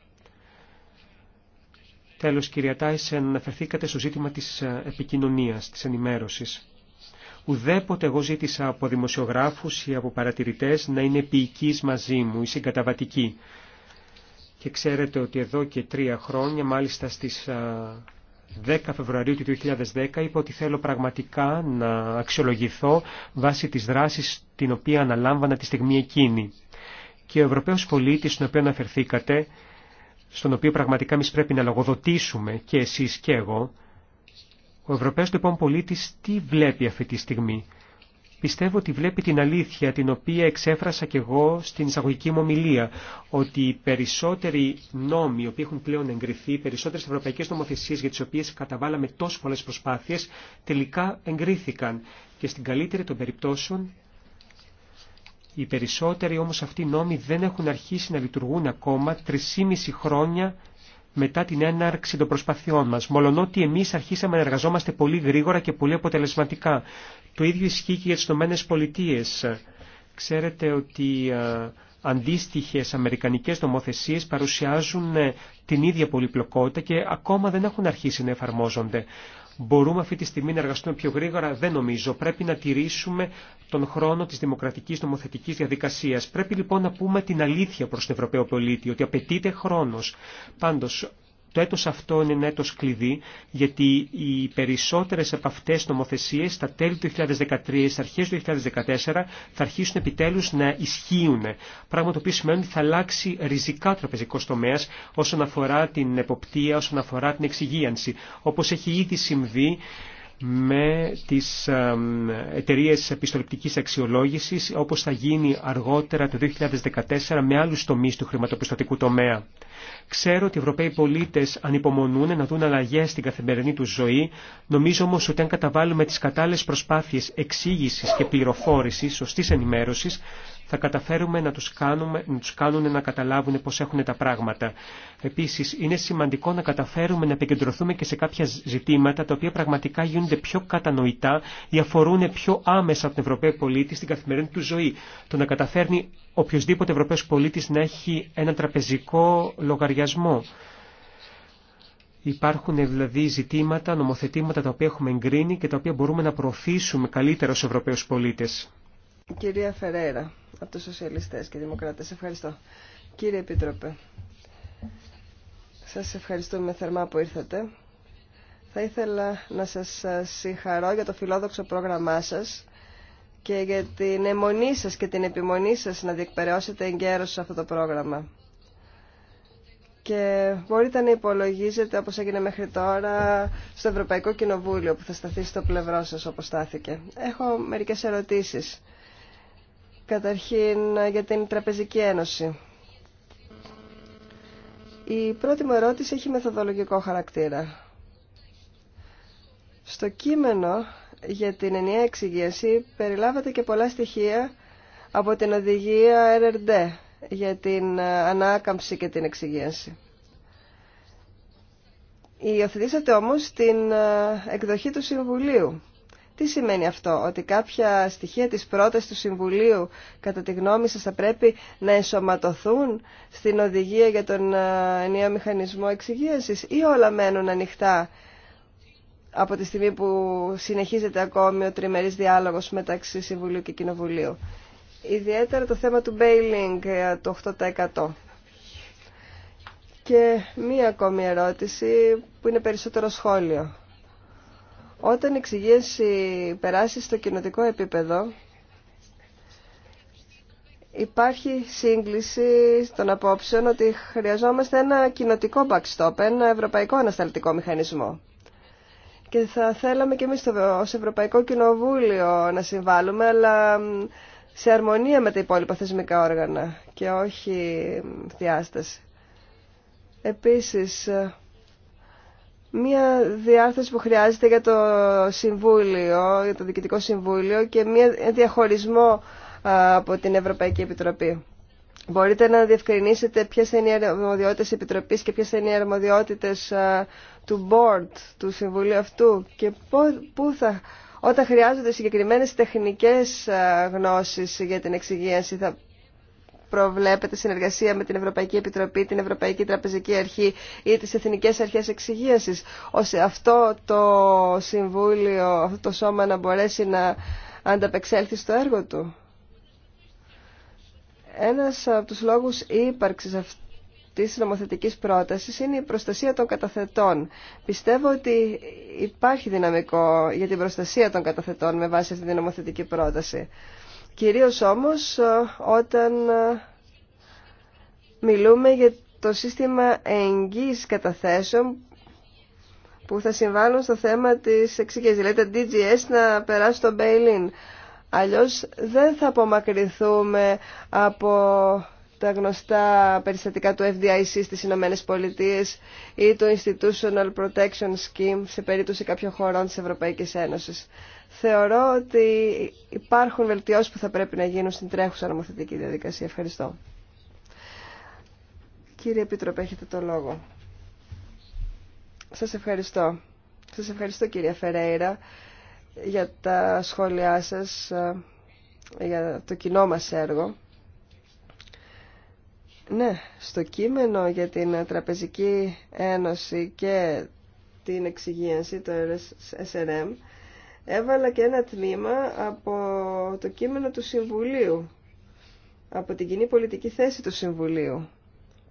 Τέλος, κυρία Τάισεν, αναφερθήκατε στο ζήτημα της επικοινωνίας, της ενημέρωσης. Ουδέποτε εγώ ζήτησα από δημοσιογράφους ή από παρατηρητές να είναι ποιικείς μαζί μου ή συγκαταβατικοί. Και ξέρετε ότι εδώ και τρία χρόνια, μάλιστα στις 10 Φεβρουαρίου του 2010, είπα ότι θέλω πραγματικά να αξιολογηθώ βάσει τις δράσης την οποία αναλάμβανα τη στιγμή εκείνη. Και ο Ευρωπαίος πολίτης, στον οποίο αναφερθήκατε, στον οποίο πραγματικά εμεί πρέπει να λογοδοτήσουμε και εσείς και εγώ, ο Ευρωπαίος λοιπόν πολίτης τι βλέπει αυτή τη στιγμή. Πιστεύω ότι βλέπει την αλήθεια την οποία εξέφρασα και εγώ στην εισαγωγική μου ομιλία, ότι οι περισσότεροι νόμοι οι οποίοι έχουν πλέον εγκριθεί, οι περισσότερες ευρωπαϊκές νομοθεσίες για τις οποίες καταβάλαμε τόσο πολλές προσπάθειες, τελικά εγκρίθηκαν και στην καλύτερη των περιπτώσεων οι περισσότεροι όμως αυτοί νόμοι δεν έχουν αρχίσει να λειτουργούν ακόμα 3,5 χρόνια μετά την έναρξη των προσπαθειών μας, μολονότι εμείς αρχίσαμε να εργαζόμαστε πολύ γρήγορα και πολύ αποτελεσματικά. Το ίδιο ισχύει και για τις Ηνωμένε Πολιτείες. Ξέρετε ότι αντίστοιχες αμερικανικές νομοθεσίες παρουσιάζουν ε, την ίδια πολυπλοκότητα και ακόμα δεν έχουν αρχίσει να εφαρμόζονται. Μπορούμε αυτή τη στιγμή να εργαστούμε πιο γρήγορα, δεν νομίζω. Πρέπει να τηρήσουμε τον χρόνο τη δημοκρατική νομοθετική διαδικασία. Πρέπει λοιπόν να πούμε την αλήθεια προ τον Ευρωπαίο πολίτη, ότι απαιτείται χρόνο. Πάντω, το έτος αυτό είναι ένα έτος κλειδί, γιατί οι περισσότερες από αυτές νομοθεσίες στα τέλη του 2013, στα αρχές του 2014, θα αρχίσουν επιτέλους να ισχύουν. Πράγμα το οποίο σημαίνει ότι θα αλλάξει ριζικά τραπεζικός τομέα όσον αφορά την εποπτεία, όσον αφορά την εξυγίανση. Όπως έχει ήδη συμβεί με τις εταιρείε επιστολεπτικής αξιολόγησης, όπως θα γίνει αργότερα το 2014 με άλλους τομείς του χρηματοπιστωτικού τομέα. Ξέρω ότι οι Ευρωπαίοι πολίτες ανυπομονούν να δουν αλλαγές στην καθημερινή τους ζωή, νομίζω όμως ότι αν καταβάλουμε τις κατάλληλες προσπάθειες εξήγησης και πληροφόρησης, σωστής ενημέρωσης, θα καταφέρουμε να τους, κάνουμε, να τους κάνουν να καταλάβουν πώς έχουν τα πράγματα. Επίσης, είναι σημαντικό να καταφέρουμε να επικεντρωθούμε και σε κάποια ζητήματα τα οποία πραγματικά γίνονται πιο κατανοητά ή αφορούν πιο άμεσα από τον Ευρωπαίο πολίτη στην καθημερινή του ζωή. Το να καταφέρνει οποιοδήποτε Ευρωπαίος πολίτης να έχει ένα τραπεζικό λογαριασμό. Υπάρχουν δηλαδή ζητήματα, νομοθετήματα τα οποία έχουμε εγκρίνει και τα οποία μπορούμε να προωθήσουμε καλύτερα ως Ευρωπαίους πολίτες. Κυρία Φερέρα από τους Σοσιαλιστές και Δημοκράτες, ευχαριστώ. Κύριε Επίτροπε, σας ευχαριστούμε θερμά που ήρθατε. Θα ήθελα να σας συγχαρώ για το φιλόδοξο πρόγραμμά σας και για την αιμονή σας και την επιμονή σας να διεκπαιρεώσετε εγκαίρως σε αυτό το πρόγραμμα. Και μπορείτε να υπολογίζετε όπως έγινε μέχρι τώρα στο Ευρωπαϊκό Κοινοβούλιο που θα σταθεί στο πλευρό σας όπως στάθηκε. Έχω μερικές ερωτήσεις. Καταρχήν για την Τραπεζική Ένωση. Η πρώτη μου ερώτηση έχει μεθοδολογικό χαρακτήρα. Στο κείμενο για την ενιαία εξυγίαση περιλάβατε και πολλά στοιχεία από την οδηγία RRD για την ανάκαμψη και την εξυγίαση. Υιοθετήσατε όμως την ε, εκδοχή του Συμβουλίου τι σημαίνει αυτό, ότι κάποια στοιχεία της πρότασης του Συμβουλίου κατά τη γνώμη σας θα πρέπει να ενσωματωθούν στην οδηγία για τον ε, νέο μηχανισμό εξυγίασης ή όλα μένουν ανοιχτά από τη στιγμή που συνεχίζεται ακόμη ο τριμερής διάλογος μεταξύ Συμβουλίου και Κοινοβουλίου. Ιδιαίτερα το θέμα του bailing το 8%. Και μία ακόμη ερώτηση που είναι περισσότερο σχόλιο. Όταν η εξυγίαση περάσει στο κοινοτικό επίπεδο, υπάρχει σύγκληση των απόψεων ότι χρειαζόμαστε ένα κοινοτικό backstop, ένα ευρωπαϊκό ανασταλτικό μηχανισμό. Και θα θέλαμε και εμείς ως Ευρωπαϊκό Κοινοβούλιο να συμβάλλουμε, αλλά σε αρμονία με τα υπόλοιπα θεσμικά όργανα και όχι διάσταση. Επίσης, μία διάρθρωση που χρειάζεται για το Συμβούλιο, για το Διοικητικό Συμβούλιο και μία διαχωρισμό από την Ευρωπαϊκή Επιτροπή. Μπορείτε να διευκρινίσετε ποιες είναι οι αρμοδιότητες Επιτροπής και ποιες είναι οι αρμοδιότητες του Board, του Συμβουλίου αυτού και πού θα, όταν χρειάζονται συγκεκριμένες τεχνικές γνώσεις για την εξυγίανση προβλέπετε συνεργασία με την Ευρωπαϊκή Επιτροπή, την Ευρωπαϊκή Τραπεζική Αρχή ή τις Εθνικές Αρχές Εξυγίασης, ώστε αυτό το Συμβούλιο, αυτό το σώμα να μπορέσει να ανταπεξέλθει στο έργο του. Ένας από τους λόγους ύπαρξης αυτού της νομοθετικής πρότασης είναι η τις εθνικες αρχες εξυγιασης ωστε αυτο το συμβουλιο αυτο το σωμα να μπορεσει να ανταπεξελθει στο εργο του ενας απο τους λογους υπαρξης αυτης της νομοθετικης προτασης ειναι η προστασια των καταθετών. Πιστεύω ότι υπάρχει δυναμικό για την προστασία των καταθετών με βάση αυτή την νομοθετική πρόταση. Κυρίως όμως ε, όταν ε, μιλούμε για το σύστημα εγγύης καταθέσεων που θα συμβάλλουν στο θέμα της εξήγησης, δηλαδή τα DGS να περάσει στο bail-in. Αλλιώς δεν θα απομακρυνθούμε από τα γνωστά περιστατικά του FDIC στις Ηνωμένε Πολιτείες ή το Institutional Protection Scheme σε περίπτωση κάποιων χωρών της Ευρωπαϊκής Ένωσης. Θεωρώ ότι υπάρχουν βελτιώσεις που θα πρέπει να γίνουν στην τρέχουσα νομοθετική διαδικασία. Ευχαριστώ. Κύριε Επίτροπε, έχετε το λόγο. Σας ευχαριστώ. Σας ευχαριστώ κυρία Φερέιρα για τα σχόλιά σας, ε, για το κοινό μας έργο. Ναι, στο κείμενο για την Τραπεζική Ένωση και την εξυγίανση, το SRM, έβαλα και ένα τμήμα από το κείμενο του Συμβουλίου, από την κοινή πολιτική θέση του Συμβουλίου,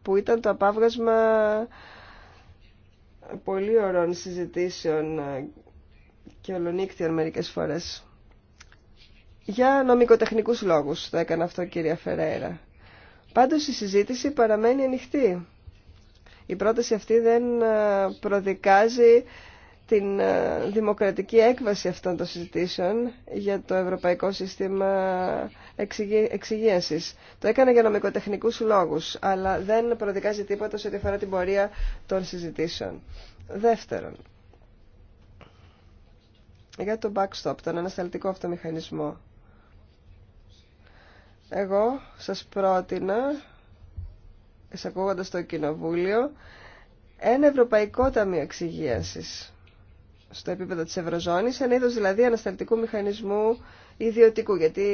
που ήταν το απάβγασμα πολύ ωραίων συζητήσεων και ολονύκτιων μερικές φορές. Για νομικοτεχνικούς λόγους το έκανα αυτό κυρία Φεραίρα. Πάντως η συζήτηση παραμένει ανοιχτή. Η πρόταση αυτή δεν ε, προδικάζει την ε, δημοκρατική έκβαση αυτών των συζητήσεων για το Ευρωπαϊκό Σύστημα Εξυγίασης. Το έκανα για νομικοτεχνικούς λόγους, αλλά δεν προδικάζει τίποτα σε ό,τι αφορά την πορεία των συζητήσεων. Δεύτερον, για το backstop, τον ανασταλτικό αυτομηχανισμό. Εγώ σας πρότεινα, εισακούγοντας το Κοινοβούλιο, ένα Ευρωπαϊκό Ταμείο Εξυγίασης στο επίπεδο της Ευρωζώνης, ένα είδος δηλαδή ανασταλτικού μηχανισμού ιδιωτικού, γιατί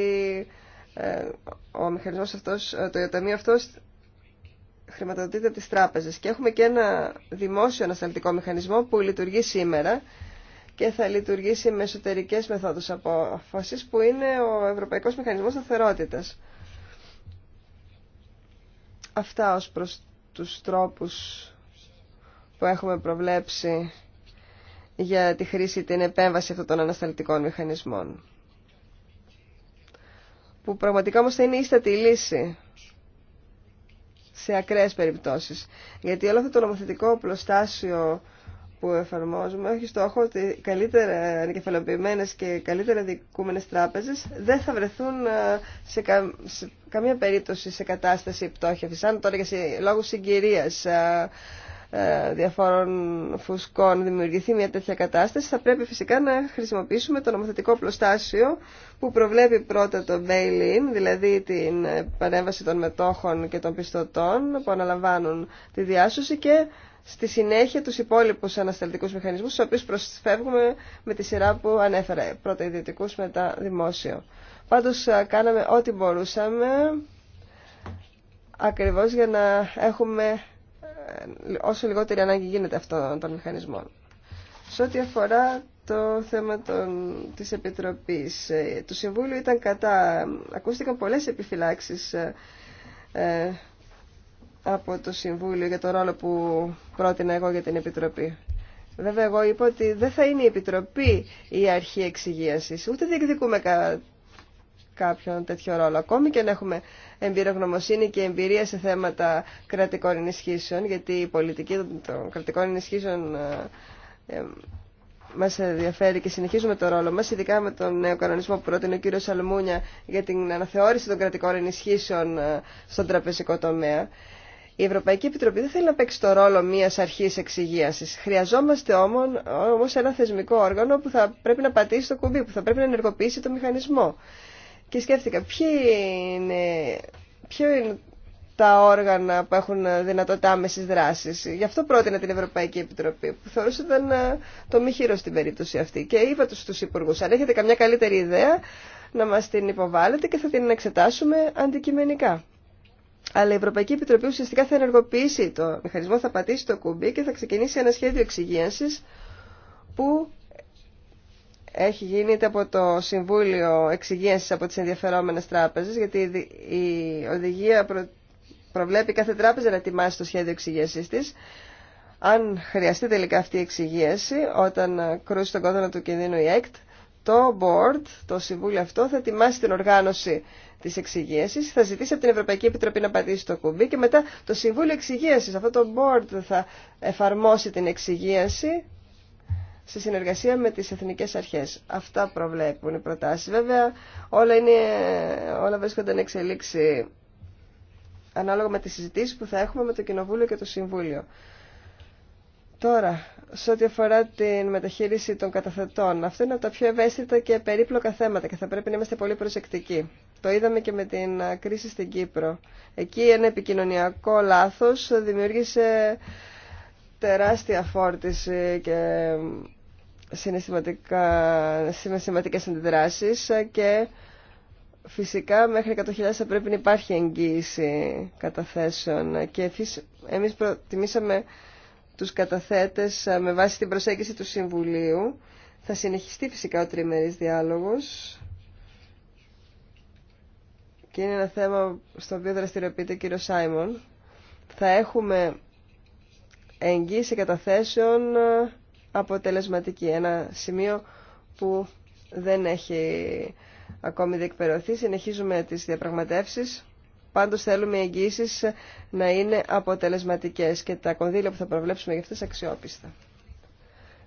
ε, ο μηχανισμός αυτός, ε, το ταμείο αυτός χρηματοδοτείται από τις τράπεζες και έχουμε και ένα δημόσιο ανασταλτικό μηχανισμό που λειτουργεί σήμερα και θα λειτουργήσει με εσωτερικές μεθόδους απόφασης που είναι ο Ευρωπαϊκός Μηχανισμός Σταθερότητας. Αυτά ως προς τους τρόπους που έχουμε προβλέψει για τη χρήση την επέμβαση αυτών των ανασταλτικών μηχανισμών. Που πραγματικά όμως θα είναι ίστατη λύση σε ακραίες περιπτώσεις. Γιατί όλο αυτό το νομοθετικό πλωστάσιο που εφαρμόζουμε έχει στόχο ότι καλύτερα ανεκεφαλοποιημένε και καλύτερα δικούμενες τράπεζες δεν θα βρεθούν ε, σε, καμία περίπτωση σε κατάσταση πτώχευσης. Αν τώρα για σε λόγους συγκυρίας ε, ε, διαφόρων φουσκών δημιουργηθεί μια τέτοια κατάσταση θα πρέπει φυσικά να χρησιμοποιήσουμε το νομοθετικό πλωστάσιο που προβλέπει πρώτα το bail-in δηλαδή την παρέμβαση των μετόχων και των πιστωτών που αναλαμβάνουν τη διάσωση και στη συνέχεια τους υπόλοιπους ανασταλτικούς μηχανισμούς, στους οποίους προσφεύγουμε με τη σειρά που ανέφερα, πρώτα ιδιωτικούς, μετά δημόσιο. Πάντως κάναμε ό,τι μπορούσαμε, ακριβώς για να έχουμε ε, όσο λιγότερη ανάγκη γίνεται αυτών των μηχανισμών. Σε ό,τι αφορά το θέμα των, της Επιτροπής, ε, του Συμβούλιο ήταν κατά, ε, ακούστηκαν πολλές επιφυλάξεις από το Συμβούλιο για το ρόλο που πρότεινα εγώ για την Επιτροπή. Βέβαια, εγώ είπα ότι δεν θα είναι η Επιτροπή η αρχή εξυγίαση. Ούτε διεκδικούμε κα... κάποιον τέτοιο ρόλο. Ακόμη και αν έχουμε εμπειρογνωμοσύνη και εμπειρία σε θέματα κρατικών ενισχύσεων, γιατί η πολιτική των κρατικών ενισχύσεων ε, ε, μα ενδιαφέρει και συνεχίζουμε το ρόλο μα, ειδικά με τον νέο κανονισμό που πρότεινε ο κύριος Σαλμούνια για την αναθεώρηση των κρατικών ενισχύσεων ε, στον τραπεζικό τομέα. Η Ευρωπαϊκή Επιτροπή δεν θέλει να παίξει το ρόλο μιας αρχής εξηγίασης. Χρειαζόμαστε όμως ένα θεσμικό όργανο που θα πρέπει να πατήσει το κουμπί, που θα πρέπει να ενεργοποιήσει το μηχανισμό. Και σκέφτηκα, ποιο είναι, ποιο είναι τα όργανα που έχουν δυνατότητα άμεσης δράσης. Γι' αυτό πρότεινα την Ευρωπαϊκή Επιτροπή, που θεωρούσε ήταν ε, το μη χείρο στην περίπτωση αυτή. Και είπα τους στους υπουργού, αν έχετε καμιά καλύτερη ιδέα, να μας την υποβάλλετε και θα την εξετάσουμε αντικειμενικά. Αλλά η Ευρωπαϊκή Επιτροπή ουσιαστικά θα ενεργοποιήσει το μηχανισμό, θα πατήσει το κουμπί και θα ξεκινήσει ένα σχέδιο εξυγίανση που έχει γίνει από το Συμβούλιο Εξυγίανση από τις ενδιαφερόμενες τράπεζες, γιατί η οδηγία προβλέπει κάθε τράπεζα να ετοιμάσει το σχέδιο εξυγίανση της. Αν χρειαστεί τελικά αυτή η εξυγίαση, όταν κρούσει τον κόδωνα του κινδύνου η ΕΚΤ, το board, το συμβούλιο αυτό, θα ετοιμάσει την οργάνωση της εξυγίασης, θα ζητήσει από την Ευρωπαϊκή Επιτροπή να πατήσει το κουμπί και μετά το Συμβούλιο Εξυγίασης, αυτό το board θα εφαρμόσει την εξυγίαση σε συνεργασία με τις εθνικές αρχές. Αυτά προβλέπουν οι προτάσεις. Βέβαια όλα, είναι, όλα βρίσκονται να εξελίξει ανάλογα με τις συζητήσεις που θα έχουμε με το Κοινοβούλιο και το Συμβούλιο. Τώρα, σε ό,τι αφορά την μεταχείριση των καταθετών, αυτό είναι από τα πιο ευαίσθητα και περίπλοκα θέματα και θα πρέπει να είμαστε πολύ προσεκτικοί. Το είδαμε και με την κρίση στην Κύπρο. Εκεί ένα επικοινωνιακό λάθος δημιούργησε τεράστια φόρτιση και συναισθηματικές αντιδράσεις και φυσικά μέχρι 100.000 θα πρέπει να υπάρχει εγγύηση καταθέσεων και εμείς προτιμήσαμε τους καταθέτες ε, με βάση την προσέγγιση του Συμβουλίου. Θα συνεχιστεί φυσικά ο τριμερής διάλογος και είναι ένα θέμα στο οποίο δραστηριοποιείται ο κύριος Σάιμον. Θα έχουμε εγγύηση καταθέσεων ε, αποτελεσματική. Ένα σημείο που δεν έχει ακόμη διεκπαιρεωθεί. Συνεχίζουμε τις διαπραγματεύσεις Πάντως θέλουμε οι εγγύσεις να είναι αποτελεσματικές και τα κονδύλια που θα προβλέψουμε για αυτές αξιόπιστα.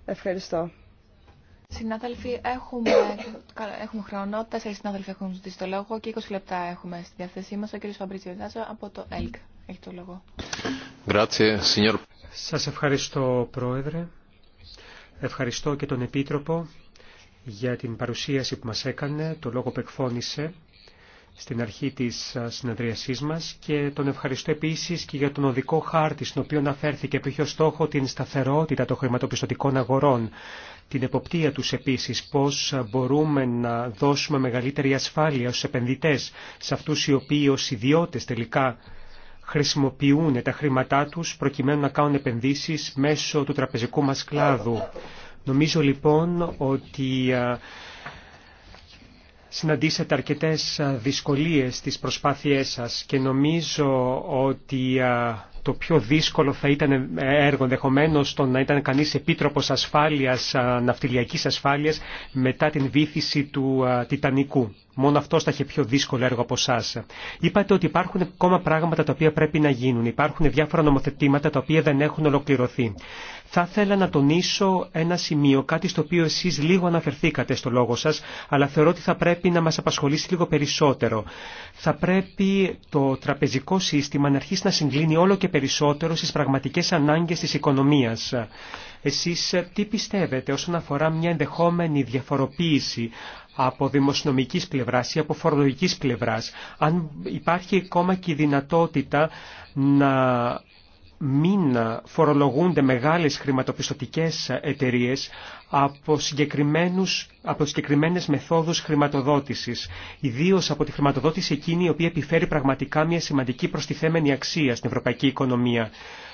Ευχαριστώ. Συνάδελφοι, έχουμε, έχουμε χρόνο. Τέσσερι συνάδελφοι έχουν ζητήσει το λόγο και 20 λεπτά έχουμε στη διάθεσή μα. Ο κ. Φαμπρίτσιο Δάζο από το ΕΛΚ έχει το λόγο. Σα ευχαριστώ, Πρόεδρε. Ευχαριστώ και τον Επίτροπο για την παρουσίαση που μας έκανε, το λόγο που εκφώνησε στην αρχή της συνεδρίασής μας και τον ευχαριστώ επίσης και για τον οδικό χάρτη στον οποίο αναφέρθηκε που είχε ως στόχο την σταθερότητα των χρηματοπιστωτικών αγορών, την εποπτεία τους επίσης, πώς μπορούμε να δώσουμε μεγαλύτερη ασφάλεια στους επενδυτές, σε αυτούς οι οποίοι ως ιδιώτες τελικά χρησιμοποιούν τα χρήματά τους προκειμένου να κάνουν επενδύσεις μέσω του τραπεζικού μας κλάδου. Νομίζω λοιπόν ότι Συναντήσατε αρκετές δυσκολίες στις προσπάθειές σας και νομίζω ότι το πιο δύσκολο θα ήταν ε, έργο ενδεχομένω το να ήταν κανείς επίτροπος ασφάλειας, ναυτιλιακής ασφάλειας μετά την βήθηση του Τιτανικού. Μόνο αυτό θα είχε πιο δύσκολο έργο από εσά. Είπατε ότι υπάρχουν ακόμα πράγματα τα οποία πρέπει να γίνουν. Υπάρχουν διάφορα νομοθετήματα τα οποία δεν έχουν ολοκληρωθεί. Θα ήθελα να τονίσω ένα σημείο, κάτι στο οποίο εσείς λίγο αναφερθήκατε στο λόγο σας, αλλά θεωρώ ότι θα πρέπει να μας απασχολήσει λίγο περισσότερο. Θα πρέπει το τραπεζικό σύστημα να αρχίσει να συγκλίνει όλο και περισσότερο στις πραγματικές ανάγκες της οικονομίας. Εσείς τι πιστεύετε όσον αφορά μια ενδεχόμενη διαφοροποίηση από δημοσιονομικής πλευράς ή από φορολογικής πλευράς, αν υπάρχει ακόμα και η δυνατότητα να μην φορολογούνται μεγάλες χρηματοπιστωτικές εταιρείες από, συγκεκριμένους, από συγκεκριμένες μεθόδους χρηματοδότησης, ιδίως από τη χρηματοδότηση εκείνη η οποία επιφέρει πραγματικά μια σημαντική προστιθέμενη αξία στην ευρωπαϊκή οικονομία.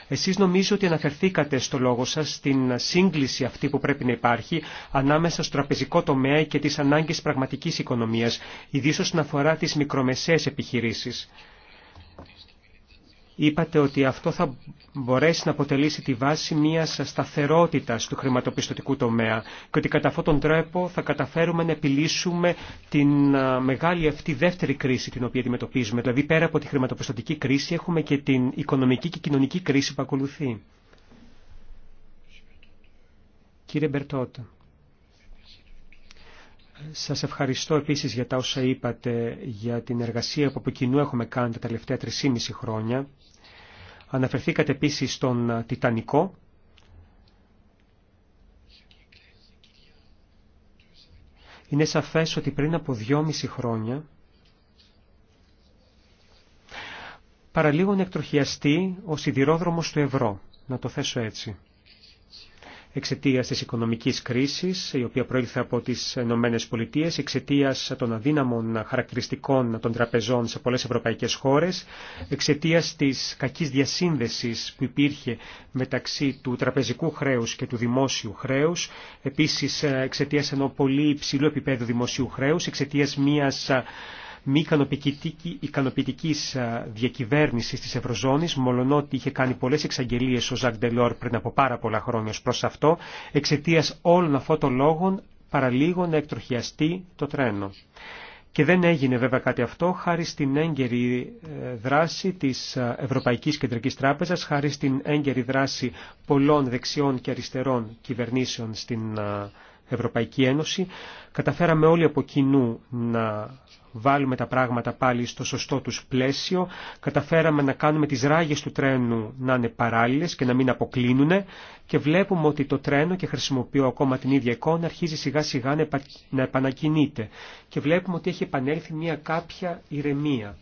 Εσείς νομίζω ότι αναφερθήκατε στο λόγο σας στην σύγκληση αυτή που πρέπει να υπάρχει ανάμεσα στο τραπεζικό τομέα και τις ανάγκες πραγματικής οικονομίας, ιδίως όσον αφορά τις μικρομεσαίες επιχειρήσεις είπατε ότι αυτό θα μπορέσει να αποτελήσει τη βάση μιας σταθερότητας του χρηματοπιστωτικού τομέα και ότι κατά αυτόν τον τρόπο θα καταφέρουμε να επιλύσουμε την μεγάλη αυτή δεύτερη κρίση την οποία αντιμετωπίζουμε. Δηλαδή πέρα από τη χρηματοπιστωτική κρίση έχουμε και την οικονομική και κοινωνική κρίση που ακολουθεί. Κύριε Μπερτότα. Σας ευχαριστώ επίσης για τα όσα είπατε για την εργασία που από κοινού έχουμε κάνει τα τελευταία 3,5 χρόνια. Αναφερθήκατε επίσης στον Τιτανικό. Είναι σαφές ότι πριν από 2,5 χρόνια παραλίγο να εκτροχιαστεί ο σιδηρόδρομος του Ευρώ, να το θέσω έτσι εξαιτία τη οικονομική κρίση, η οποία προήλθε από τι Ηνωμένε Πολιτείε, εξαιτία των αδύναμων χαρακτηριστικών των τραπεζών σε πολλέ ευρωπαϊκέ χώρε, εξαιτία τη κακή διασύνδεση που υπήρχε μεταξύ του τραπεζικού χρέου και του δημόσιου χρέου, επίση ε, εξαιτία ενό πολύ υψηλού επίπεδου δημοσίου χρέου, εξαιτία μια ε, μη ικανοποιητική διακυβέρνηση τη Ευρωζώνη, μολονότι είχε κάνει πολλέ εξαγγελίε ο Ζακ Ντελόρ πριν από πάρα πολλά χρόνια προ αυτό, εξαιτία όλων αυτών των λόγων παραλίγο να εκτροχιαστεί το τρένο. Και δεν έγινε βέβαια κάτι αυτό χάρη στην έγκαιρη ε, δράση της ε, Ευρωπαϊκής Κεντρικής Τράπεζας, χάρη στην έγκαιρη δράση πολλών δεξιών και αριστερών κυβερνήσεων στην ε, Ευρωπαϊκή Ένωση. Καταφέραμε όλοι από κοινού να βάλουμε τα πράγματα πάλι στο σωστό τους πλαίσιο. Καταφέραμε να κάνουμε τις ράγες του τρένου να είναι παράλληλες και να μην αποκλίνουν και βλέπουμε ότι το τρένο, και χρησιμοποιώ ακόμα την ίδια εικόνα, αρχίζει σιγά σιγά να επανακινείται και βλέπουμε ότι έχει επανέλθει μια κάποια ηρεμία.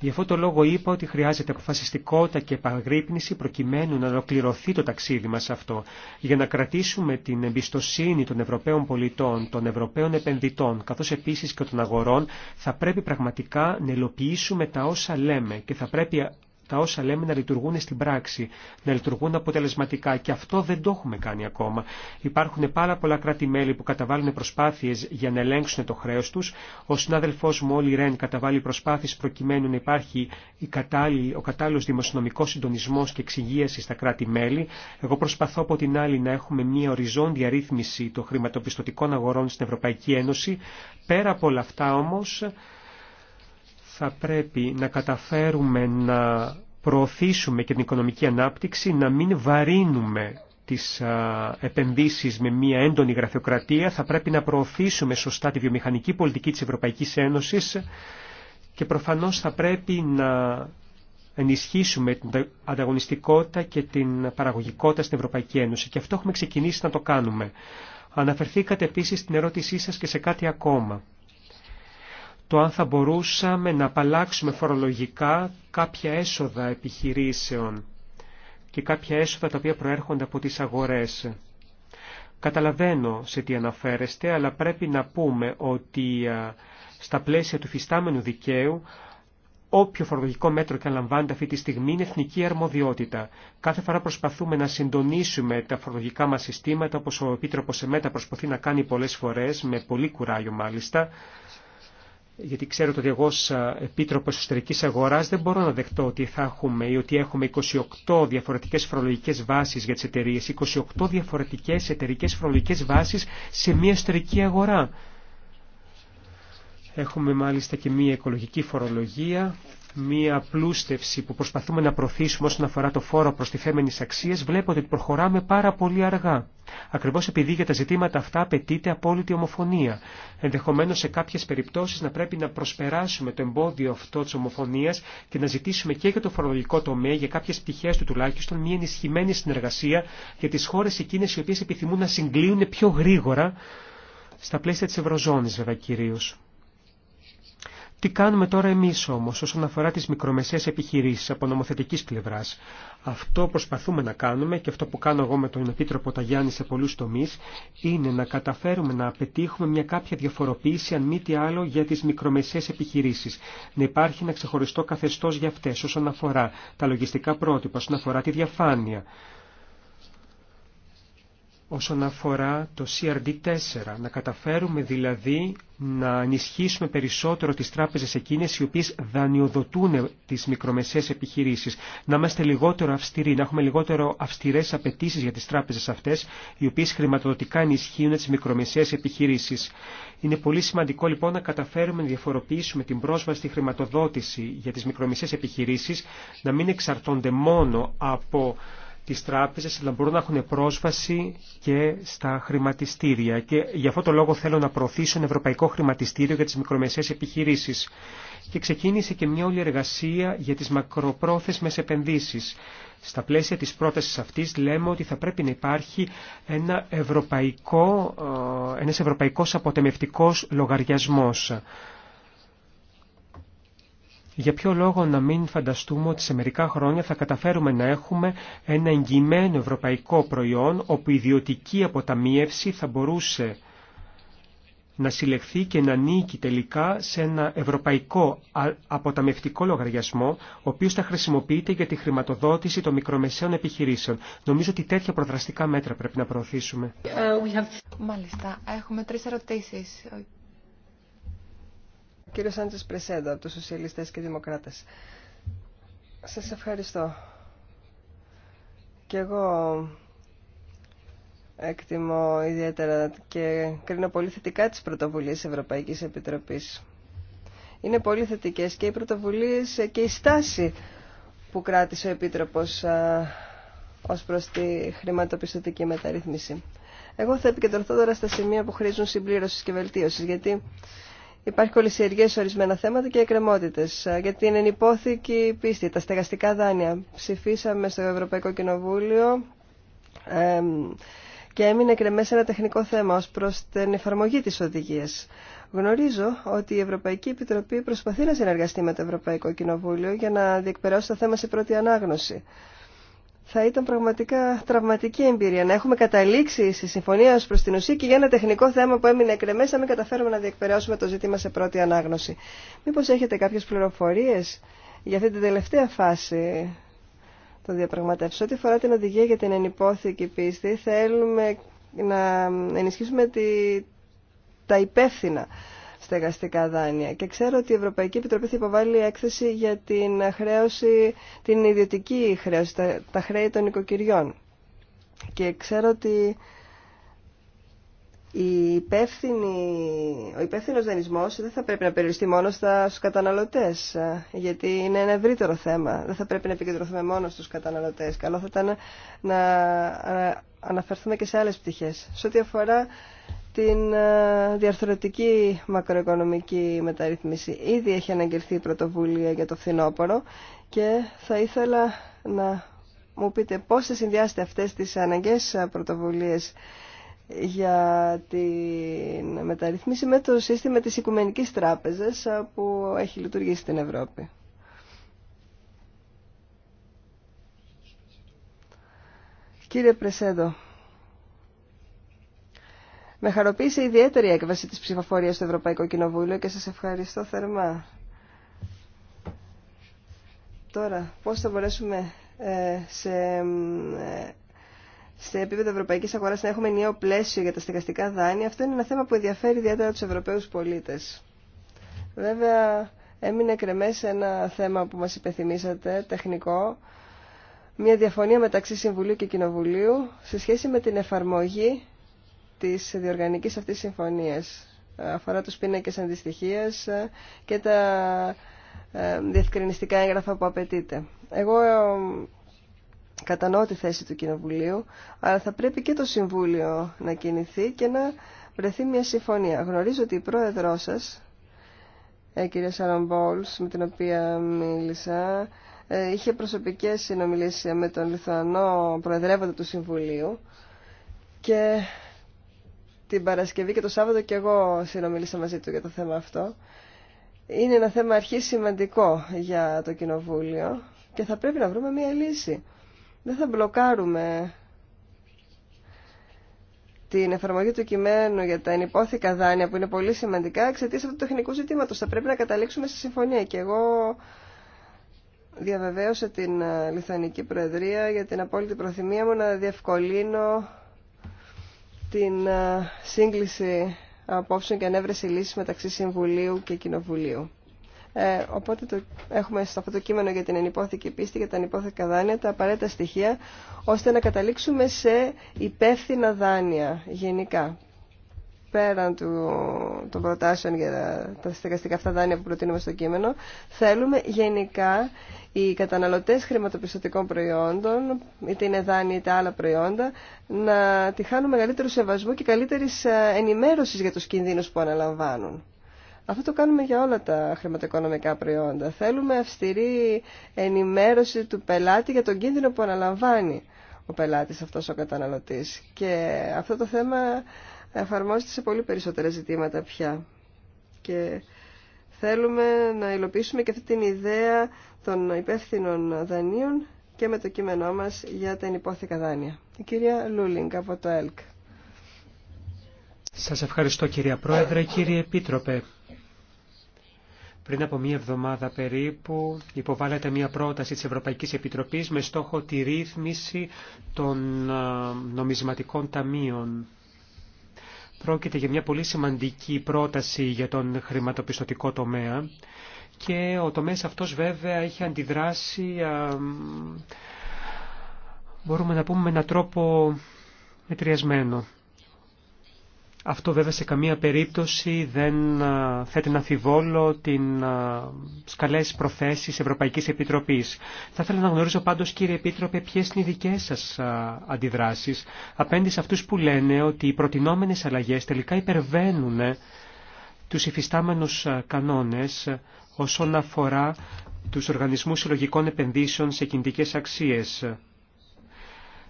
Γι' αυτό το λόγο είπα ότι χρειάζεται αποφασιστικότητα και επαγρύπνηση προκειμένου να ολοκληρωθεί το ταξίδι μας αυτό, για να κρατήσουμε την εμπιστοσύνη των Ευρωπαίων πολιτών, των Ευρωπαίων επενδυτών, καθώς επίσης και των αγορών, θα πρέπει πραγματικά να υλοποιήσουμε τα όσα λέμε και θα πρέπει τα όσα λέμε να λειτουργούν στην πράξη, να λειτουργούν αποτελεσματικά και αυτό δεν το έχουμε κάνει ακόμα. Υπάρχουν πάρα πολλά κράτη-μέλη που καταβάλουν προσπάθειε για να ελέγξουν το χρέο του. Ο συνάδελφό μου, Όλη Ρεν, καταβάλει προσπάθειε προκειμένου να υπάρχει η ο κατάλληλο δημοσιονομικό συντονισμό και εξυγίαση στα κράτη-μέλη. Εγώ προσπαθώ από την άλλη να έχουμε μια οριζόντια ρύθμιση των χρηματοπιστωτικών αγορών στην Ευρωπαϊκή Ένωση. Πέρα από όλα αυτά όμω, θα πρέπει να καταφέρουμε να προωθήσουμε και την οικονομική ανάπτυξη, να μην βαρύνουμε τις επενδύσεις με μια έντονη γραφειοκρατία, θα πρέπει να προωθήσουμε σωστά τη βιομηχανική πολιτική της Ευρωπαϊκής Ένωσης και προφανώς θα πρέπει να ενισχύσουμε την ανταγωνιστικότητα και την παραγωγικότητα στην Ευρωπαϊκή Ένωση. Και αυτό έχουμε ξεκινήσει να το κάνουμε. Αναφερθήκατε επίσης στην ερώτησή σας και σε κάτι ακόμα το αν θα μπορούσαμε να απαλλάξουμε φορολογικά κάποια έσοδα επιχειρήσεων και κάποια έσοδα τα οποία προέρχονται από τις αγορές. Καταλαβαίνω σε τι αναφέρεστε, αλλά πρέπει να πούμε ότι στα πλαίσια του φυστάμενου δικαίου Όποιο φορολογικό μέτρο και αν λαμβάνεται αυτή τη στιγμή είναι εθνική αρμοδιότητα. Κάθε φορά προσπαθούμε να συντονίσουμε τα φορολογικά μας συστήματα, όπως ο Επίτροπος Εμέτα προσπαθεί να κάνει πολλές φορές, με πολύ κουράγιο μάλιστα, γιατί ξέρω ότι εγώ ως Επίτροπο εσωτερική Αγοράς δεν μπορώ να δεχτώ ότι θα έχουμε ή ότι έχουμε 28 διαφορετικές φορολογικές βάσεις για τις εταιρείε, 28 διαφορετικές εταιρικές φορολογικές βάσεις σε μια εσωτερική αγορά. Έχουμε μάλιστα και μια οικολογική φορολογία μία πλούστευση που προσπαθούμε να προωθήσουμε όσον αφορά το φόρο τη προς φέμενης αξίας, βλέπω ότι προχωράμε πάρα πολύ αργά. Ακριβώς επειδή για τα ζητήματα αυτά απαιτείται απόλυτη ομοφωνία. Ενδεχομένως σε κάποιες περιπτώσεις να πρέπει να προσπεράσουμε το εμπόδιο αυτό της ομοφωνίας και να ζητήσουμε και για το φορολογικό τομέα, για κάποιες πτυχές του τουλάχιστον, μία ενισχυμένη συνεργασία για τις χώρες εκείνες οι οποίες επιθυμούν να συγκλίνουν πιο γρήγορα στα πλαίσια της Ευρωζώνης βέβαια κυρίως. Τι κάνουμε τώρα εμείς όμως όσον αφορά τις μικρομεσαίες επιχειρήσεις από νομοθετικής πλευράς. Αυτό προσπαθούμε να κάνουμε και αυτό που κάνω εγώ με τον Επίτροπο Ταγιάννη σε πολλούς τομείς είναι να καταφέρουμε να πετύχουμε μια κάποια διαφοροποίηση αν μη τι άλλο για τις μικρομεσαίες επιχειρήσεις. Να υπάρχει ένα ξεχωριστό καθεστώς για αυτές όσον αφορά τα λογιστικά πρότυπα, όσον αφορά τη διαφάνεια όσον αφορά το CRD4, να καταφέρουμε δηλαδή να ενισχύσουμε περισσότερο τις τράπεζες εκείνες οι οποίες δανειοδοτούν τις μικρομεσαίες επιχειρήσεις, να είμαστε λιγότερο αυστηροί, να έχουμε λιγότερο αυστηρές απαιτήσεις για τις τράπεζες αυτές, οι οποίες χρηματοδοτικά ενισχύουν τις μικρομεσαίες επιχειρήσεις. Είναι πολύ σημαντικό λοιπόν να καταφέρουμε να διαφοροποιήσουμε την πρόσβαση στη χρηματοδότηση για τις μικρομεσαίες επιχειρήσεις, να μην εξαρτώνται μόνο από τις τράπεζες, αλλά μπορούν να έχουν πρόσβαση και στα χρηματιστήρια. Και για αυτό το λόγο θέλω να προωθήσω ένα ευρωπαϊκό χρηματιστήριο για τις μικρομεσαίες επιχειρήσεις. Και ξεκίνησε και μια όλη εργασία για τις μακροπρόθεσμες επενδύσεις. Στα πλαίσια της πρότασης αυτής λέμε ότι θα πρέπει να υπάρχει ένα ευρωπαϊκό, ε, ένας ευρωπαϊκός αποτεμευτικός λογαριασμός για ποιο λόγο να μην φανταστούμε ότι σε μερικά χρόνια θα καταφέρουμε να έχουμε ένα εγγυημένο ευρωπαϊκό προϊόν όπου η ιδιωτική αποταμίευση θα μπορούσε να συλλεχθεί και να νίκει τελικά σε ένα ευρωπαϊκό αποταμιευτικό λογαριασμό, ο οποίος θα χρησιμοποιείται για τη χρηματοδότηση των μικρομεσαίων επιχειρήσεων. Νομίζω ότι τέτοια προδραστικά μέτρα πρέπει να προωθήσουμε. Ε, Μάλιστα, έχουμε τρεις ερωτήσεις. Κύριο Σάντζες Πρεσέντα από τους Σοσιαλιστές και Δημοκράτες. Σας ευχαριστώ. Και εγώ εκτιμώ ιδιαίτερα και κρίνω πολύ θετικά τις πρωτοβουλίες Ευρωπαϊκής Επιτροπής. Είναι πολύ θετικές και οι πρωτοβουλίες και η στάση που κράτησε ο Επίτροπος ως προς τη χρηματοπιστωτική μεταρρύθμιση. Εγώ θα επικεντρωθώ τώρα στα σημεία που χρήζουν συμπλήρωση και βελτίωση γιατί Υπάρχει κολλησιεργία σε ορισμένα θέματα και εκκρεμότητε. Ε, για την ενυπόθηκη πίστη, τα στεγαστικά δάνεια. Ψηφίσαμε στο Ευρωπαϊκό Κοινοβούλιο και έμεινε εκκρεμέ ένα τεχνικό θέμα ω προ την εφαρμογή τη οδηγία. Γνωρίζω ότι η Ευρωπαϊκή Επιτροπή προσπαθεί να συνεργαστεί με το Ευρωπαϊκό Κοινοβούλιο για να διεκπαιρεώσει το θέμα σε πρώτη ανάγνωση θα ήταν πραγματικά τραυματική εμπειρία να έχουμε καταλήξει στη συμφωνία ω προ την ουσία και για ένα τεχνικό θέμα που έμεινε εκρεμές να μην καταφέρουμε να διεκπαιρεώσουμε το ζήτημα σε πρώτη ανάγνωση. Μήπως έχετε κάποιε πληροφορίες για αυτή την τελευταία φάση των διαπραγματεύσεων. Ό,τι αφορά την οδηγία για την ενυπόθηκη πίστη θέλουμε να ενισχύσουμε τη... τα υπεύθυνα στεγαστικά δάνεια. Και ξέρω ότι η Ευρωπαϊκή Επιτροπή θα υποβάλει έκθεση για την χρέωση, την ιδιωτική χρέωση, τα, χρέη των οικοκυριών. Και ξέρω ότι η υπεύθυνη, ο υπεύθυνο δανεισμό δεν θα πρέπει να περιοριστεί μόνο στου καταναλωτέ, γιατί είναι ένα ευρύτερο θέμα. Δεν θα πρέπει να επικεντρωθούμε μόνο στου καταναλωτέ. Καλό θα ήταν να ε, αναφερθούμε και σε άλλε πτυχέ. Σε ό,τι αφορά την ε, διαρθρωτική μακροοικονομική μεταρρύθμιση. Ήδη έχει αναγγελθεί η πρωτοβουλία για το φθινόπωρο και θα ήθελα να μου πείτε πώς θα συνδυάσετε αυτές τις αναγκές πρωτοβουλίες για τη μεταρρύθμιση με το σύστημα της Οικουμενικής Τράπεζας ε, που έχει λειτουργήσει στην Ευρώπη. Κύριε Πρεσέδο, με χαροποίησε ιδιαίτερη έκβαση της ψηφοφορίας στο Ευρωπαϊκό Κοινοβούλιο και σας ευχαριστώ θερμά. Τώρα, πώς θα μπορέσουμε ε, σε, ε, σε επίπεδο ευρωπαϊκής αγοράς να έχουμε νέο πλαίσιο για τα στεγαστικά δάνεια, αυτό είναι ένα θέμα που ενδιαφέρει ιδιαίτερα τους Ευρωπαίους πολίτες. Βέβαια, έμεινε κρεμές ένα θέμα που μας υπενθυμίσατε, τεχνικό, μια διαφωνία μεταξύ Συμβουλίου και Κοινοβουλίου σε σχέση με την εφαρμογή της διοργανικής αυτής συμφωνίας. Αφορά τους πίνακες αντιστοιχίας και τα ε, διευκρινιστικά έγγραφα που απαιτείται. Εγώ ε, κατανοώ τη θέση του Κοινοβουλίου, αλλά θα πρέπει και το Συμβούλιο να κινηθεί και να βρεθεί μια συμφωνία. Γνωρίζω ότι η πρόεδρό σας, η ε, κυρία Σάρον με την οποία μίλησα, είχε προσωπικές συνομιλίες με τον Λιθουανό Προεδρεύοντα του Συμβουλίου και την Παρασκευή και το Σάββατο και εγώ συνομίλησα μαζί του για το θέμα αυτό. Είναι ένα θέμα αρχή σημαντικό για το Κοινοβούλιο και θα πρέπει να βρούμε μια λύση. Δεν θα μπλοκάρουμε την εφαρμογή του κειμένου για τα ενυπόθηκα δάνεια που είναι πολύ σημαντικά εξαιτίας αυτού του τεχνικού ζητήματο. Θα πρέπει να καταλήξουμε στη συμφωνία. Και εγώ διαβεβαίωσα την ε, Λιθανική Προεδρία για την απόλυτη προθυμία μου να διευκολύνω την ε, σύγκληση απόψεων και ανέβρεση λύση μεταξύ Συμβουλίου και Κοινοβουλίου. Ε, οπότε το, έχουμε στο αυτό το κείμενο για την ενυπόθηκη πίστη και τα ενυπόθηκα δάνεια τα απαραίτητα στοιχεία ώστε να καταλήξουμε σε υπεύθυνα δάνεια γενικά πέραν του, των προτάσεων για τα στεγαστικά αυτά δάνεια που προτείνουμε στο κείμενο, θέλουμε γενικά οι καταναλωτές χρηματοπιστωτικών προϊόντων, είτε είναι δάνεια είτε άλλα προϊόντα, να τη χάνουν μεγαλύτερου σεβασμού και καλύτερη ε, ενημέρωση για τους κινδύνους που αναλαμβάνουν. Αυτό το κάνουμε για όλα τα χρηματοοικονομικά προϊόντα. Θέλουμε αυστηρή ενημέρωση του πελάτη για τον κίνδυνο που αναλαμβάνει ο πελάτης αυτός ο καταναλωτής. Και αυτό το θέμα εφαρμόζεται σε πολύ περισσότερα ζητήματα πια. Και θέλουμε να υλοποιήσουμε και αυτή την ιδέα των υπεύθυνων δανείων και με το κείμενό μας για τα ενυπόθηκα δάνεια. Η κυρία Λούλινγκ από το ΕΛΚ. Σας ευχαριστώ κυρία Πρόεδρε, κύριε Επίτροπε. Πριν από μία εβδομάδα περίπου υποβάλλεται μία πρόταση της Ευρωπαϊκής Επιτροπής με στόχο τη ρύθμιση των νομισματικών ταμείων. Πρόκειται για μια πολύ σημαντική πρόταση για τον χρηματοπιστωτικό τομέα και ο τομέας αυτός βέβαια έχει αντιδράσει, μπορούμε να πούμε, με έναν τρόπο μετριασμένο. Αυτό βέβαια σε καμία περίπτωση δεν θέτει να αφιβόλω την σκαλές προθέσεις Ευρωπαϊκής Επιτροπής. Θα ήθελα να γνωρίζω πάντως κύριε Επίτροπε ποιες είναι οι δικές σας αντιδράσεις απέναντι σε αυτούς που λένε ότι οι προτινόμενες αλλαγές τελικά υπερβαίνουν ε, τους υφιστάμενους κανόνες ε, όσον αφορά τους οργανισμούς συλλογικών επενδύσεων σε κινητικές αξίες.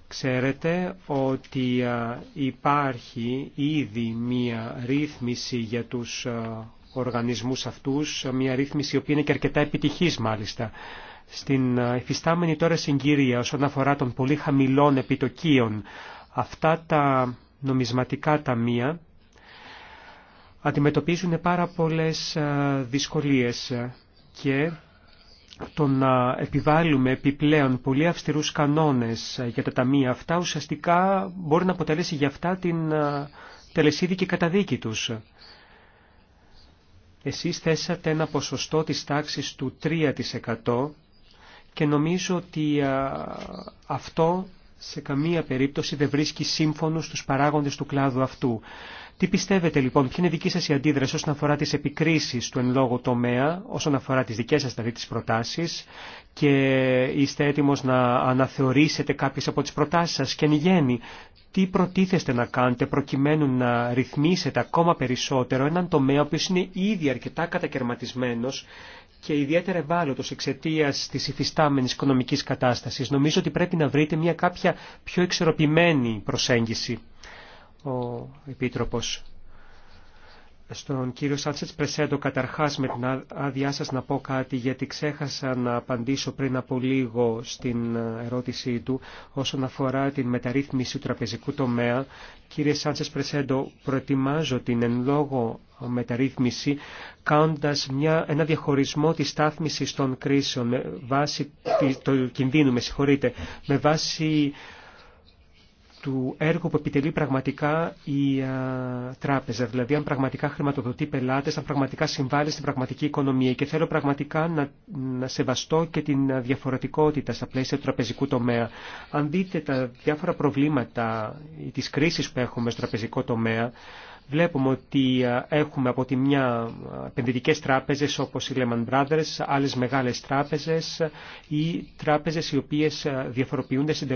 Ξέρετε ότι υπάρχει ήδη μία ρύθμιση για τους οργανισμούς αυτούς, μία ρύθμιση η οποία είναι και αρκετά επιτυχής μάλιστα. Στην εφιστάμενη τώρα συγκύρια όσον αφορά των πολύ χαμηλών επιτοκίων, αυτά τα νομισματικά ταμεία αντιμετωπίζουν πάρα πολλές δυσκολίες και το να επιβάλλουμε επιπλέον πολύ αυστηρούς κανόνες για τα ταμεία αυτά ουσιαστικά μπορεί να αποτελέσει για αυτά την τελεσίδικη καταδίκη τους. Εσείς θέσατε ένα ποσοστό της τάξης του 3% και νομίζω ότι αυτό σε καμία περίπτωση δεν βρίσκει σύμφωνο στους παράγοντες του κλάδου αυτού. Τι πιστεύετε λοιπόν, ποια είναι η δική σας η αντίδραση όσον αφορά τις επικρίσεις του εν λόγω τομέα, όσον αφορά τις δικές σας δηλαδή τις προτάσεις και είστε έτοιμος να αναθεωρήσετε κάποιες από τις προτάσεις σας και ανηγένει. τι προτίθεστε να κάνετε προκειμένου να ρυθμίσετε ακόμα περισσότερο έναν τομέα ο οποίος είναι ήδη αρκετά κατακαιρματισμένος και ιδιαίτερα ευάλωτο εξαιτία τη υφιστάμενη οικονομική κατάσταση. Νομίζω ότι πρέπει να βρείτε μια κάποια πιο εξορροπημένη προσέγγιση. Ο Επίτροπος στον κύριο Σάντσετς Πρεσέντο καταρχάς με την άδειά σας να πω κάτι γιατί ξέχασα να απαντήσω πριν από λίγο στην ε, ερώτησή του όσον αφορά την μεταρρύθμιση του τραπεζικού τομέα. Κύριε Σάντσετς Πρεσέντο, προετοιμάζω την εν λόγω μεταρρύθμιση κάνοντας μια, ένα διαχωρισμό της στάθμισης των κρίσεων με βάση το κινδύνου, με συγχωρείτε, με βάση του έργου που επιτελεί πραγματικά η τράπεζα. Δηλαδή, αν πραγματικά χρηματοδοτεί πελάτε, αν πραγματικά συμβάλλει στην πραγματική οικονομία. Και θέλω πραγματικά να, να σεβαστώ και την διαφορετικότητα στα πλαίσια του τραπεζικού τομέα. Αν δείτε τα διάφορα προβλήματα ή τι κρίσει που έχουμε στο τραπεζικό τομέα, Βλέπουμε ότι έχουμε από τη μια επενδυτικέ τράπεζες όπως οι Lehman Brothers, άλλες μεγάλες τράπεζες ή τράπεζες οι οποίες διαφοροποιούνται σε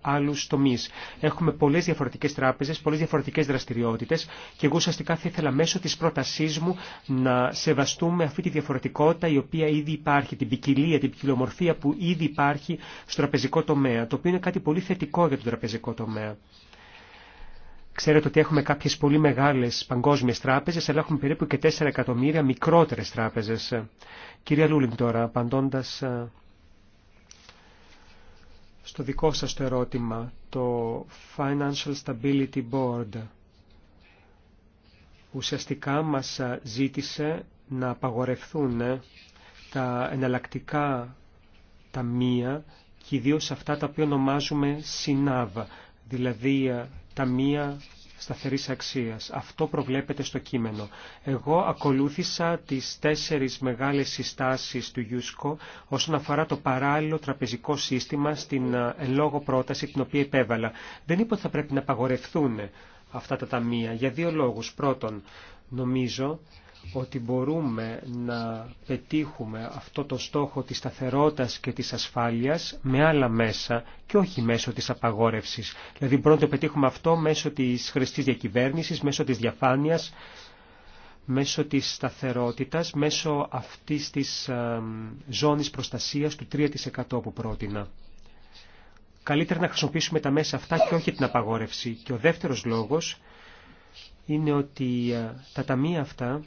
άλλους τομείς. Έχουμε πολλές διαφορετικές τράπεζες, πολλές διαφορετικές δραστηριότητες και εγώ ουσιαστικά θα ήθελα μέσω της πρότασής μου να σεβαστούμε αυτή τη διαφορετικότητα η οποία ήδη υπάρχει, την ποικιλία, την ποικιλομορφία που ήδη υπάρχει στο τραπεζικό τομέα, το οποίο είναι κάτι πολύ θετικό για τον τραπεζικό τομέα. Ξέρετε ότι έχουμε κάποιες πολύ μεγάλες παγκόσμιες τράπεζες, αλλά έχουμε περίπου και 4 εκατομμύρια μικρότερες τράπεζες. Κυρία Λούλιν τώρα, απαντώντας ε, στο δικό σας το ερώτημα, το Financial Stability Board ουσιαστικά μας ε, ζήτησε να απαγορευθούν ε, τα εναλλακτικά ταμεία και ιδίω αυτά τα οποία ονομάζουμε συνάβα, δηλαδή ταμεία σταθερής αξίας. Αυτό προβλέπεται στο κείμενο. Εγώ ακολούθησα τις τέσσερις μεγάλες συστάσεις του Ιούσκο όσον αφορά το παράλληλο τραπεζικό σύστημα στην ε, εν λόγω πρόταση την οποία επέβαλα. Δεν είπα ότι θα πρέπει να απαγορευτούν αυτά τα ταμεία για δύο λόγους. Πρώτον, νομίζω ότι μπορούμε να πετύχουμε αυτό το στόχο της σταθερότητας και της ασφάλειας με άλλα μέσα και όχι μέσω της απαγόρευσης. Δηλαδή πρώτα το πετύχουμε αυτό μέσω της χρηστής διακυβέρνησης, μέσω της διαφάνειας, μέσω της σταθερότητας, μέσω αυτής της ε, ζώνης προστασίας του 3% που πρότεινα. Καλύτερα να χρησιμοποιήσουμε τα μέσα αυτά και όχι την απαγόρευση. Και ο δεύτερος λόγος είναι ότι ε, τα ταμεία αυτά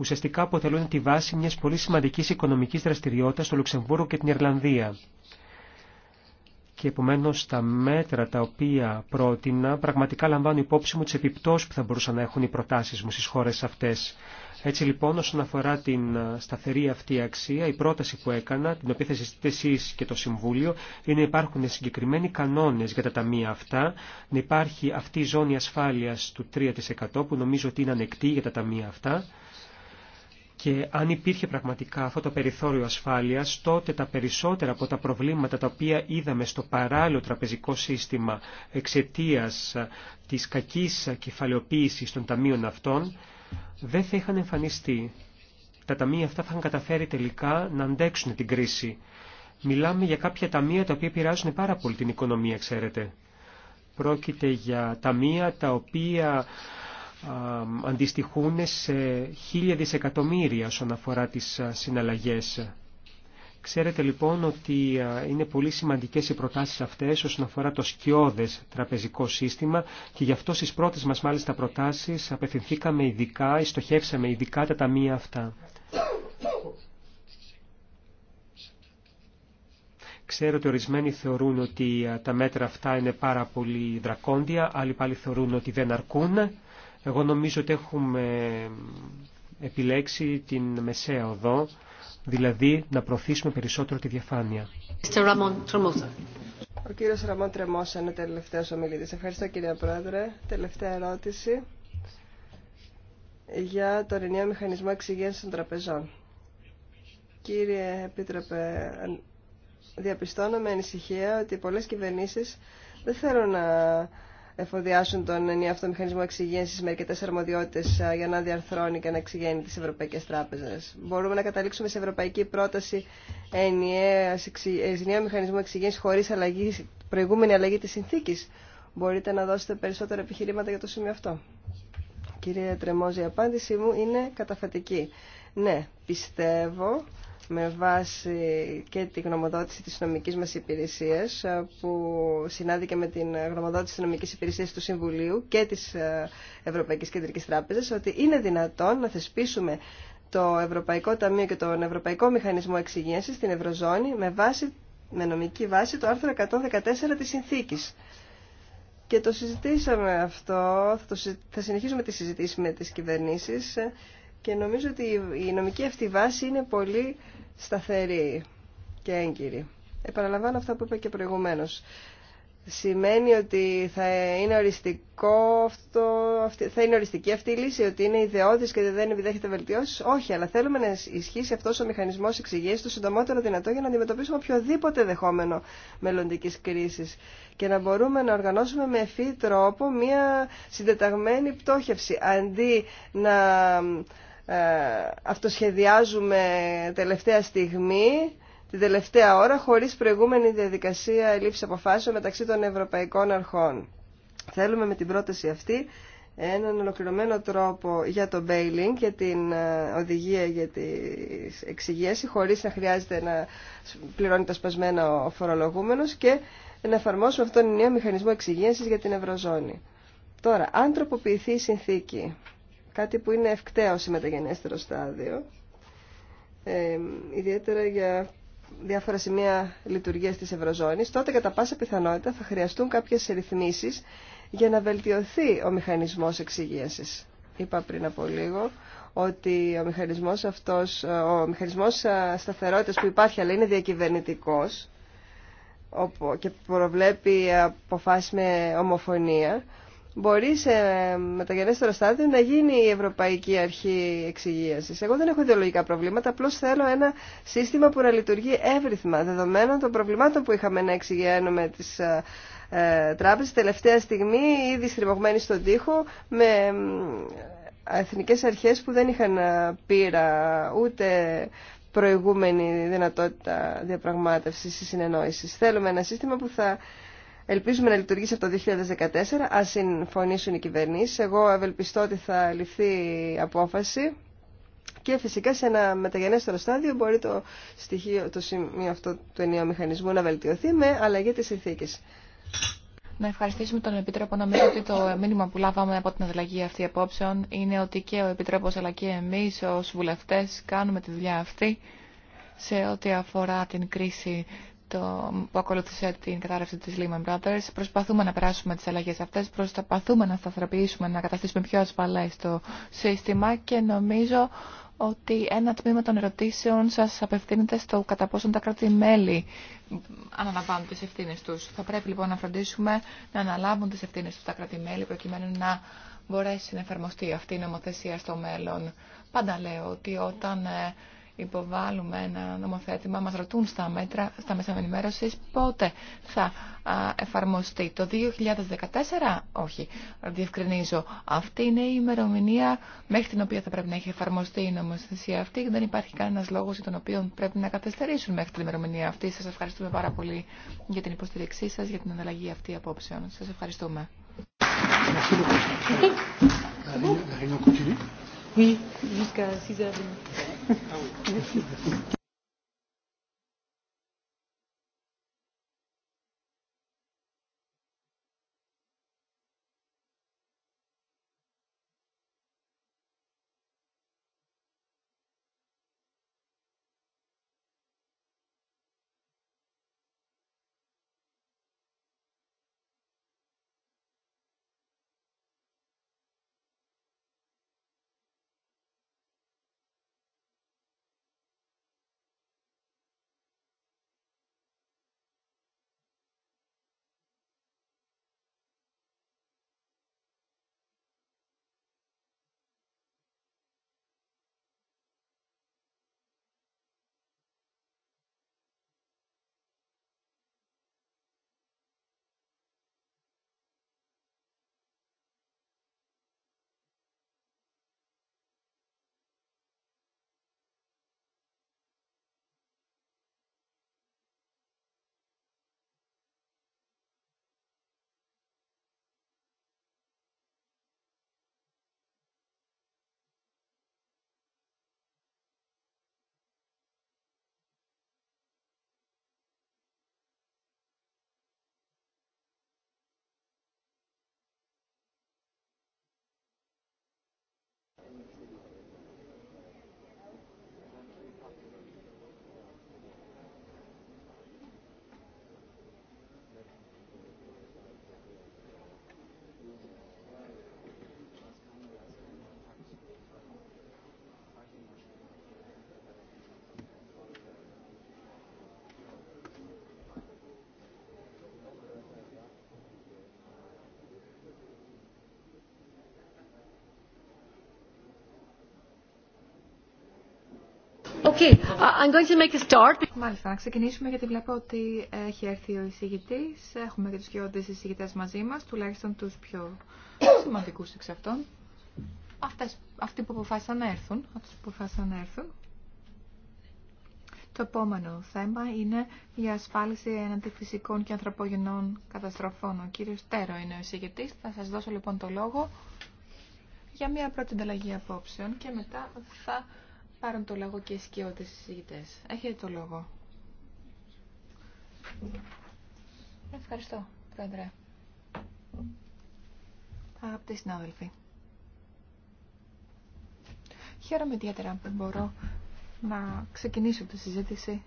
ουσιαστικά αποτελούν τη βάση μιας πολύ σημαντικής οικονομικής δραστηριότητας στο Λουξεμβούργο και την Ιρλανδία. Και επομένως τα μέτρα τα οποία πρότεινα πραγματικά λαμβάνουν υπόψη μου τις επιπτώσεις που θα μπορούσαν να έχουν οι προτάσεις μου στις χώρες αυτές. Έτσι λοιπόν όσον αφορά την ε, σταθερή αυτή αξία, η πρόταση που έκανα, την οποία θα συζητείτε εσείς και το Συμβούλιο, είναι να υπάρχουν συγκεκριμένοι κανόνες για τα ταμεία αυτά, να υπάρχει αυτή η ζώνη ασφάλειας του 3% που νομίζω ότι είναι ανεκτή για τα ταμεία αυτά, και αν υπήρχε πραγματικά αυτό το περιθώριο ασφάλειας, τότε τα περισσότερα από τα προβλήματα τα οποία είδαμε στο παράλληλο τραπεζικό σύστημα εξαιτίας ε, της κακής κεφαλαιοποίησης των ταμείων αυτών, δεν θα είχαν εμφανιστεί. Τα ταμεία αυτά θα είχαν καταφέρει τελικά να αντέξουν την κρίση. Μιλάμε για κάποια ταμεία τα οποία πειράζουν πάρα πολύ την οικονομία, ξέρετε. Πρόκειται για ταμεία τα οποία αντιστοιχούν σε χίλια δισεκατομμύρια όσον αφορά τις συναλλαγές. Ξέρετε λοιπόν ότι είναι πολύ σημαντικές οι προτάσεις αυτές όσον αφορά το σκιώδες τραπεζικό σύστημα και γι' αυτό στις πρώτες μας μάλιστα προτάσεις απευθυνθήκαμε ειδικά, στοχεύσαμε ειδικά τα ταμεία αυτά. Ξέρω ότι ορισμένοι θεωρούν ότι τα μέτρα αυτά είναι πάρα πολύ δρακόντια, άλλοι πάλι θεωρούν ότι δεν αρκούν. Εγώ νομίζω ότι έχουμε επιλέξει την μεσαία οδό, δηλαδή να προωθήσουμε περισσότερο τη διαφάνεια. Ο κύριος Ραμόν Τρεμόσα είναι τελευταίος ομιλητή. Ευχαριστώ κύριε Πρόεδρε. Τελευταία ερώτηση για το ενιαίο μηχανισμό εξυγένσης των τραπεζών. Κύριε Επίτροπε, διαπιστώνω με ανησυχία ότι πολλές κυβερνήσεις δεν θέλουν να εφοδιάσουν τον ενιαίο αυτό μηχανισμό εξυγένση με αρκετέ αρμοδιότητε για να διαρθρώνει και να εξηγένει τι ευρωπαϊκέ τράπεζε. Μπορούμε να καταλήξουμε σε ευρωπαϊκή πρόταση ε, ενιαίου μηχανισμού εξυγένση χωρί αλλαγή, προηγούμενη αλλαγή τη συνθήκη. Μπορείτε να δώσετε περισσότερα επιχειρήματα για το σημείο αυτό. Κύριε Τρεμόζη, η απάντησή μου είναι καταφατική. Ναι, πιστεύω με βάση και τη γνωμοδότηση της νομικής μας υπηρεσίας ε, που συνάδηκε με την γνωμοδότηση της νομικής υπηρεσίας του Συμβουλίου και της ε, Ευρωπαϊκής Κεντρικής Τράπεζας ότι είναι δυνατόν να θεσπίσουμε το Ευρωπαϊκό Ταμείο και τον Ευρωπαϊκό Μηχανισμό Εξυγίανσης στην Ευρωζώνη με, βάση, με νομική βάση το άρθρο 114 της Συνθήκης. Και το συζητήσαμε αυτό, θα συνεχίσουμε τη συζήτηση με τις κυβερνήσεις ε, και νομίζω ότι η νομική αυτή βάση είναι πολύ σταθερή και έγκυρη. Επαναλαμβάνω αυτά που είπα και προηγουμένως. Σημαίνει ότι θα είναι, οριστικό αυτό, θα είναι οριστική αυτή η λύση, ότι είναι ιδεώδης και δεν επιδέχεται βελτιώσει. Όχι, αλλά θέλουμε να ισχύσει αυτός ο μηχανισμός εξηγήσης το συντομότερο δυνατό για να αντιμετωπίσουμε οποιοδήποτε δεχόμενο μελλοντική κρίσης και να μπορούμε να οργανώσουμε με ευφύ τρόπο μια συντεταγμένη πτώχευση, αντί να ε, αυτοσχεδιάζουμε τελευταία στιγμή, την τελευταία ώρα, χωρίς προηγούμενη διαδικασία λήψη αποφάσεων μεταξύ των ευρωπαϊκών αρχών. Θέλουμε με την πρόταση αυτή έναν ολοκληρωμένο τρόπο για το bailing και την ε, οδηγία για τη εξυγίαση χωρίς να χρειάζεται να πληρώνει τα σπασμένα ο φορολογούμενος και να εφαρμόσουμε αυτόν τον νέο μηχανισμό εξυγίασης για την Ευρωζώνη. Τώρα, αν τροποποιηθεί η συνθήκη κάτι που είναι ευκταίο σε μεταγενέστερο στάδιο, ε, ιδιαίτερα για διάφορα σημεία λειτουργίας της Ευρωζώνης, τότε κατά πάσα πιθανότητα θα χρειαστούν κάποιες ρυθμίσεις για να βελτιωθεί ο μηχανισμός εξυγίασης. Είπα πριν από λίγο ότι ο μηχανισμός αυτός, ε, ο μηχανισμός ε, σταθερότητας που υπάρχει αλλά είναι διακυβερνητικός και προβλέπει αποφάσεις με ομοφωνία, μπορεί σε μεταγενέστερο στάδιο να γίνει η Ευρωπαϊκή Αρχή Εξυγίαση. Εγώ δεν έχω ιδεολογικά προβλήματα, απλώ θέλω ένα σύστημα που να λειτουργεί εύρυθμα, δεδομένων των προβλημάτων που είχαμε να εξηγένουμε τι ε, ε, τράπεζες τελευταία στιγμή, ήδη στριμωγμένοι στον τοίχο, με ε, εθνικέ αρχέ που δεν είχαν ε, πείρα ούτε προηγούμενη δυνατότητα διαπραγμάτευσης ή συνεννόησης. Θέλουμε ένα σύστημα που θα Ελπίζουμε να λειτουργήσει από το 2014, ας συμφωνήσουν οι κυβερνήσει. Εγώ ευελπιστώ ότι θα ληφθεί απόφαση και φυσικά σε ένα μεταγενέστερο στάδιο μπορεί το, στοιχείο, το σημείο αυτό του ενιαίου μηχανισμού να βελτιωθεί με αλλαγή τη συνθήκη. Να ευχαριστήσουμε τον Επίτροπο. Νομίζω ότι το μήνυμα που λάβαμε από την ανταλλαγή αυτή απόψεων είναι ότι και ο Επίτροπο αλλά και εμεί, ω βουλευτέ, κάνουμε τη δουλειά αυτή σε ό,τι αφορά την κρίση το, που ακολούθησε την κατάρρευση της Lehman Brothers. Προσπαθούμε να περάσουμε τις αλλαγές αυτές, προσπαθούμε να σταθεροποιήσουμε, να καταστήσουμε πιο ασφαλές το σύστημα και νομίζω ότι ένα τμήμα των ερωτήσεων σας απευθύνεται στο κατά πόσον τα κράτη-μέλη αναλαμβάνουν τις ευθύνες τους. Θα πρέπει λοιπόν να φροντίσουμε να αναλάβουν τις ευθύνες τους τα κράτη-μέλη προκειμένου να μπορέσει να εφαρμοστεί αυτή η νομοθεσία στο μέλλον. Πάντα λέω ότι όταν ε, υποβάλουμε ένα νομοθέτημα, μας ρωτούν στα μέτρα, στα μέσα ενημέρωση πότε θα εφαρμοστεί. Το 2014, όχι, διευκρινίζω, αυτή είναι η ημερομηνία μέχρι την οποία θα πρέπει να έχει εφαρμοστεί η νομοθεσία αυτή. Δεν υπάρχει κανένας λόγος για τον οποίο πρέπει να καθυστερήσουν μέχρι την ημερομηνία αυτή. Σας ευχαριστούμε πάρα πολύ για την υποστήριξή σας, για την ανταλλαγή αυτή απόψεων. Σας ευχαριστούμε. Oui, jusqu'à 6h30. Okay, I'm going to make a start. Μάλιστα, να ξεκινήσουμε γιατί βλέπω ότι έχει έρθει ο εισηγητή. Έχουμε και του δύο εισηγητέ μαζί μα, τουλάχιστον του πιο σημαντικού εξ αυτών. Αυτές, αυτοί που αποφάσισαν να έρθουν. που αποφάσισαν να έρθουν. Το επόμενο θέμα είναι η ασφάλιση έναντι φυσικών και ανθρωπογενών καταστροφών. Ο κύριο Τέρο είναι ο εισηγητή. Θα σα δώσω λοιπόν το λόγο για μια πρώτη ανταλλαγή απόψεων και μετά θα πάρουν το λόγο και οι σκιώτες συζητητές. Έχετε το λόγο. Ευχαριστώ, Πρόεδρε. Αγαπητοί συνάδελφοι. Χαίρομαι ιδιαίτερα που μπορώ να ξεκινήσω τη συζήτηση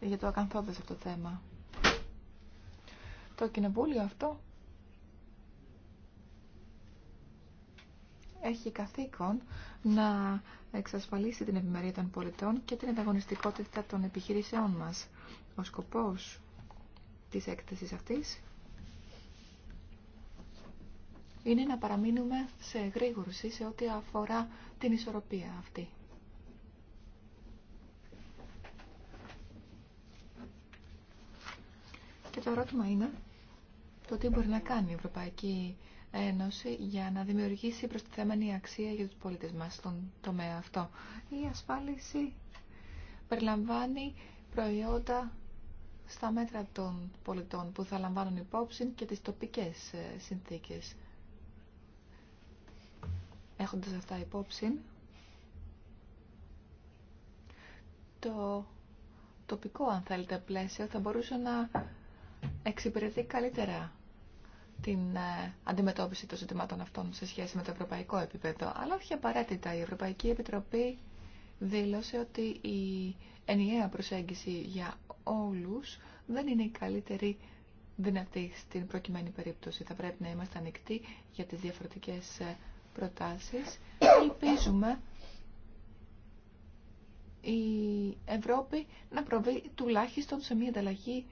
για το ακαθόδες αυτό το θέμα. Το κοινοβούλιο αυτό έχει καθήκον να εξασφαλίσει την ευημερία των πολιτών και την ανταγωνιστικότητα των επιχειρήσεών μας. Ο σκοπός της έκθεσης αυτής είναι να παραμείνουμε σε γρήγορση σε ό,τι αφορά την ισορροπία αυτή. Και το ερώτημα είναι το τι μπορεί να κάνει η Ευρωπαϊκή Ένωση για να δημιουργήσει προστιθέμενη αξία για τους πολίτες μας στον τομέα αυτό. Η ασφάλιση περιλαμβάνει προϊόντα στα μέτρα των πολιτών που θα λαμβάνουν υπόψη και τις τοπικές ε, συνθήκες. Έχοντας αυτά υπόψη, το τοπικό, αν θέλετε, πλαίσιο θα μπορούσε να εξυπηρετεί καλύτερα την ε, αντιμετώπιση των ζητημάτων αυτών σε σχέση με το ευρωπαϊκό επίπεδο. Αλλά όχι απαραίτητα. Η Ευρωπαϊκή Επιτροπή δήλωσε ότι η ενιαία προσέγγιση για όλους δεν είναι η καλύτερη δυνατή στην προκειμένη περίπτωση. Θα πρέπει να είμαστε ανοιχτοί για τις διαφορετικές ε, προτάσεις. Ελπίζουμε η Ευρώπη να προβεί τουλάχιστον σε μια ανταλλαγή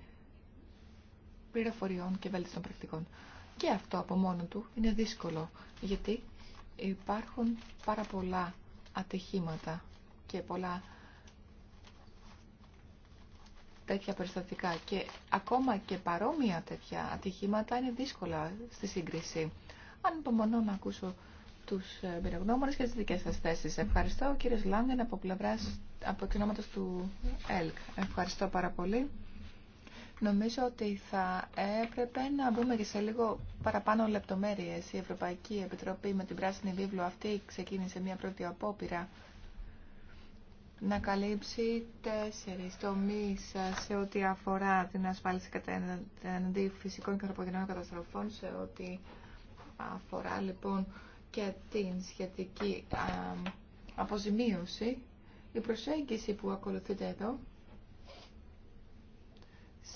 πληροφοριών και βέλτιστων πρακτικών. Και αυτό από μόνο του είναι δύσκολο, γιατί υπάρχουν πάρα πολλά ατυχήματα και πολλά τέτοια περιστατικά και ακόμα και παρόμοια τέτοια ατυχήματα είναι δύσκολα στη σύγκριση. Αν υπομονώ να ακούσω τους ε, εμπειρογνώμονες και τις δικές σας θέσεις. Ευχαριστώ κύριε Λάγκεν από πλευράς από εξονόματος του ΕΛΚ. Ευχαριστώ πάρα πολύ. Νομίζω ότι θα έπρεπε να μπούμε και σε λίγο παραπάνω λεπτομέρειες. Η Ευρωπαϊκή Επιτροπή με την πράσινη βίβλο αυτή ξεκίνησε μια πρώτη απόπειρα να καλύψει τέσσερις τομείς σε ό,τι αφορά την ασφάλιση κατά εναντί φυσικών και ανθρωπογενών καταστροφών, σε ό,τι αφορά λοιπόν και την σχετική αποζημίωση. Η προσέγγιση που ακολουθείται εδώ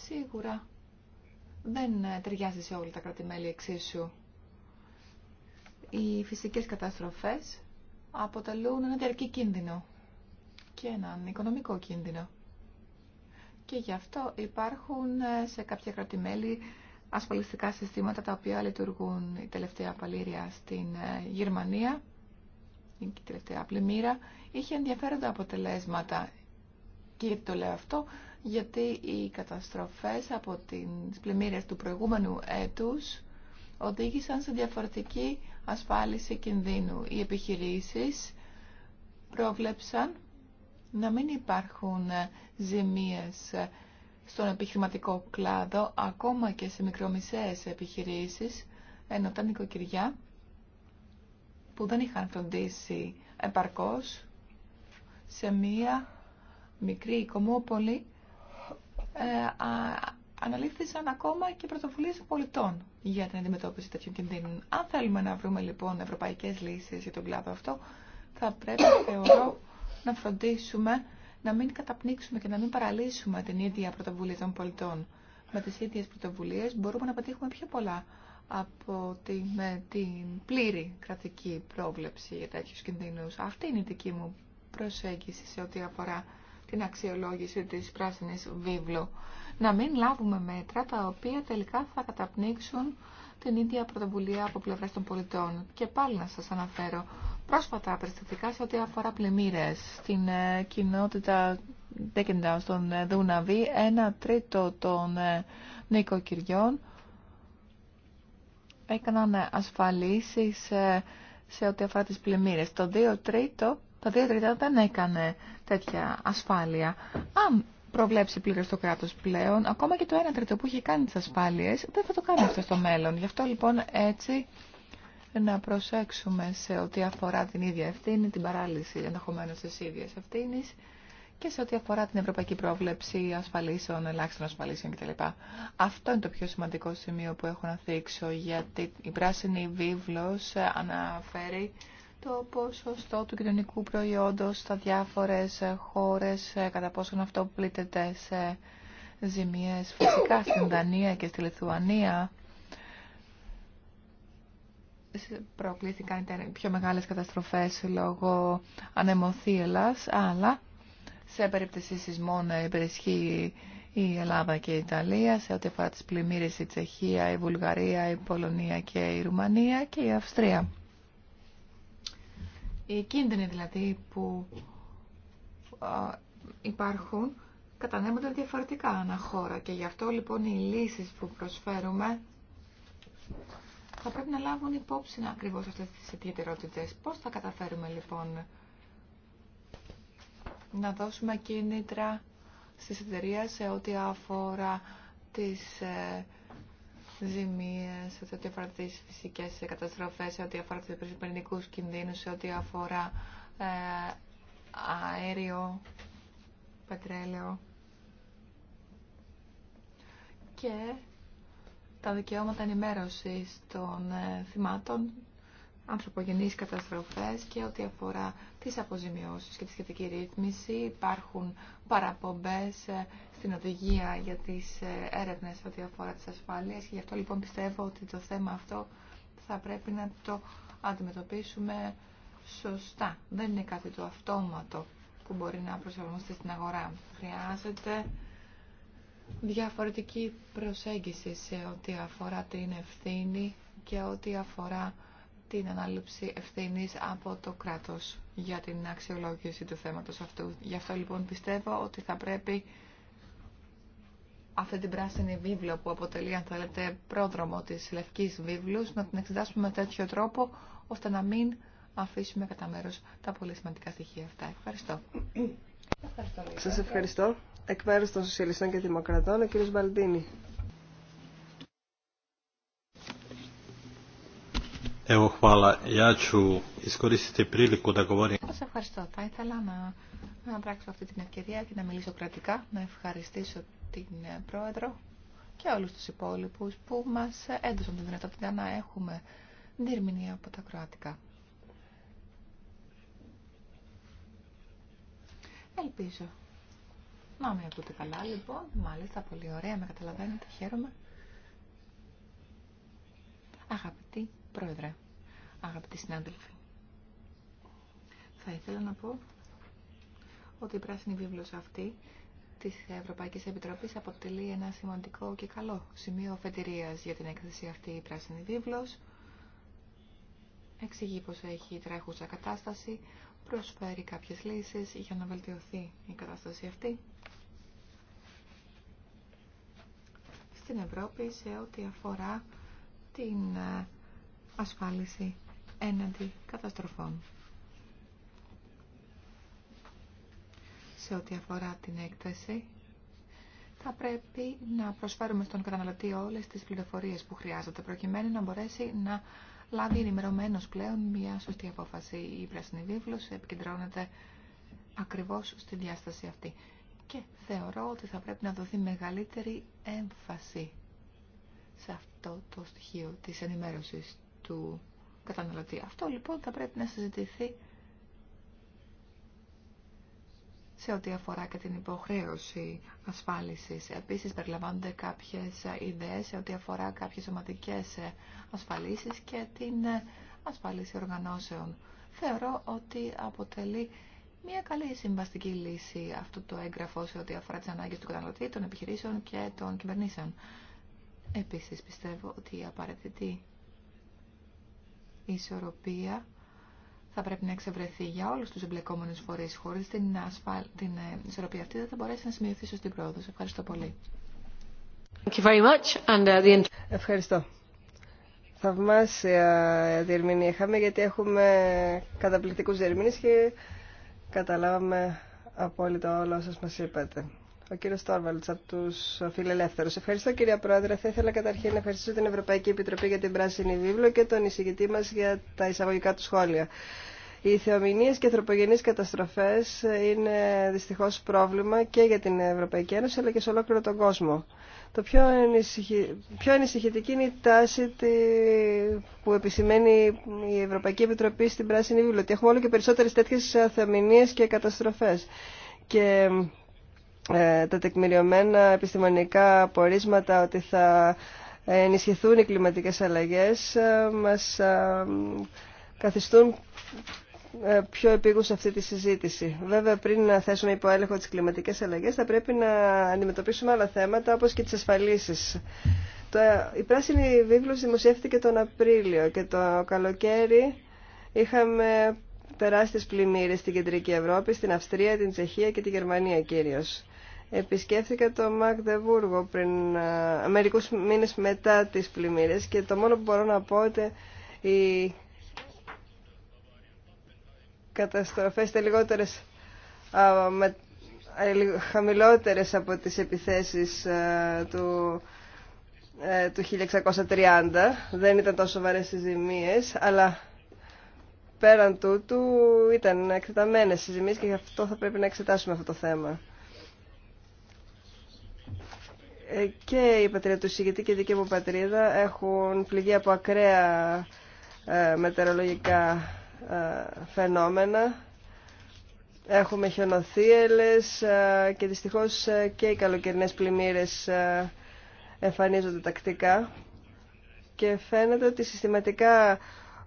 σίγουρα δεν ε, ταιριάζει σε όλα τα κρατημέλη εξίσου. Οι φυσικές καταστροφές αποτελούν ένα διαρκή κίνδυνο και έναν οικονομικό κίνδυνο. Και γι' αυτό υπάρχουν ε, σε κάποια κρατημέλη ασφαλιστικά συστήματα τα οποία λειτουργούν η τελευταία παλήρια στην ε, Γερμανία, η τελευταία πλημμύρα, είχε ενδιαφέροντα αποτελέσματα. Και γιατί το λέω αυτό, γιατί οι καταστροφές από την πλημμύρες του προηγούμενου έτους οδήγησαν σε διαφορετική ασφάλιση κινδύνου. Οι επιχειρήσεις πρόβλεψαν να μην υπάρχουν ζημίες στον επιχειρηματικό κλάδο, ακόμα και σε μικρομισές επιχειρήσεις, ενώ τα νοικοκυριά που δεν είχαν φροντίσει επαρκώς σε μία μικρή οικομόπολη, ε, αναλήφθησαν ακόμα και πρωτοβουλίε πολιτών για την αντιμετώπιση τέτοιων κινδύνων. Αν θέλουμε να βρούμε λοιπόν ευρωπαϊκέ λύσει για τον κλάδο αυτό, θα πρέπει, θεωρώ, να φροντίσουμε να μην καταπνίξουμε και να μην παραλύσουμε την ίδια πρωτοβουλία των πολιτών. Με τι ίδιε πρωτοβουλίε. μπορούμε να πετύχουμε πιο πολλά από την, με την πλήρη κρατική πρόβλεψη για τέτοιου κινδύνου. Αυτή είναι η δική μου προσέγγιση σε ό,τι αφορά την αξιολόγηση της πράσινης βίβλου. Να μην λάβουμε μέτρα τα οποία τελικά θα καταπνίξουν την ίδια πρωτοβουλία από πλευρά των πολιτών. Και πάλι να σας αναφέρω πρόσφατα περιστατικά σε ό,τι αφορά πλημμύρες στην ε, κοινότητα Ντέκεντα στον ε, Δούναβη, ένα τρίτο των ε, νοικοκυριών έκαναν ασφαλίσεις σε ό,τι αφορά τις πλημμύρες. Το 2 τρίτο τα δύο τρίτα δεν έκανε τέτοια ασφάλεια. Αν προβλέψει πλήρω το κράτο πλέον, ακόμα και το 1 τρίτο που είχε κάνει τι ασφάλειε, δεν θα το κάνει αυτό στο μέλλον. Γι' αυτό λοιπόν έτσι να προσέξουμε σε ό,τι αφορά την ίδια ευθύνη, την παράλυση ενδεχομένω τη ίδια ευθύνη και σε ό,τι αφορά την ευρωπαϊκή πρόβλεψη ασφαλίσεων, ελάχιστων ασφαλίσεων κτλ. Αυτό είναι το πιο σημαντικό σημείο που έχω να θίξω, γιατί η πράσινη βίβλος αναφέρει το ποσοστό του κοινωνικού προϊόντος στα διάφορες χώρες, ε, κατά πόσον αυτό πλήττεται σε ζημίες φυσικά στην Δανία και στη Λιθουανία. Προκλήθηκαν οι πιο μεγάλες καταστροφές λόγω ανεμοθύελας, αλλά σε περίπτωση σεισμών υπερισχύει η Ελλάδα και η Ιταλία, σε ό,τι αφορά τις πλημμύρες η Τσεχία, η Βουλγαρία, η Πολωνία και η Ρουμανία και η Αυστρία. Οι κίνδυνοι δηλαδή που υπάρχουν κατανέμονται διαφορετικά ανά χώρα και γι' αυτό λοιπόν οι λύσεις που προσφέρουμε θα πρέπει να λάβουν υπόψη ακριβώς αυτές τις ιδιαιτερότητες. Πώς θα καταφέρουμε λοιπόν να δώσουμε κίνητρα στις εταιρείες σε ό,τι αφορά τις ε, ζημίε, σε ό,τι αφορά τι φυσικέ καταστροφέ, σε ό,τι αφορά του πυρηνικού κινδύνου, σε ό,τι αφορά ε, αέριο, πετρέλαιο και τα δικαιώματα ενημέρωση των ε, θυμάτων, ανθρωπογενείς καταστροφές και ό,τι αφορά τις αποζημιώσει και τη σχετική ρύθμιση. Υπάρχουν παραπομπές ε, στην οδηγία για τις ε, έρευνες ό,τι αφορά τις ασφάλειες και γι' αυτό λοιπόν πιστεύω ότι το θέμα αυτό θα πρέπει να το αντιμετωπίσουμε σωστά. Δεν είναι κάτι το αυτόματο που μπορεί να προσαρμοστεί στην αγορά. Χρειάζεται διαφορετική προσέγγιση σε ό,τι αφορά την ευθύνη και ό,τι αφορά την ανάληψη ευθύνης από το κράτος για την αξιολόγηση του θέματος αυτού. Γι' αυτό λοιπόν πιστεύω ότι θα πρέπει αυτή την πράσινη βίβλο που αποτελεί, αν θέλετε, πρόδρομο της λευκής βίβλου, να την εξετάσουμε με τέτοιο τρόπο, ώστε να μην αφήσουμε κατά μέρο τα πολύ σημαντικά στοιχεία αυτά. Ευχαριστώ. Σας ευχαριστώ. Εκ μέρους των Σοσιαλιστών και Δημοκρατών, ο κ. Μπαλντίνη. Σας ευχαριστώ. Θα ήθελα να, να πράξω αυτή την ευκαιρία και να μιλήσω κρατικά, να ευχαριστήσω την ε, Πρόεδρο και όλους τους υπόλοιπους που μας ε, έδωσαν τη δυνατότητα να έχουμε διερμηνία από τα Κροατικά. Ελπίζω. Να με ακούτε καλά λοιπόν, μάλιστα πολύ ωραία, με καταλαβαίνετε, χαίρομαι. Αγαπητή Πρόεδρε, αγαπητοί συνάδελφοι, θα ήθελα να πω ότι η πράσινη βίβλος αυτή τη Ευρωπαϊκή Επιτροπή αποτελεί ένα σημαντικό και καλό σημείο φετηρίας για την έκθεση αυτή η πράσινη βίβλο. Εξηγεί πω έχει τρέχουσα κατάσταση, προσφέρει κάποιες λύσεις για να βελτιωθεί η κατάσταση αυτή. Στην Ευρώπη σε ό,τι αφορά την ε, ασφάλιση έναντι καταστροφών. σε ό,τι αφορά την έκθεση, θα πρέπει να προσφέρουμε στον καταναλωτή όλες τις πληροφορίες που χρειάζεται, προκειμένου να μπορέσει να λάβει ενημερωμένο πλέον μια σωστή απόφαση. Η πράσινη βίβλος επικεντρώνεται ακριβώς στη διάσταση αυτή. Και θεωρώ ότι θα πρέπει να δοθεί μεγαλύτερη έμφαση σε αυτό το στοιχείο της ενημέρωσης του καταναλωτή. Αυτό λοιπόν θα πρέπει να συζητηθεί σε ό,τι αφορά και την υποχρέωση ασφάλισης. Επίσης περιλαμβάνονται κάποιες ιδέες σε ό,τι αφορά κάποιες σωματικές ασφαλίσεις και την ασφάλιση οργανώσεων. Θεωρώ ότι αποτελεί μια καλή συμβαστική λύση αυτό το έγγραφο σε ό,τι αφορά τις ανάγκες του καταναλωτή, των επιχειρήσεων και των κυβερνήσεων. Επίσης πιστεύω ότι η απαραίτητη ισορροπία θα πρέπει να εξευρεθεί για όλους τους εμπλεκόμενους φορείς. χωρί την, ασφάλ... την ε, ισορροπία αυτή δεν θα μπορέσει να σημειωθεί σωστή πρόοδο. Ευχαριστώ πολύ. Thank you very much. And, uh, Ευχαριστώ. Θαυμάσια διερμηνή είχαμε γιατί έχουμε καταπληκτικούς διερμηνείς και καταλάβαμε απόλυτα όλα όσα μας είπατε. Ο κύριο Τόρβαλτ από του Φιλελεύθερου. Ευχαριστώ κύριε Πρόεδρε. Θα ήθελα καταρχήν να ευχαριστήσω την Ευρωπαϊκή Επιτροπή για την Πράσινη Βίβλο και τον εισηγητή μα για τα εισαγωγικά του σχόλια. Οι θεομηνίε και ανθρωπογενεί καταστροφέ είναι δυστυχώ πρόβλημα και για την Ευρωπαϊκή Ένωση αλλά και σε ολόκληρο τον κόσμο. Το πιο, ενησυχη... πιο είναι η τάση τη... που επισημαίνει η Ευρωπαϊκή Επιτροπή στην Πράσινη Βίβλο, ότι έχουμε όλο και περισσότερε τέτοιε θεομηνίε και καταστροφέ. Ε, τα τεκμηριωμένα επιστημονικά πορίσματα ότι θα ενισχυθούν οι κλιματικές αλλαγές ε, μας ε, καθιστούν πιο επίγουν σε αυτή τη συζήτηση. Βέβαια, πριν να θέσουμε υποέλεγχο έλεγχο τις κλιματικές αλλαγές, θα πρέπει να αντιμετωπίσουμε άλλα θέματα, όπως και τις ασφαλίσεις. Το, η πράσινη βίβλος δημοσιεύτηκε τον Απρίλιο και το καλοκαίρι είχαμε τεράστιες πλημμύρες στην Κεντρική Ευρώπη, στην Αυστρία, την Τσεχία και τη Γερμανία κυρίως επισκέφθηκα το Μαγδεβούργο πριν, μερικούς μήνες μετά τις πλημμύρες και το μόνο που μπορώ να πω ότι οι καταστροφές ήταν λιγότερες με, ε, από τις επιθέσεις του, ε, του 1630. Δεν ήταν τόσο βαρές οι ζημίες, αλλά πέραν τούτου ήταν εκτεταμένες οι ζημίες και γι' αυτό θα πρέπει να εξετάσουμε αυτό το θέμα και η πατρίδα του Σιγητή και η δική μου πατρίδα έχουν πληγεί από ακραία ε, μετεωρολογικά ε, φαινόμενα. Έχουμε χιονοθύελες ε, και δυστυχώς και οι καλοκαιρινές πλημμύρες εμφανίζονται τακτικά και φαίνεται ότι συστηματικά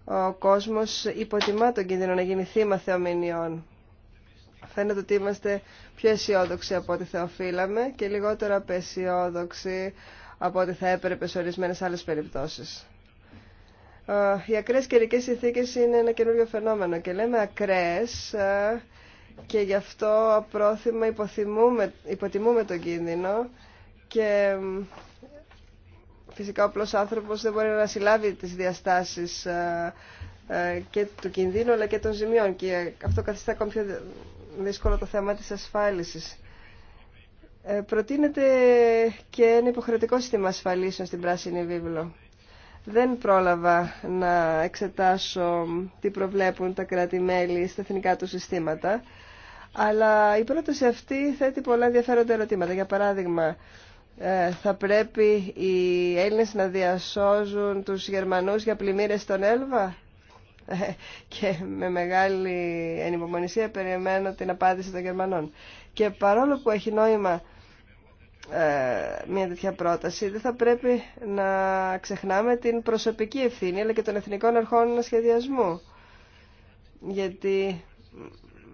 ο κόσμος υποτιμά τον κίνδυνο να γίνει θύμα θεομηνιών. Φαίνεται ότι είμαστε πιο αισιόδοξοι από ό,τι θα οφείλαμε και λιγότερο απεσιόδοξοι από ό,τι θα έπρεπε σε ορισμένες άλλες περιπτώσεις. Ε, οι ακραίες καιρικέ συνθήκες είναι ένα καινούριο φαινόμενο και λέμε ακραίες ε, και γι' αυτό απρόθυμα υποθυμούμε, υποτιμούμε τον κίνδυνο και φυσικά ο απλός άνθρωπος δεν μπορεί να συλλάβει τις διαστάσεις ε, και του κινδύνου αλλά και των ζημιών και αυτό καθιστά ακόμη πιο δύσκολο το θέμα της ασφάλισης. Ε, προτείνεται και ένα υποχρεωτικό σύστημα ασφαλίσεων στην Πράσινη Βίβλο. Δεν πρόλαβα να εξετάσω τι προβλέπουν τα κράτη-μέλη στα εθνικά του συστήματα, αλλά η πρόταση αυτή θέτει πολλά ενδιαφέροντα ερωτήματα. Για παράδειγμα, ε, θα πρέπει οι Έλληνες να διασώζουν τους Γερμανούς για πλημμύρες στον Έλβα και με μεγάλη ενυπομονησία περιμένω την απάντηση των Γερμανών. Και παρόλο που έχει νόημα μια τέτοια πρόταση, δεν θα πρέπει να ξεχνάμε την προσωπική ευθύνη αλλά και των εθνικών αρχών σχεδιασμού. Γιατί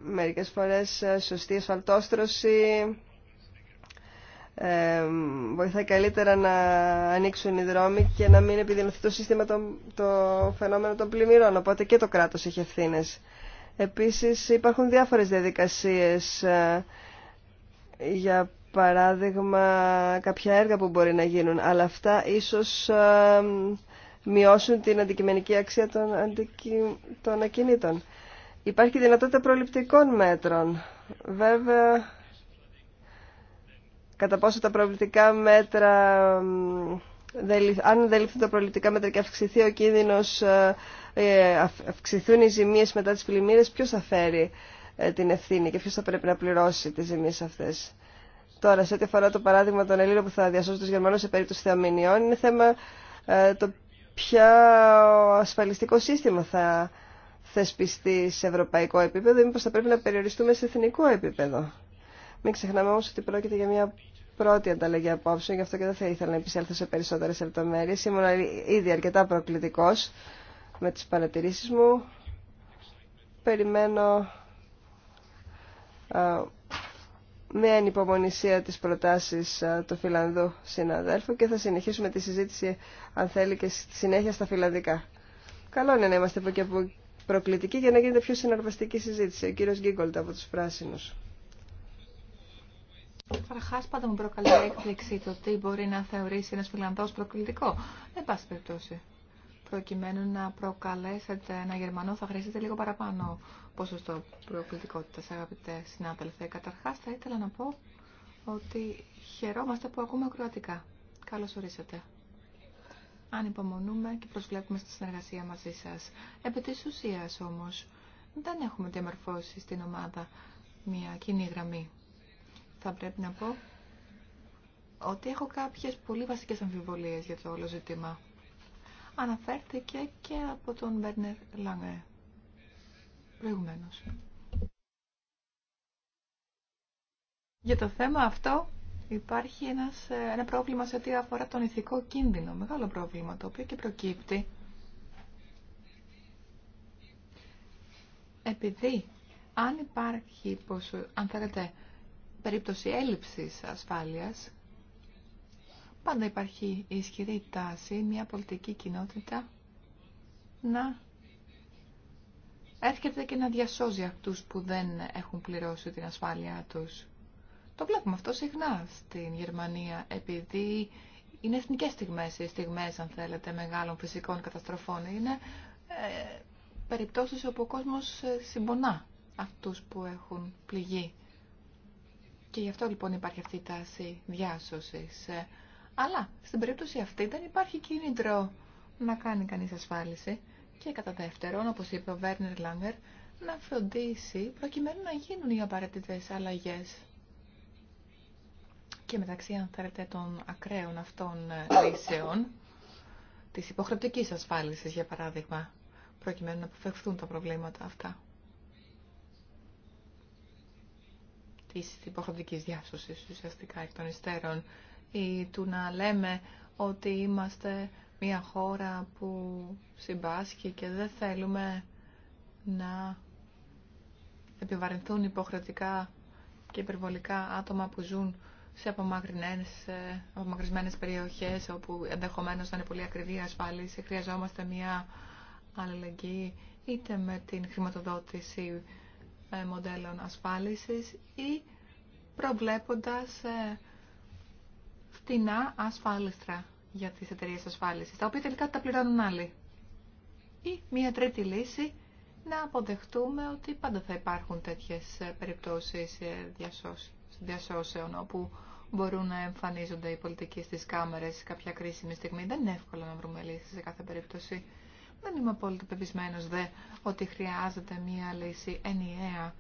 μερικές φορές σωστή ασφαλτόστρωση βοηθάει καλύτερα να ανοίξουν οι δρόμοι και να μην επιδεινωθεί το σύστημα το φαινόμενο των πλημμυρών. Οπότε και το κράτος έχει ευθύνε. Επίσης υπάρχουν διάφορες διαδικασίες ε, για παράδειγμα κάποια έργα που μπορεί να γίνουν αλλά αυτά ίσως μειώσουν την αντικειμενική αξία των, αντικει... των ακινήτων. Υπάρχει δυνατότητα προληπτικών μέτρων. Βέβαια κατά πόσο τα προληπτικά μέτρα, αν δεν ληφθούν τα προληπτικά μέτρα και αυξηθεί ο κίνδυνος, ε, ε, αυξηθούν οι ζημίες μετά τις πλημμύρες, ποιος θα φέρει ε, την ευθύνη και ποιος θα πρέπει να πληρώσει τις ζημίες αυτές. Τώρα, σε ό,τι αφορά το παράδειγμα των Ελλήνων που θα διασώσουν του Γερμανού σε περίπτωση θεομηνιών, είναι θέμα το ποιο ασφαλιστικό σύστημα θα θεσπιστεί σε ευρωπαϊκό επίπεδο ή μήπως θα πρέπει να περιοριστούμε σε εθνικό επίπεδο. Μην ξεχνάμε όμω ότι πρόκειται για μια πρώτη ανταλλαγή απόψεων, γι' αυτό και δεν θα ήθελα να επισέλθω σε περισσότερε λεπτομέρειε. Ήμουν ήδη αρκετά προκλητικό με τι παρατηρήσει μου. Περιμένω με ανυπομονησία τι προτάσει του Φιλανδού συναδέλφου και θα συνεχίσουμε τη συζήτηση, αν θέλει, και στη συνέχεια στα φιλανδικά. Καλό είναι να είμαστε από και από προκλητικοί για να γίνεται πιο συναρπαστική συζήτηση. Ο κύριο Γκίγκολτ από του πράσινου. Καταρχά, πάντα μου προκαλεί έκπληξη το τι μπορεί να θεωρήσει ένα Φιλανδό προκλητικό. Εν πάση περιπτώσει. Προκειμένου να προκαλέσετε ένα Γερμανό, θα χρειαστείτε λίγο παραπάνω ποσοστό προκλητικότητα, αγαπητέ συνάδελφε. Καταρχά, θα ήθελα να πω ότι χαιρόμαστε που ακούμε ακροατικά. Καλώ ορίσατε. Αν υπομονούμε και προσβλέπουμε στη συνεργασία μαζί σα. Επί τη ουσία όμω, δεν έχουμε διαμορφώσει στην ομάδα μια κοινή γραμμή θα πρέπει να πω ότι έχω κάποιες πολύ βασικές αμφιβολίες για το όλο ζήτημα. Αναφέρθηκε και από τον Μπέρνερ Λάγκε προηγουμένως. Για το θέμα αυτό υπάρχει ένας, ε, ένα πρόβλημα σε ό,τι αφορά τον ηθικό κίνδυνο, μεγάλο πρόβλημα το οποίο και προκύπτει. Επειδή αν υπάρχει, πόσο, αν θέλετε, περίπτωση έλλειψης ασφάλειας, πάντα υπάρχει η ισχυρή τάση, μια πολιτική κοινότητα να έρχεται και να διασώζει αυτούς που δεν έχουν πληρώσει την ασφάλειά τους. Το βλέπουμε αυτό συχνά στην Γερμανία, επειδή είναι εθνικέ στιγμές, οι στιγμές, αν θέλετε, μεγάλων φυσικών καταστροφών. Είναι ε, περιπτώσεις όπου ο κόσμος ε, συμπονά αυτούς που έχουν πληγεί. Και γι' αυτό λοιπόν υπάρχει αυτή η τάση διάσωσης. Ε, αλλά στην περίπτωση αυτή δεν υπάρχει κίνητρο να κάνει κανείς ασφάλιση και κατά δεύτερον, όπως είπε ο Βέρνερ Λάγκερ, να φροντίσει προκειμένου να γίνουν οι απαραίτητε αλλαγές. Και μεταξύ, αν θέλετε, των ακραίων αυτών ε, λύσεων, της υποχρεωτικής ασφάλισης, για παράδειγμα, προκειμένου να αποφευχθούν τα προβλήματα αυτά. Τη υποχρεωτικής διάσωσης ουσιαστικά εκ των υστέρων ή του να λέμε ότι είμαστε μια χώρα που συμπάσχει και δεν θέλουμε να επιβαρυνθούν υποχρεωτικά και υπερβολικά άτομα που ζουν σε απομακρυσμένες περιοχές όπου ενδεχομένως θα είναι πολύ ακριβή ασφάλιση. Χρειαζόμαστε μια αλληλεγγύη είτε με την χρηματοδότηση ε, μοντέλων ασφάλισης ή προβλέποντας ε, φτηνά ασφάλιστρα για τις εταιρείες ασφάλισης, τα οποία τελικά τα πληρώνουν άλλοι. Ή μία τρίτη λύση να αποδεχτούμε ότι πάντα θα υπάρχουν τέτοιες ε, περιπτώσεις διασώσεων όπου μπορούν να εμφανίζονται οι πολιτικοί στις κάμερες κάποια κρίσιμη στιγμή. Δεν είναι εύκολο να βρούμε λύσεις σε κάθε περίπτωση. Δεν είμαι απόλυτα πεπισμένο δε ότι χρειάζεται μία λύση ενιαία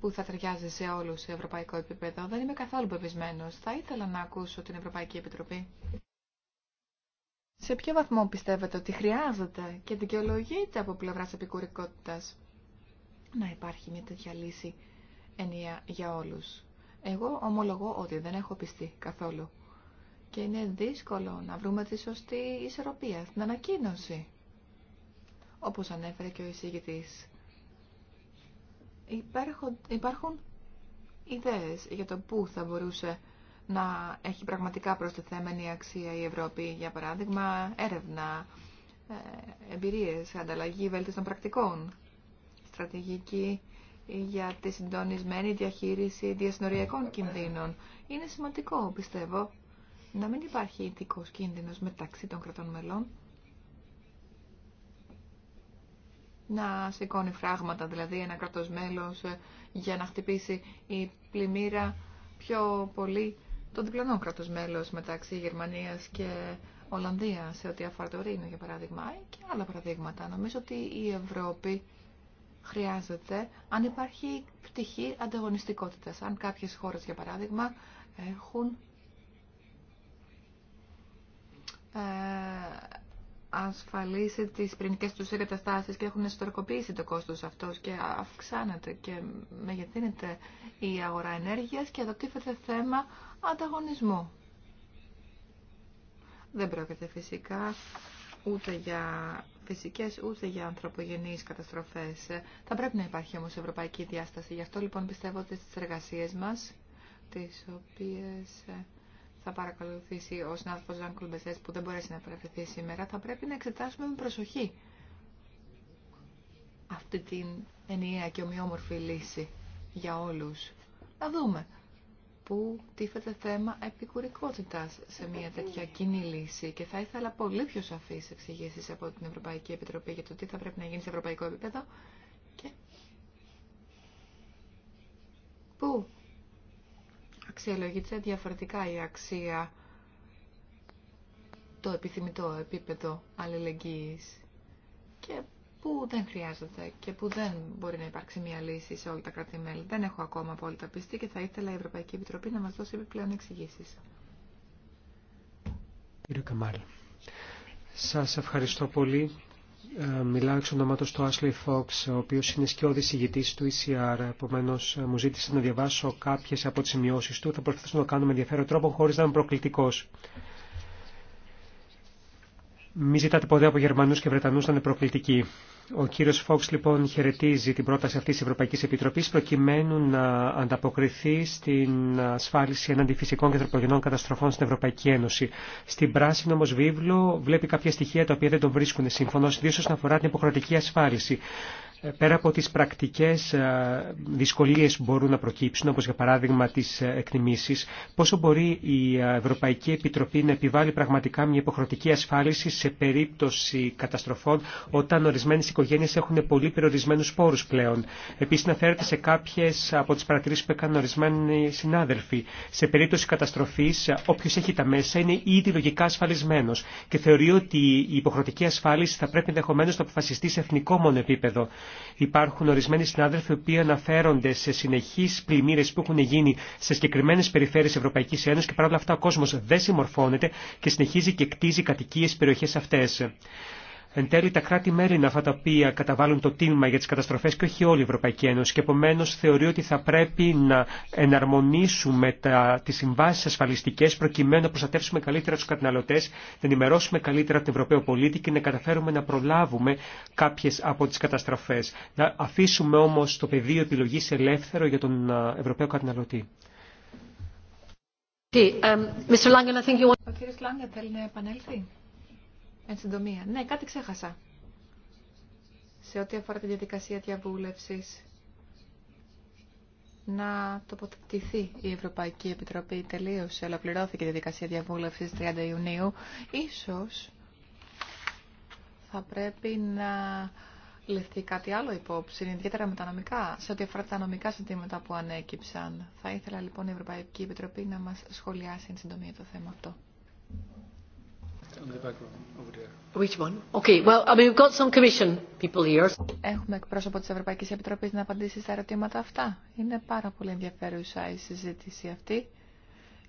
που θα ταιριάζει σε όλου σε ευρωπαϊκό επίπεδο. Δεν είμαι καθόλου πεπισμένο. Θα ήθελα να ακούσω την Ευρωπαϊκή Επιτροπή. Σε ποιο βαθμό πιστεύετε ότι χρειάζεται και δικαιολογείται από πλευρά επικουρικότητα. να υπάρχει μια τέτοια λύση ενιαία για όλου. Εγώ ομολογώ ότι δεν έχω πιστεί καθόλου. Και είναι δύσκολο να βρούμε τη σωστή ισορροπία στην ανακοίνωση όπως ανέφερε και ο εισηγητής. Υπάρχουν, υπάρχουν ιδέες για το πού θα μπορούσε να έχει πραγματικά προστιθέμενη αξία η Ευρώπη, για παράδειγμα έρευνα, ε, εμπειρίες, ανταλλαγή βέλτιστων πρακτικών, στρατηγική για τη συντονισμένη διαχείριση διασυνοριακών κινδύνων. Είναι σημαντικό, πιστεύω, να μην υπάρχει ηθικός κίνδυνος μεταξύ των κρατών μελών. να σηκώνει φράγματα, δηλαδή ένα κράτος μέλος ε, για να χτυπήσει η πλημμύρα πιο πολύ το διπλανό κράτος μέλος μεταξύ Γερμανίας και Ολλανδίας σε ό,τι αφορά το Ρήνο για παράδειγμα ε, και άλλα παραδείγματα. Νομίζω ότι η Ευρώπη χρειάζεται αν υπάρχει πτυχή ανταγωνιστικότητας. Αν κάποιες χώρες για παράδειγμα έχουν ε, ασφαλίσει τις πυρηνικές τους εγκαταστάσεις και έχουν εσωτερικοποιήσει το κόστος αυτός και αυξάνεται και μεγεθύνεται η αγορά ενέργειας και εδώ τίθεται θέμα ανταγωνισμού. Δεν πρόκειται φυσικά ούτε για φυσικές ούτε για ανθρωπογενείς καταστροφές. Θα πρέπει να υπάρχει όμως ευρωπαϊκή διάσταση. Γι' αυτό λοιπόν πιστεύω ότι στις εργασίες μας, τις οποίες ε, θα παρακολουθήσει ο συνάδελφο Ζαν Κουλμπεσές που δεν μπορέσει να παραβηθεί σήμερα, θα πρέπει να εξετάσουμε με προσοχή αυτή την ενιαία και ομοιόμορφη λύση για όλους. Να δούμε που τίθεται θέμα επικουρικότητας σε μια τέτοια κοινή λύση και θα ήθελα πολύ πιο σαφείς εξηγήσει από την Ευρωπαϊκή Επιτροπή για το τι θα πρέπει να γίνει σε ευρωπαϊκό επίπεδο και πού αξιολογείται διαφορετικά η αξία, το επιθυμητό επίπεδο αλληλεγγύης και που δεν χρειάζεται και που δεν μπορεί να υπάρξει μια λύση σε όλα τα κράτη-μέλη. Δεν έχω ακόμα απόλυτα πιστή και θα ήθελα η Ευρωπαϊκή Επιτροπή να μας δώσει επιπλέον εξηγήσεις. Κύριε Καμάλ, σας ευχαριστώ πολύ ε, μιλάω εξ ονόματος του Ashley Fox, ο οποίος είναι σκιώδης ηγητής του ECR, επομένως ε, μου ζήτησε να διαβάσω κάποιες από τις σημειώσεις του. Θα προσπαθήσω να το κάνω με ενδιαφέρον τρόπο χωρίς να είμαι προκλητικός. Μην ζητάτε ποτέ από Γερμανούς και Βρετανούς να είναι προκλητικοί. Ο κύριος Φόξ λοιπόν χαιρετίζει την πρόταση αυτής της Ευρωπαϊκής Επιτροπής προκειμένου να ανταποκριθεί στην ασφάλιση έναντι φυσικών και ανθρωπογενών καταστροφών στην Ευρωπαϊκή Ένωση. Στην πράσινη όμως βίβλο βλέπει κάποια στοιχεία τα οποία δεν τον βρίσκουν σύμφωνο, ιδίως να αφορά την υποχρεωτική ασφάλιση. Ε, πέρα από τις πρακτικές ε, δυσκολίες που μπορούν να προκύψουν, όπως για παράδειγμα τις ε, εκτιμήσεις, πόσο μπορεί η Ευρωπαϊκή Επιτροπή να επιβάλλει πραγματικά μια υποχρεωτική ασφάλιση σε περίπτωση καταστροφών, όταν ορισμένες οικογένειες έχουν πολύ περιορισμένους πόρους πλέον. Επίσης, αναφέρεται σε κάποιες από τις παρατηρήσεις που έκαναν ορισμένοι συνάδελφοι. Σε περίπτωση καταστροφής, όποιος έχει τα μέσα είναι ήδη λογικά ασφαλισμένος και θεωρεί ότι η υποχρεωτική ασφάλιση θα πρέπει ενδεχομένω να αποφασιστεί σε εθνικό μόνο Υπάρχουν ορισμένοι συνάδελφοι οι οποίοι αναφέρονται σε συνεχεί πλημμύρε που έχουν γίνει σε συγκεκριμένε περιφέρειε Ευρωπαϊκή Ένωση και παρόλα αυτά ο κόσμο δεν συμμορφώνεται και συνεχίζει και κτίζει κατοικίε περιοχέ αυτέ. Εν τέλει, τα κράτη-μέλη είναι αυτά τα οποία καταβάλουν το τίμημα για τι καταστροφέ και όχι όλη η Ευρωπαϊκή Ένωση. Και επομένω θεωρεί ότι θα πρέπει να εναρμονίσουμε τι συμβάσει ασφαλιστικέ προκειμένου να προστατεύσουμε καλύτερα του καταναλωτέ, να ενημερώσουμε καλύτερα τον Ευρωπαίο πολίτη και να καταφέρουμε να προλάβουμε κάποιε από τι καταστροφέ. Να αφήσουμε όμω το πεδίο επιλογή ελεύθερο για τον Ευρωπαίο καταναλωτή. Ε, Ο θέλει να επανέλθει. Εν συντομία. Ναι, κάτι ξέχασα. Σε ό,τι αφορά τη διαδικασία διαβούλευσης, να τοποθετηθεί η Ευρωπαϊκή Επιτροπή τελείωσε, ολοκληρώθηκε η διαδικασία διαβούλευσης 30 Ιουνίου. Ίσως θα πρέπει να ληφθεί κάτι άλλο υπόψη, ιδιαίτερα με τα νομικά, σε ό,τι αφορά τα νομικά συντήματα που ανέκυψαν. Θα ήθελα λοιπόν η Ευρωπαϊκή Επιτροπή να μας σχολιάσει εν συντομία το θέμα αυτό. Έχουμε εκπρόσωπο της Ευρωπαϊκής Επιτροπής να απαντήσει στα ερωτήματα αυτά. Είναι πάρα πολύ ενδιαφέρουσα η συζήτηση αυτή,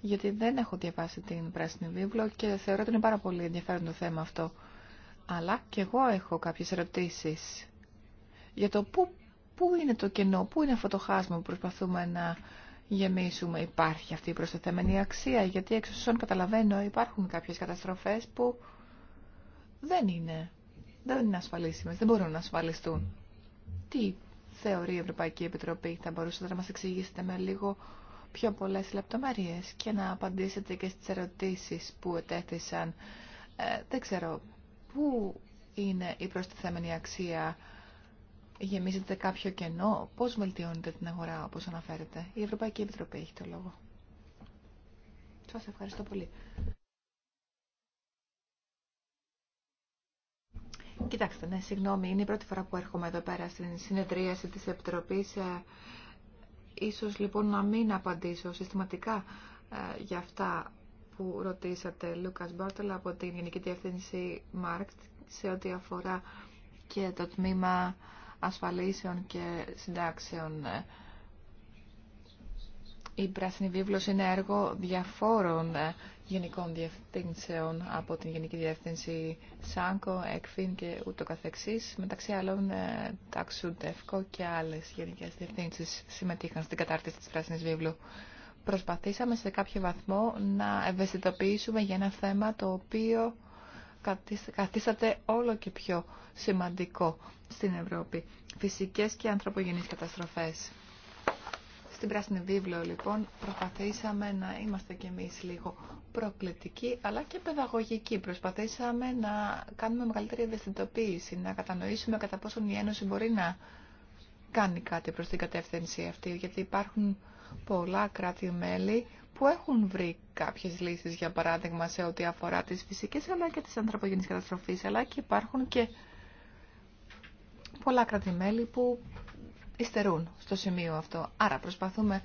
γιατί δεν έχω διαβάσει την πράσινη βίβλο και θεωρώ ότι είναι πάρα πολύ ενδιαφέρον το θέμα αυτό. Αλλά και εγώ έχω κάποιες ερωτήσεις για το πού, πού είναι το κενό, πού είναι αυτό το χάσμα που προσπαθούμε να γεμίσουμε. Υπάρχει αυτή η προσθεθέμενη αξία, γιατί εξ όσων καταλαβαίνω υπάρχουν κάποιες καταστροφές που δεν είναι, δεν είναι ασφαλίσιμες, δεν μπορούν να ασφαλιστούν. Τι θεωρεί η Ευρωπαϊκή Επιτροπή, θα μπορούσατε να μας εξηγήσετε με λίγο πιο πολλές λεπτομέρειες και να απαντήσετε και στις ερωτήσεις που ετέθησαν. Ε, δεν ξέρω, πού είναι η προσθεθέμενη αξία γεμίζετε κάποιο κενό, πώς βελτιώνετε την αγορά όπως αναφέρετε. Η Ευρωπαϊκή Επιτροπή έχει το λόγο. Σας ευχαριστώ πολύ. Κοιτάξτε, ναι, συγγνώμη, είναι η πρώτη φορά που έρχομαι εδώ πέρα στην συνεδρίαση της Επιτροπής. Ε, ίσως λοιπόν να μην απαντήσω συστηματικά ε, για αυτά που ρωτήσατε, Λούκας Μπάρτολα, από την Γενική Διευθύνση Μάρκτ, σε ό,τι αφορά και το τμήμα ασφαλίσεων και συντάξεων. Η Πράσινη Βίβλος είναι έργο διαφόρων ε, γενικών διευθύνσεων από την Γενική Διεύθυνση ΣΑΝΚΟ, ΕΚΦΙΝ και ούτω καθεξής. Μεταξύ άλλων, ε, τάξου, ΤΕΦΚΟ και άλλες γενικές διευθύνσεις συμμετείχαν στην κατάρτιση της Πράσινης Βίβλου. Προσπαθήσαμε σε κάποιο βαθμό να ευαισθητοποιήσουμε για ένα θέμα το οποίο καθίσατε όλο και πιο σημαντικό στην Ευρώπη. Φυσικές και ανθρωπογενείς καταστροφές. Στην Πράσινη Βίβλο, λοιπόν, προσπαθήσαμε να είμαστε κι εμείς λίγο προκλητικοί, αλλά και παιδαγωγικοί. Προσπαθήσαμε να κάνουμε μεγαλύτερη ευαισθητοποίηση, να κατανοήσουμε κατά πόσον η Ένωση μπορεί να κάνει κάτι προς την κατεύθυνση αυτή, γιατί υπάρχουν πολλά κράτη-μέλη που έχουν βρει κάποιες λύσεις, για παράδειγμα, σε ό,τι αφορά τις φυσικές αλλά και τις ανθρωπογενείς καταστροφές, αλλά και υπάρχουν και πολλά κρατημέλη που υστερούν στο σημείο αυτό. Άρα προσπαθούμε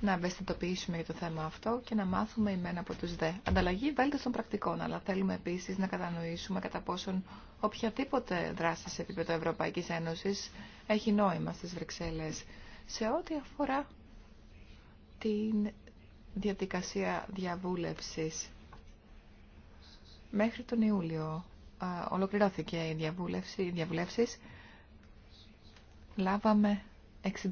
να ευαισθητοποιήσουμε για το θέμα αυτό και να μάθουμε ημένα από τους δε. Ανταλλαγή βέλτιστων των πρακτικών, αλλά θέλουμε επίσης να κατανοήσουμε κατά πόσον οποιαδήποτε δράση σε επίπεδο Ευρωπαϊκής Ένωσης έχει νόημα στις Βρυξέλλες. Σε ό,τι αφορά την διαδικασία διαβούλευσης. Μέχρι τον Ιούλιο ολοκληρώθηκε η διαβούλευση, οι Λάβαμε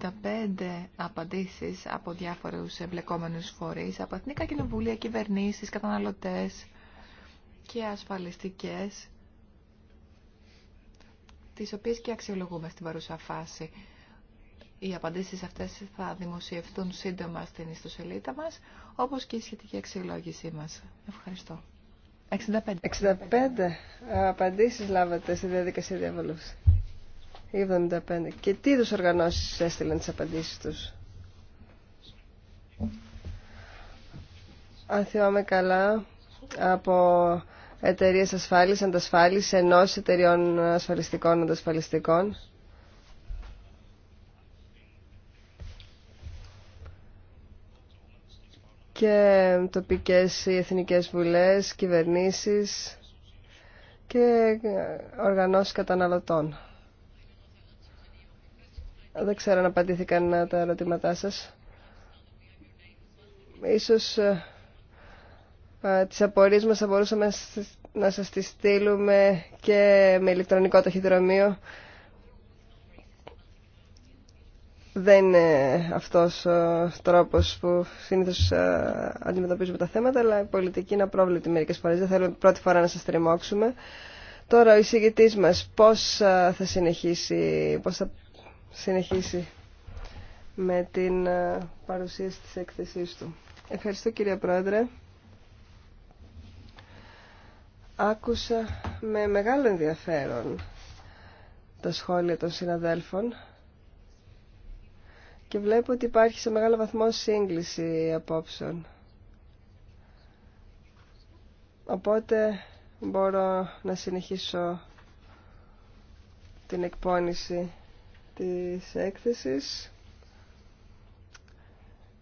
65 απαντήσεις από διάφορους εμπλεκόμενους φορείς, από εθνικά κοινοβούλια, κυβερνήσεις, καταναλωτές και ασφαλιστικές, τις οποίες και αξιολογούμε στην παρούσα φάση οι απαντήσεις αυτές θα δημοσιευτούν σύντομα στην ιστοσελίδα μας, όπως και η σχετική αξιολόγησή μας. Ευχαριστώ. 65. 65 απαντήσεις λάβατε στη διαδικασία διαβολούς. 75. Και τι είδους οργανώσεις έστειλαν τις απαντήσεις τους. Αν θυμάμαι καλά, από εταιρείε ασφάλισης, αντασφάλισης, ενός εταιρεών ασφαλιστικών, αντασφαλιστικών και τοπικές ή εθνικές βουλές, κυβερνήσεις και οργανώσεις καταναλωτών. Δεν ξέρω αν απαντήθηκαν τα ερωτήματά σας. Ίσως ε, τις απορίες μας θα μπορούσαμε να σας τις στείλουμε και με ηλεκτρονικό ταχυδρομείο δεν είναι αυτός ο τρόπος που συνήθως ε, αντιμετωπίζουμε τα θέματα, αλλά η πολιτική είναι απρόβλητη μερικές φορές. Δεν θέλουμε πρώτη φορά να σας τριμώξουμε. Τώρα ο εισηγητής μας πώς ε, θα συνεχίσει, πώς θα συνεχίσει με την ε, παρουσίαση της έκθεσής του. Ευχαριστώ κύριε Πρόεδρε. Άκουσα με μεγάλο ενδιαφέρον τα σχόλια των συναδέλφων και βλέπω ότι υπάρχει σε μεγάλο βαθμό σύγκληση απόψεων. Οπότε μπορώ να συνεχίσω την εκπόνηση της έκθεσης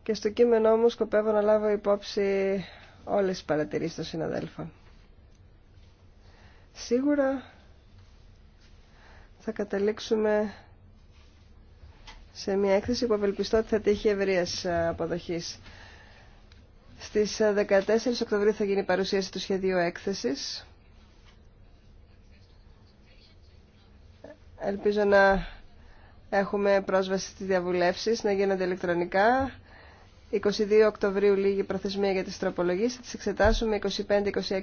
και στο κείμενό μου σκοπεύω να λάβω υπόψη όλες τις παρατηρήσεις των συναδέλφων. Σίγουρα θα καταλήξουμε σε μια έκθεση που απελπιστώ ότι θα τύχει ευρεία ε, αποδοχή. Στι 14 ε, Οκτωβρίου θα γίνει η παρουσίαση του σχεδίου έκθεση. Ελπίζω να έχουμε πρόσβαση στι διαβουλεύσει, να γίνονται ηλεκτρονικά. 22 Οκτωβρίου λίγη προθεσμία για τις τροπολογίες, θα τις εξετάσουμε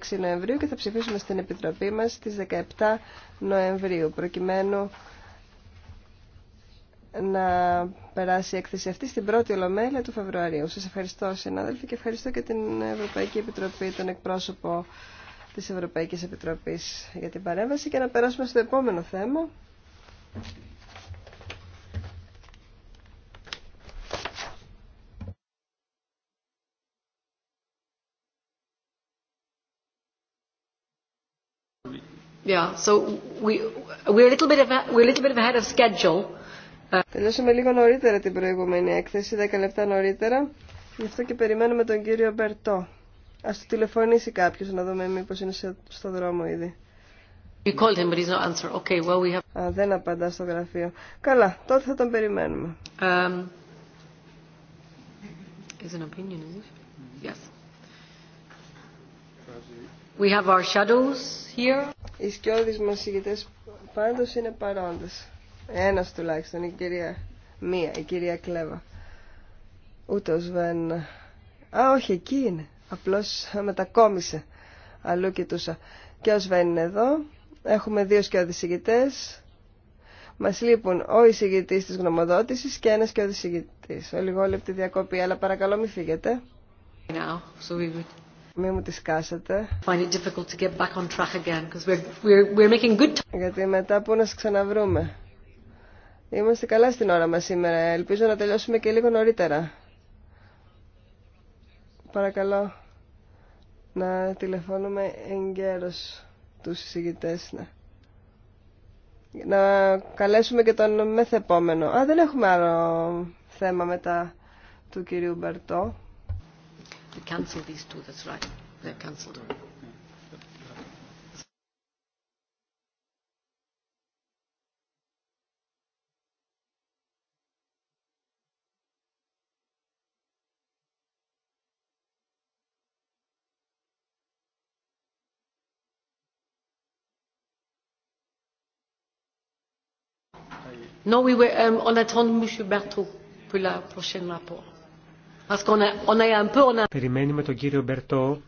25-26 Νοεμβρίου και θα ψηφίσουμε στην Επιτροπή μας στις 17 Νοεμβρίου, προκειμένου να περάσει η έκθεση αυτή στην πρώτη ολομέλεια του Φεβρουαρίου. Σας ευχαριστώ συνάδελφοι και ευχαριστώ και την Ευρωπαϊκή Επιτροπή, τον εκπρόσωπο της Ευρωπαϊκής Επιτροπής για την παρέμβαση και να περάσουμε στο επόμενο θέμα. Yeah, so we, we're a little bit of, we're a little bit ahead of schedule. Τελειώσαμε λίγο νωρίτερα την προηγούμενη έκθεση, 10 λεπτά νωρίτερα. Γι' αυτό και περιμένουμε τον κύριο Μπερτό. Α του τηλεφωνήσει κάποιο να δούμε μήπως είναι στο δρόμο ήδη. Okay, well, we have... δεν απαντά στο γραφείο. Καλά, τότε θα τον περιμένουμε. Um, yes. We have our shadows here. Οι σκιώδεις μας ηγητές πάντως είναι παρόντες. Ένας τουλάχιστον, η κυρία Μία, η κυρία Κλέβα. Ούτε ο Σβέν. Α, όχι, εκεί είναι. Απλώς μετακόμισε. Αλλού κοιτούσα. Και ο Σβέν είναι εδώ. Έχουμε δύο σκιώδης Μας λείπουν ο εισηγητή της γνωμοδότησης και ένας σκιώδη Ο λιγόλεπτη διακοπή, αλλά παρακαλώ μην φύγετε. μη μου τη σκάσετε. Γιατί μετά που να σα ξαναβρούμε. Είμαστε καλά στην ώρα μας σήμερα. Ελπίζω να τελειώσουμε και λίγο νωρίτερα. Παρακαλώ να τηλεφώνουμε εγκαίρως τους συζητητές. Να. να καλέσουμε και τον μεθεπόμενο. Α, δεν έχουμε άλλο θέμα μετά του κυρίου Μπερτό. Non, oui, oui, euh, on attend M. pour la prochaine rapport. Parce qu'on a, on a un peu... On a... Περιμένουμε τον κύριο Μπερτό,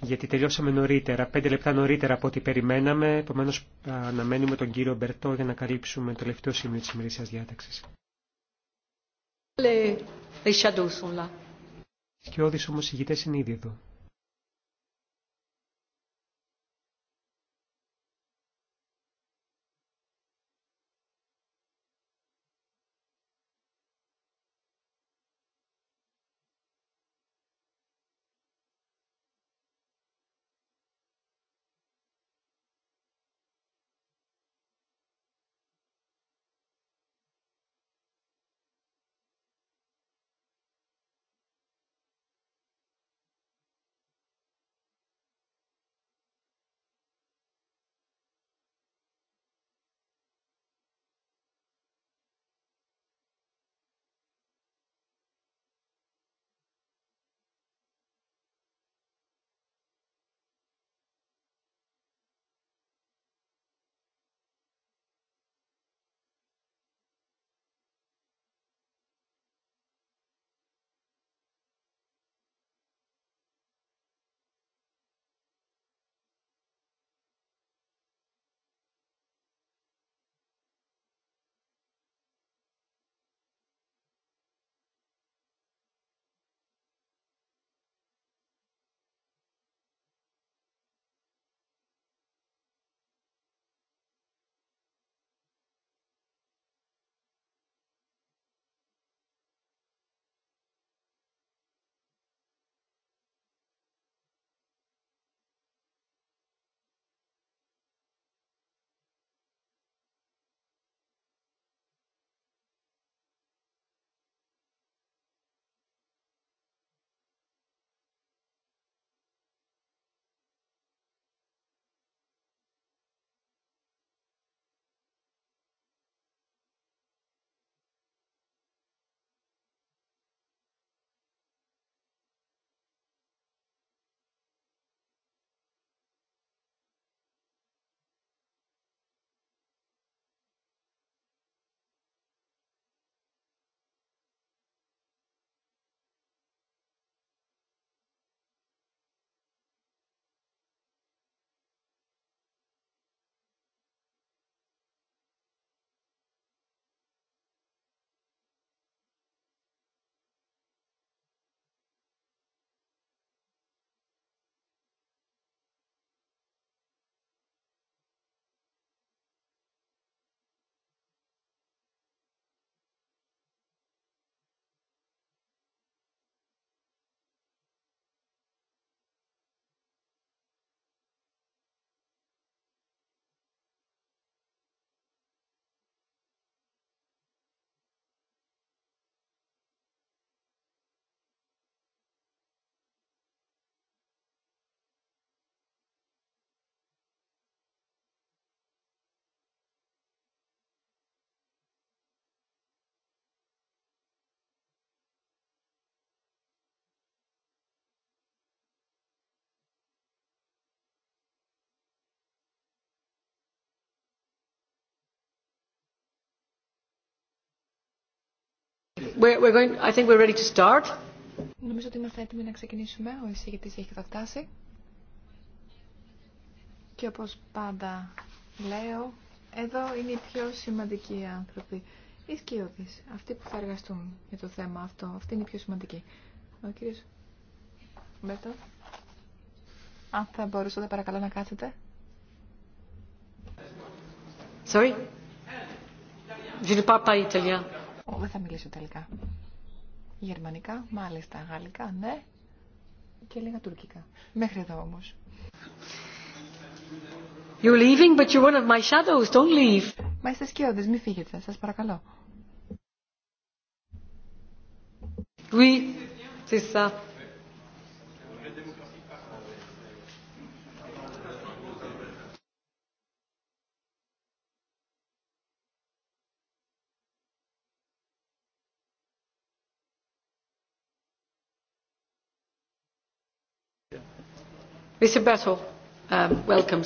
γιατί τελειώσαμε νωρίτερα, πέντε λεπτά νωρίτερα από ό,τι περιμέναμε. Επομένω, αναμένουμε τον κύριο Μπερτό για να καλύψουμε το τελευταίο σημείο τη ημερήσια διάταξη. Les, les shadows sont là. όμως ηγητές είναι ήδη εδώ. Νομίζω ότι είμαστε έτοιμοι να ξεκινήσουμε. Ο εισηγητής έχει καταφτάσει. Και όπως πάντα λέω, εδώ είναι οι πιο σημαντικοί άνθρωποι. Οι σκιώδεις, αυτοί που θα εργαστούν για το θέμα αυτό. αυτοί είναι οι πιο σημαντικοί. Ο κύριος Μπέτο, αν θα μπορούσατε παρακαλώ να κάθετε. Sorry. Je ne parle pas italien. Δεν θα μιλήσω τελικά. Γερμανικά, μάλιστα. Γαλλικά, ναι. Και λίγα τουρκικά. Μέχρι εδώ όμως. You're leaving, but you're one of my shadows. Don't leave. Μα είστε σκιώδε, μην φύγετε, σας παρακαλώ. Oui, c'est ça. Um,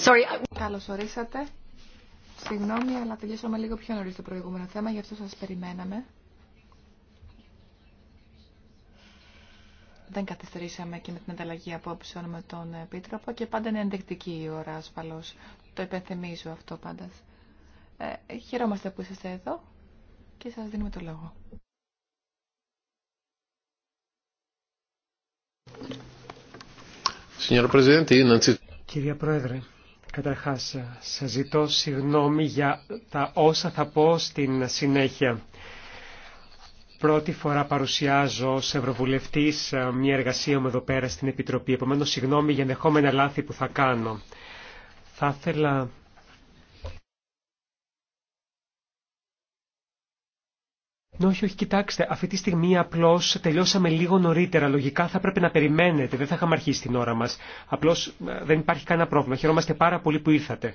Καλώς ορίσατε. Συγγνώμη, αλλά τελειώσαμε λίγο πιο νωρίς το προηγούμενο θέμα, γι' αυτό σας περιμέναμε. Δεν καθυστερήσαμε και με την ανταλλαγή απόψεων με τον Επίτροπο και πάντα είναι ενδεικτική η ώρα ασφαλώς. Το υπενθυμίζω αυτό πάντα. Ε, χαιρόμαστε που είσαστε εδώ και σας δίνουμε το λόγο. Κυρία Πρόεδρε, καταρχάς ε, σας ζητώ συγγνώμη για τα όσα θα πω στην συνέχεια. Πρώτη φορά παρουσιάζω ως Ευρωβουλευτής ε, μια εργασία μου εδώ πέρα στην Επιτροπή, επομένως συγγνώμη για ενδεχόμενα λάθη που θα κάνω. Θα ήθελα Όχι, όχι, κοιτάξτε, αυτή τη στιγμή απλώ τελειώσαμε λίγο νωρίτερα. Λογικά θα πρέπει να περιμένετε, δεν θα είχαμε αρχίσει την ώρα μα. Απλώ ε, δεν υπάρχει κανένα πρόβλημα. Χαιρόμαστε πάρα πολύ που ήρθατε.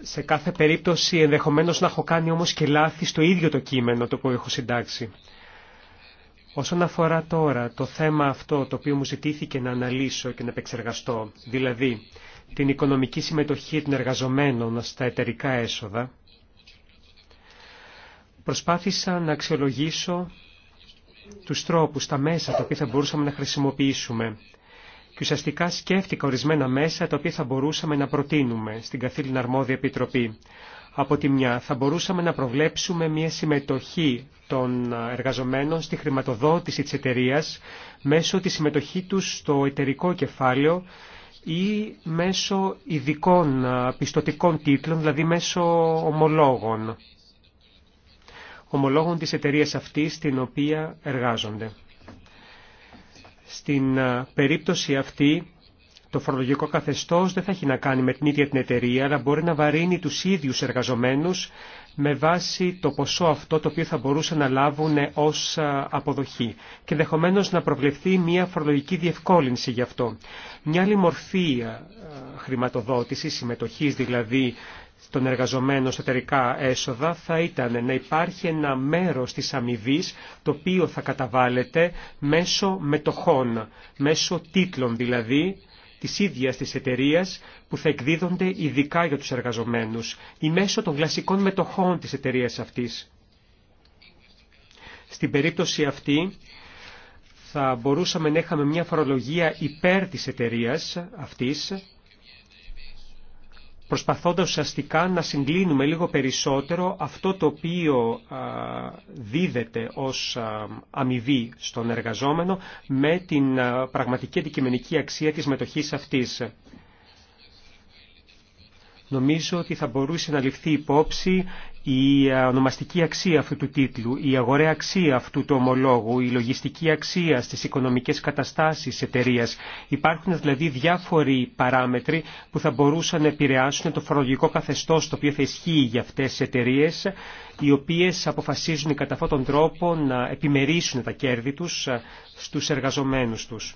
Σε κάθε περίπτωση ενδεχομένω να έχω κάνει όμω και λάθη στο ίδιο το κείμενο το οποίο έχω συντάξει. Όσον αφορά τώρα το θέμα αυτό το οποίο μου ζητήθηκε να αναλύσω και να επεξεργαστώ, δηλαδή την οικονομική συμμετοχή των εργαζομένων στα εταιρικά έσοδα, Προσπάθησα να αξιολογήσω τους τρόπους, τα μέσα τα οποία θα μπορούσαμε να χρησιμοποιήσουμε και ουσιαστικά σκέφτηκα ορισμένα μέσα τα οποία θα μπορούσαμε να προτείνουμε στην καθήλυνα αρμόδια επιτροπή. Από τη μια θα μπορούσαμε να προβλέψουμε μια συμμετοχή των εργαζομένων στη χρηματοδότηση της εταιρεία μέσω της συμμετοχή τους στο εταιρικό κεφάλαιο ή μέσω ειδικών πιστοτικών τίτλων, δηλαδή μέσω ομολόγων ομολόγων της εταιρείας αυτής στην οποία εργάζονται. Στην περίπτωση αυτή το φορολογικό καθεστώς δεν θα έχει να κάνει με την ίδια την εταιρεία, αλλά μπορεί να βαρύνει τους ίδιους εργαζομένους με βάση το ποσό αυτό το οποίο θα μπορούσαν να λάβουν ως αποδοχή και ενδεχομένω να προβλεφθεί μια φορολογική διευκόλυνση γι' αυτό. Μια άλλη μορφή χρηματοδότησης, συμμετοχής δηλαδή των εργαζομένων σε εταιρικά έσοδα θα ήταν να υπάρχει ένα μέρος της αμοιβή το οποίο θα καταβάλλεται μέσω μετοχών, μέσω τίτλων δηλαδή της ίδιας της εταιρεία που θα εκδίδονται ειδικά για τους εργαζομένους ή μέσω των κλασικών μετοχών της εταιρεία αυτής. Στην περίπτωση αυτή θα μπορούσαμε να είχαμε μια φορολογία υπέρ της εταιρείας αυτής προσπαθώντας ουσιαστικά να συγκλίνουμε λίγο περισσότερο αυτό το οποίο δίδεται ως αμοιβή στον εργαζόμενο με την πραγματική αντικειμενική αξία της μετοχής αυτής. Νομίζω ότι θα μπορούσε να ληφθεί υπόψη η ε, ονομαστική αξία αυτού του τίτλου, η αγοραία αξία αυτού του ομολόγου, η λογιστική αξία στις οικονομικές καταστάσεις εταιρεία. Υπάρχουν δηλαδή διάφοροι παράμετροι που θα μπορούσαν να επηρεάσουν το φορολογικό καθεστώς το οποίο θα ισχύει για αυτές τις εταιρείε, οι οποίες αποφασίζουν κατά αυτόν τον τρόπο να επιμερίσουν τα κέρδη τους ε, στους εργαζομένους τους.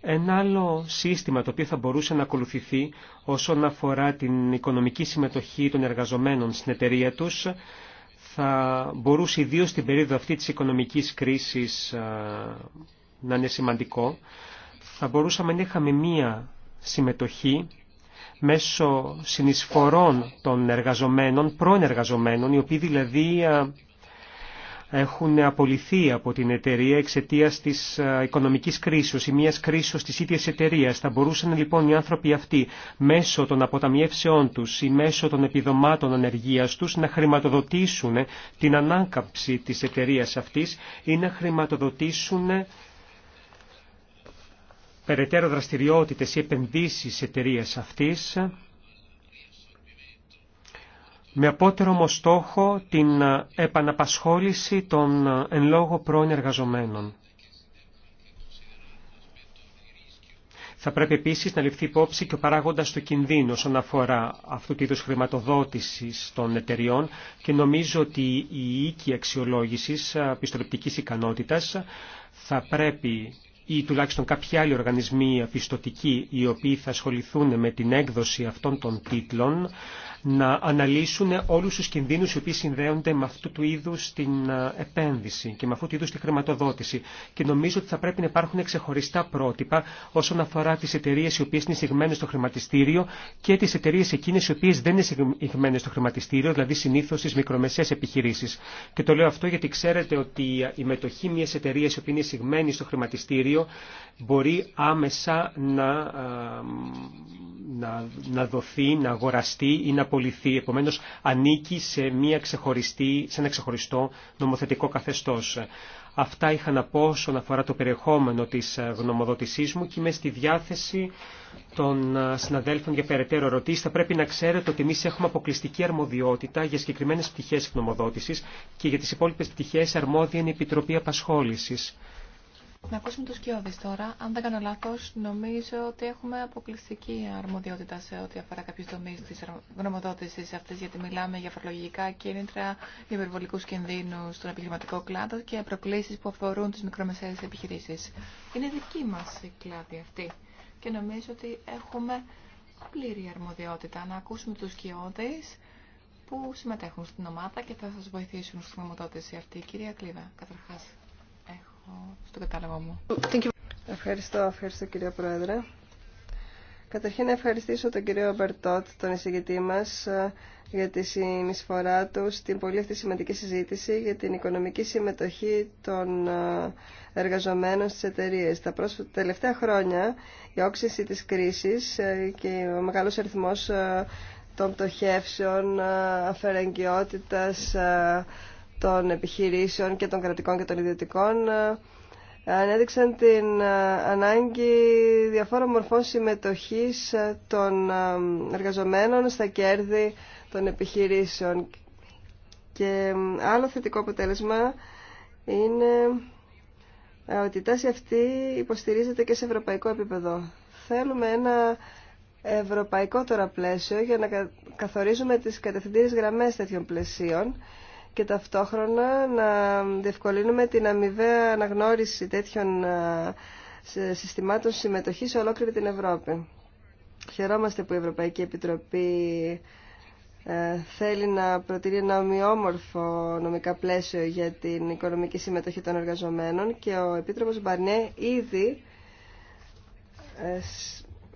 Ένα άλλο σύστημα το οποίο θα μπορούσε να ακολουθηθεί όσον αφορά την οικονομική συμμετοχή των εργαζομένων στην εταιρεία τους θα μπορούσε ιδίω στην περίοδο αυτή της οικονομικής κρίσης να είναι σημαντικό. Θα μπορούσαμε να είχαμε μία συμμετοχή μέσω συνεισφορών των εργαζομένων, πρώην εργαζομένων, οι οποίοι δηλαδή έχουν απολυθεί από την εταιρεία εξαιτία της οικονομικής κρίσης ή μιας κρίσης τη ίδια εταιρείας. Θα μπορούσαν λοιπόν οι άνθρωποι αυτοί μέσω των αποταμιεύσεών τους ή μέσω των επιδομάτων ανεργίας τους, να χρηματοδοτήσουν ε, την ανάκαμψη της εταιρεία αυτής ή να χρηματοδοτήσουν ε, περαιτέρω δραστηριότητες ή επενδύσεις εταιρεία αυτής με απότερο όμως στόχο την ε, επαναπασχόληση των ε, εν λόγω πρώην εργαζομένων. Θα πρέπει επίσης να ληφθεί υπόψη και ο παράγοντας του κινδύνου όσον αφορά αυτού του είδους χρηματοδότησης των εταιριών και νομίζω ότι η οίκη αξιολόγησης ε, πιστοληπτικής ικανότητας θα πρέπει ή τουλάχιστον κάποιοι άλλοι οργανισμοί πιστοτικοί οι οποίοι θα ασχοληθούν με την έκδοση αυτών των τίτλων να αναλύσουν όλους τους κινδύνους οι οποίοι συνδέονται με αυτού του είδους την ε, επένδυση και με αυτού του είδους τη χρηματοδότηση. Και νομίζω ότι θα πρέπει να υπάρχουν ξεχωριστά πρότυπα όσον αφορά τις εταιρείες οι οποίες είναι συγμένες στο χρηματιστήριο και τις εταιρείες εκείνες οι οποίες δεν είναι συγμένες στο χρηματιστήριο, δηλαδή συνήθως στις μικρομεσαίες επιχειρήσεις. Και το λέω αυτό γιατί ξέρετε ότι η μετοχή μιας εταιρείας η οποία είναι συγμένη στο χρηματιστήριο μπορεί άμεσα να, ε, να, να δοθεί, να αγοραστεί ή να ασχοληθεί. Επομένως, ανήκει σε, μια ξεχωριστή, σε ένα ξεχωριστό νομοθετικό καθεστώς. Αυτά είχα να πω όσον αφορά το περιεχόμενο της γνωμοδότησής μου και είμαι στη διάθεση των συναδέλφων για περαιτέρω ερωτήσεις. Θα πρέπει να ξέρετε ότι εμείς έχουμε αποκλειστική αρμοδιότητα για συγκεκριμένες πτυχέ γνωμοδότησης και για τι υπόλοιπε πτυχέ αρμόδια είναι η Επιτροπή Απασχόληση. Να ακούσουμε τους Κιώδης τώρα. Αν δεν κάνω λάθος, νομίζω ότι έχουμε αποκλειστική αρμοδιότητα σε ό,τι αφορά κάποιου τομεί τη γνωμοδότησης αυτή, γιατί μιλάμε για φορολογικά κίνητρα, υπερβολικού κινδύνου στον επιχειρηματικό κλάδο και προκλήσεις που αφορούν τι μικρομεσαίες επιχειρήσει. Είναι δική μα η κλάδη αυτή και νομίζω ότι έχουμε πλήρη αρμοδιότητα. Να ακούσουμε τους Κιώδης που συμμετέχουν στην ομάδα και θα σας βοηθήσουν στην γνωμοδότηση αυτή. Κυρία Κλίδα, καταρχά στο κατάλογο μου. Ευχαριστώ, ευχαριστώ κύριε Πρόεδρε. Καταρχήν να ευχαριστήσω τον κύριο Μπερτότ, τον εισηγητή μας, για τη συνεισφορά του στην πολύ αυτή σημαντική συζήτηση για την οικονομική συμμετοχή των ε, εργαζομένων στις εταιρείε. Τα πρόσφατα τελευταία χρόνια η όξυνση της κρίσης ε, και ο μεγάλος αριθμός ε, των πτωχεύσεων, αφαιρεγγιότητας, των επιχειρήσεων και των κρατικών και των ιδιωτικών ε, ανέδειξαν την ε, ανάγκη διαφόρων μορφών συμμετοχής ε, των εργαζομένων στα κέρδη των επιχειρήσεων. Και άλλο θετικό αποτέλεσμα είναι ότι η τάση αυτή υποστηρίζεται και σε ευρωπαϊκό επίπεδο. Θέλουμε ένα ευρωπαϊκό τώρα πλαίσιο για να καθορίζουμε τις κατευθυντήριες γραμμές τέτοιων πλαισίων και ταυτόχρονα να διευκολύνουμε την αμοιβαία αναγνώριση τέτοιων ε, συστημάτων συμμετοχής σε ολόκληρη την Ευρώπη. Χαιρόμαστε που η Ευρωπαϊκή Επιτροπή ε, θέλει να προτείνει ένα ομοιόμορφο νομικά πλαίσιο για την οικονομική συμμετοχή των εργαζομένων και ο Επίτροπος Μπαρνέ ήδη ε,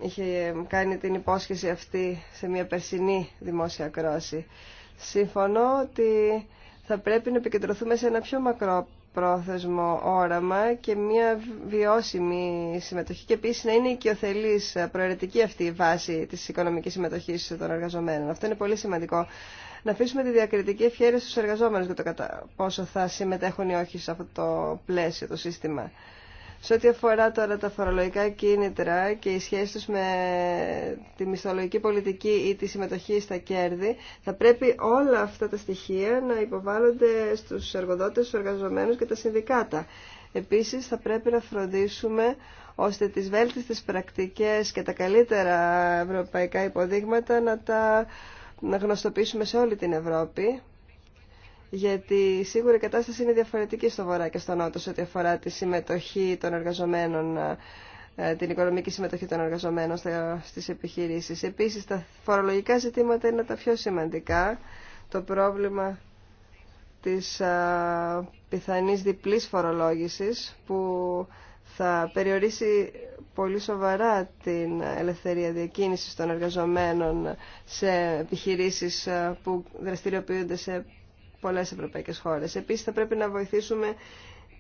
είχε κάνει την υπόσχεση αυτή σε μια περσινή δημόσια κρόση. Συμφωνώ ότι θα πρέπει να επικεντρωθούμε σε ένα πιο μακρό πρόθεσμο όραμα και μια βιώσιμη συμμετοχή και επίση να είναι οικειοθελή προαιρετική αυτή η βάση της οικονομικής συμμετοχής των εργαζομένων. Αυτό είναι πολύ σημαντικό. Να αφήσουμε τη διακριτική ευχαίρεια στου εργαζόμενου για το κατά πόσο θα συμμετέχουν ή όχι σε αυτό το πλαίσιο, το σύστημα. Σε ό,τι αφορά τώρα τα φορολογικά κίνητρα και οι σχέσει με τη μισθολογική πολιτική ή τη συμμετοχή στα κέρδη, θα πρέπει όλα αυτά τα στοιχεία να υποβάλλονται στους εργοδότες, στου και τα συνδικάτα. Επίση, θα πρέπει να φροντίσουμε ώστε τις βέλτιστες πρακτικές και τα καλύτερα ευρωπαϊκά υποδείγματα να τα να γνωστοποιήσουμε σε όλη την Ευρώπη γιατί σίγουρα η κατάσταση είναι διαφορετική στο Βορρά και στο Νότο σε ό,τι αφορά τη συμμετοχή των εργαζομένων, ε, την οικονομική συμμετοχή των εργαζομένων στις επιχειρήσεις. Επίσης, τα φορολογικά ζητήματα είναι τα πιο σημαντικά. Το πρόβλημα της πιθανή ε, πιθανής διπλής φορολόγησης που θα περιορίσει πολύ σοβαρά την ελευθερία διακίνησης των εργαζομένων σε επιχειρήσεις ε, που δραστηριοποιούνται σε πολλές ευρωπαϊκές χώρες. Επίσης θα πρέπει να βοηθήσουμε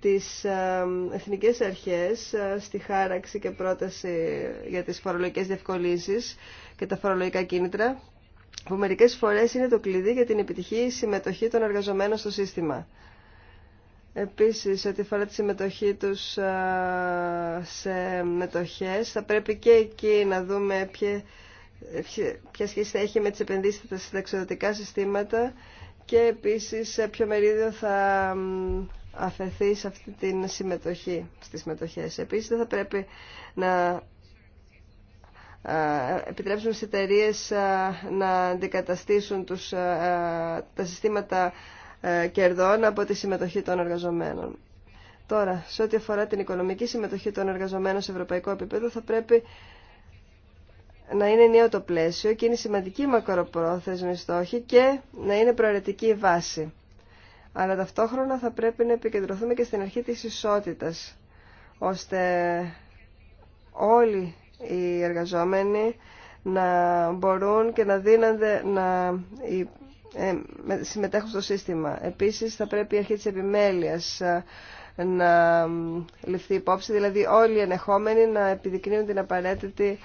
τις ε, εθνικές αρχές ε, στη χάραξη και πρόταση για τις φορολογικές διευκολύνσεις και τα φορολογικά κίνητρα που μερικές φορές είναι το κλειδί για την επιτυχή συμμετοχή των εργαζομένων στο σύστημα. Επίσης, ό,τι αφορά τη συμμετοχή τους ε, σε μετοχές, θα πρέπει και εκεί να δούμε ποια, σχέση θα έχει με τις επενδύσεις στα συνταξιδοτικά συστήματα και επίσης ποιο μερίδιο θα αφαιθεί σε αυτή την συμμετοχή στις μετοχές. Επίσης δεν θα πρέπει να επιτρέψουμε στις εταιρείε να αντικαταστήσουν τους, τα συστήματα κερδών από τη συμμετοχή των εργαζομένων. Τώρα, σε ό,τι αφορά την οικονομική συμμετοχή των εργαζομένων σε ευρωπαϊκό επίπεδο, θα πρέπει να είναι νέο το πλαίσιο και είναι σημαντική μακροπρόθεσμη στόχη και να είναι προαιρετική η βάση. Αλλά ταυτόχρονα θα πρέπει να επικεντρωθούμε και στην αρχή της ισότητας, ώστε όλοι οι εργαζόμενοι να μπορούν και να δίνονται να ε, συμμετέχουν στο σύστημα. Επίσης θα πρέπει η αρχή της επιμέλειας ε, να ληφθεί υπόψη, δηλαδή όλοι οι ενεχόμενοι να επιδεικνύουν την απαραίτητη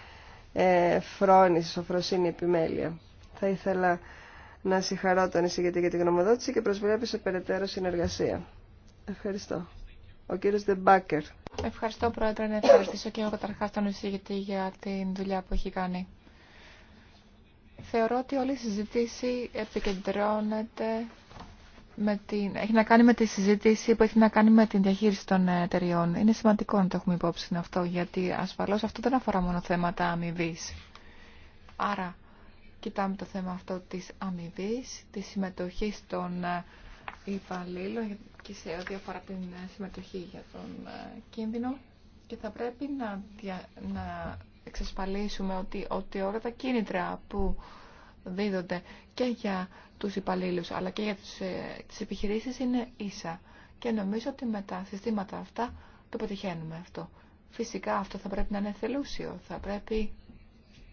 ε, φρόνηση, σοφροσύνη, επιμέλεια. Θα ήθελα να συγχαρώ τον εισηγητή για την γνωμοδότηση και προσβλέπει σε περαιτέρω συνεργασία. Ευχαριστώ. Ο κύριος Δεμπάκερ. Ευχαριστώ Πρόεδρε, να ευχαριστήσω και εγώ καταρχά τον εισηγητή για την δουλειά που έχει κάνει. Θεωρώ ότι όλη η συζήτηση επικεντρώνεται με την, έχει να κάνει με τη συζήτηση που έχει να κάνει με την διαχείριση των ε, εταιριών. Είναι σημαντικό να το έχουμε υπόψη αυτό, γιατί ασφαλώς αυτό δεν αφορά μόνο θέματα αμοιβή. Άρα, κοιτάμε το θέμα αυτό της αμοιβή, της συμμετοχής των ε, υπαλλήλων και σε ό,τι αφορά την ε, συμμετοχή για τον κίνδυνο και θα πρέπει να, να εξασφαλίσουμε ότι, ότι όλα τα κίνητρα που δίδονται και για τους υπαλλήλους αλλά και για τι ε, τις επιχειρήσεις είναι ίσα. Και νομίζω ότι με τα συστήματα αυτά το πετυχαίνουμε αυτό. Φυσικά αυτό θα πρέπει να είναι θελούσιο, θα πρέπει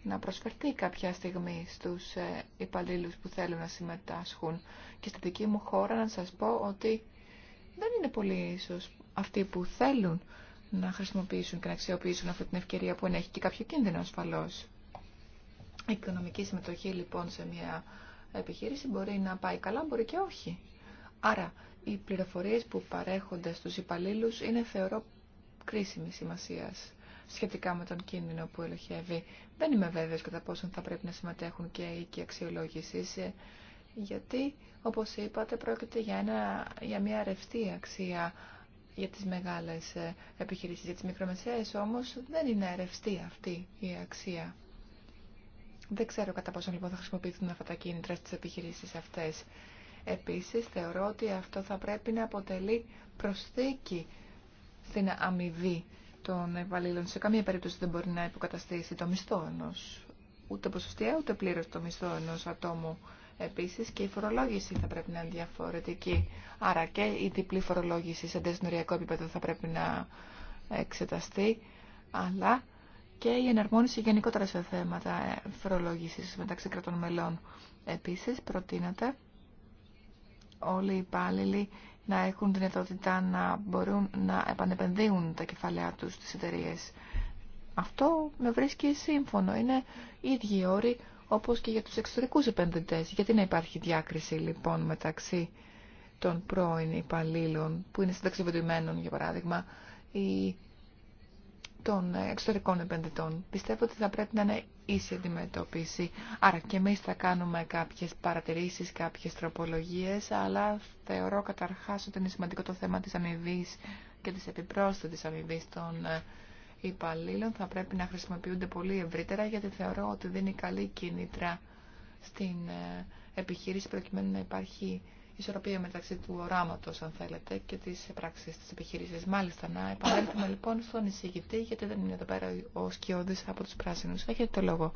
να προσφερθεί κάποια στιγμή στους ε, υπαλλήλου που θέλουν να συμμετάσχουν. Και στη δική μου χώρα να σας πω ότι δεν είναι πολύ ίσως αυτοί που θέλουν να χρησιμοποιήσουν και να αξιοποιήσουν αυτή την ευκαιρία που ενέχει και κάποιο κίνδυνο ασφαλώς. Η οικονομική συμμετοχή λοιπόν σε μια επιχείρηση μπορεί να πάει καλά, μπορεί και όχι. Άρα οι πληροφορίες που παρέχονται στους υπαλλήλους είναι θεωρώ κρίσιμη σημασίας σχετικά με τον κίνδυνο που ελοχεύει. Δεν είμαι βέβαιος κατά πόσον θα πρέπει να συμμετέχουν και οι και αξιολόγηση, ε, γιατί, όπως είπατε, πρόκειται για, ένα, για μια ρευστή αξία για τις μεγάλες ε, επιχειρήσεις. Για τις μικρομεσαίες όμως δεν είναι ρευστή αυτή η αξία. Δεν ξέρω κατά πόσο λοιπόν θα χρησιμοποιηθούν αυτά τα κίνητρα στις επιχειρήσεις αυτές. Επίσης θεωρώ ότι αυτό θα πρέπει να αποτελεί προσθήκη στην αμοιβή των υπαλλήλων. Σε καμία περίπτωση δεν μπορεί να υποκαταστήσει το μισθό ενός, ούτε ποσοστιά, ούτε πλήρως το μισθό ενός ατόμου. Επίσης και η φορολόγηση θα πρέπει να είναι διαφορετική. Άρα και η διπλή φορολόγηση σε εντεσνοριακό επίπεδο θα πρέπει να εξεταστεί, αλλά και η εναρμόνιση γενικότερα σε θέματα φορολόγησης μεταξύ κρατών μελών. Επίσης, προτείνεται όλοι οι υπάλληλοι να έχουν δυνατότητα να μπορούν να επανεπενδύουν τα κεφαλαία τους στις εταιρείε. Αυτό με βρίσκει σύμφωνο. Είναι ίδιοι όροι όπως και για τους εξωτερικούς επενδυτές. Γιατί να υπάρχει διάκριση λοιπόν μεταξύ των πρώην υπαλλήλων που είναι συνταξιβετημένων για παράδειγμα των εξωτερικών επενδυτών. Πιστεύω ότι θα πρέπει να είναι ίση αντιμετώπιση. Άρα και εμείς θα κάνουμε κάποιες παρατηρήσεις, κάποιες τροπολογίες, αλλά θεωρώ καταρχάς ότι είναι σημαντικό το θέμα της αμοιβή και της επιπρόσθετης αμοιβή των ε, υπαλλήλων. Θα πρέπει να χρησιμοποιούνται πολύ ευρύτερα, γιατί θεωρώ ότι δίνει καλή κίνητρα στην ε, επιχείρηση προκειμένου να υπάρχει ισορροπία μεταξύ του οράματο, αν θέλετε, και τη πράξη τη επιχειρήση. Μάλιστα, να επανέλθουμε λοιπόν στον εισηγητή, γιατί δεν είναι εδώ πέρα ο Σκιώδη από του πράσινου. Έχετε το λόγο.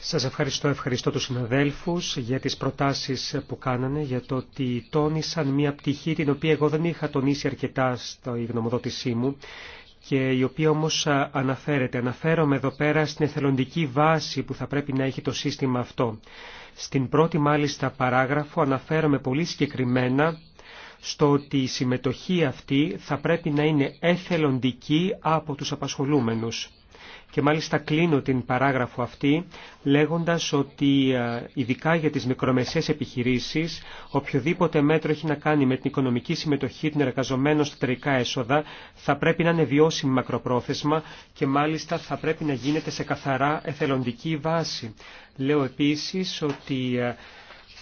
Σας ευχαριστώ, ευχαριστώ τους συναδέλφους για τις προτάσεις που κάνανε, για το ότι τόνισαν μια πτυχή την οποία εγώ δεν είχα τονίσει αρκετά στο γνωμοδότησή μου και η οποία όμως αναφέρεται. Αναφέρομαι εδώ πέρα στην εθελοντική βάση που θα πρέπει να έχει το σύστημα αυτό. Στην πρώτη μάλιστα παράγραφο αναφέρομαι πολύ συγκεκριμένα στο ότι η συμμετοχή αυτή θα πρέπει να είναι εθελοντική από τους απασχολούμενους. Και μάλιστα κλείνω την παράγραφο αυτή λέγοντας ότι ε, ειδικά για τις μικρομεσαίες επιχειρήσεις οποιοδήποτε μέτρο έχει να κάνει με την οικονομική συμμετοχή των εργαζομένων στα τερικά έσοδα θα πρέπει να είναι βιώσιμη μακροπρόθεσμα και μάλιστα θα πρέπει να γίνεται σε καθαρά εθελοντική βάση. Λέω επίσης ότι ε,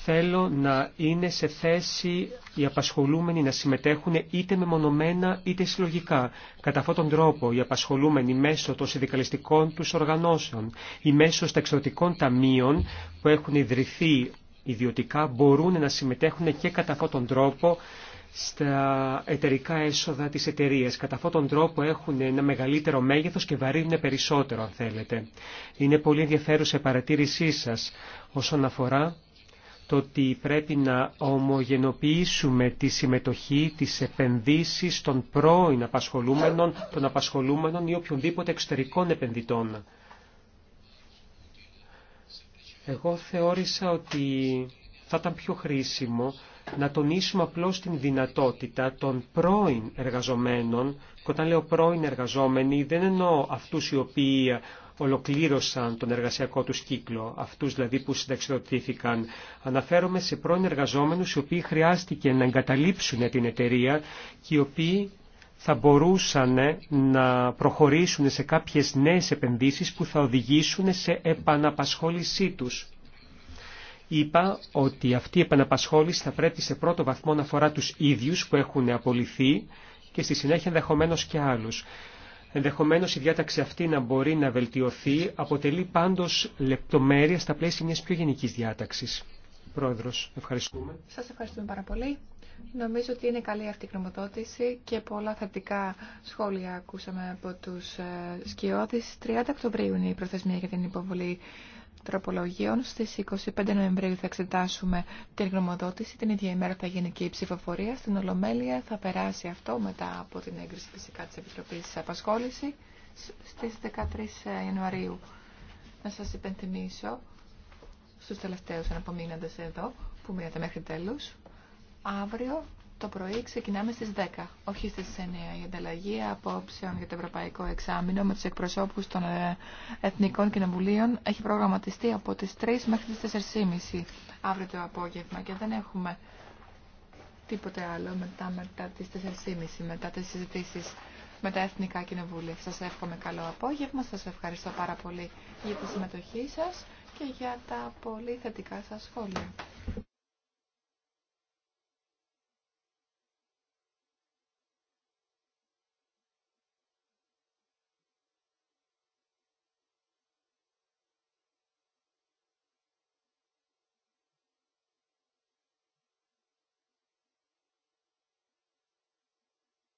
θέλω να είναι σε θέση οι απασχολούμενοι να συμμετέχουν είτε μεμονωμένα είτε συλλογικά. Κατά αυτόν τον τρόπο οι απασχολούμενοι μέσω των συνδικαλιστικών τους οργανώσεων ή μέσω εξωτικών ταμείων που έχουν ιδρυθεί ιδιωτικά μπορούν να συμμετέχουν και κατά αυτόν τον τρόπο στα εταιρικά έσοδα της εταιρεία. Κατά αυτόν τον τρόπο έχουν ένα μεγαλύτερο μέγεθος και βαρύνουν περισσότερο, αν θέλετε. Είναι πολύ ενδιαφέρουσα η παρατήρησή σας όσον αφορά το ότι πρέπει να ομογενοποιήσουμε τη συμμετοχή, τις επενδύσεις των πρώην απασχολούμενων, των απασχολούμενων ή οποιονδήποτε εξωτερικών επενδυτών. Εγώ θεώρησα ότι θα ήταν πιο χρήσιμο να τονίσουμε απλώς την δυνατότητα των πρώην εργαζομένων, και όταν λέω πρώην εργαζόμενοι δεν εννοώ αυτούς οι οποίοι ολοκλήρωσαν τον εργασιακό τους κύκλο, αυτούς δηλαδή που συνταξιδοτήθηκαν. Αναφέρομαι σε πρώην εργαζόμενους οι οποίοι χρειάστηκε να εγκαταλείψουν την εταιρεία και οι οποίοι θα μπορούσαν να προχωρήσουν σε κάποιες νέες επενδύσεις που θα οδηγήσουν σε επαναπασχόλησή τους. Είπα ότι αυτή η επαναπασχόληση θα πρέπει σε πρώτο βαθμό να αφορά τους ίδιους που έχουν απολυθεί και στη συνέχεια ενδεχομένω και άλλους. Ενδεχομένως η διάταξη αυτή να μπορεί να βελτιωθεί αποτελεί πάντως λεπτομέρεια στα πλαίσια μιας πιο γενικής διάταξης. Πρόεδρος, ευχαριστούμε. Σας ευχαριστούμε πάρα πολύ. Νομίζω ότι είναι καλή αυτή η γνωμοδότηση και πολλά θετικά σχόλια ακούσαμε από τους ε, σκιώδεις. 30 Οκτωβρίου είναι η προθεσμία για την υποβολή τροπολογίων. Στις 25 Νοεμβρίου θα εξετάσουμε την γνωμοδότηση. Την ίδια ημέρα θα γίνει και η ψηφοφορία. Στην Ολομέλεια θα περάσει αυτό μετά από την έγκριση φυσικά της Επιτροπής Απασχόληση στις 13 Ιανουαρίου. Να σας υπενθυμίσω στους τελευταίους αναπομείνοντες εδώ που μείνατε μέχρι τέλους. Αύριο το πρωί ξεκινάμε στις 10, όχι στις 9. Η ανταλλαγή απόψεων για το Ευρωπαϊκό Εξάμεινο με τους εκπροσώπους των ε, Εθνικών Κοινοβουλίων έχει προγραμματιστεί από τις 3 μέχρι τις 4.30 αύριο το απόγευμα και δεν έχουμε τίποτε άλλο μετά, μετά τις 4.30, μετά τις συζητήσεις με τα Εθνικά Κοινοβούλια. Σας εύχομαι καλό απόγευμα, σας ευχαριστώ πάρα πολύ για τη συμμετοχή σας και για τα πολύ θετικά σας σχόλια.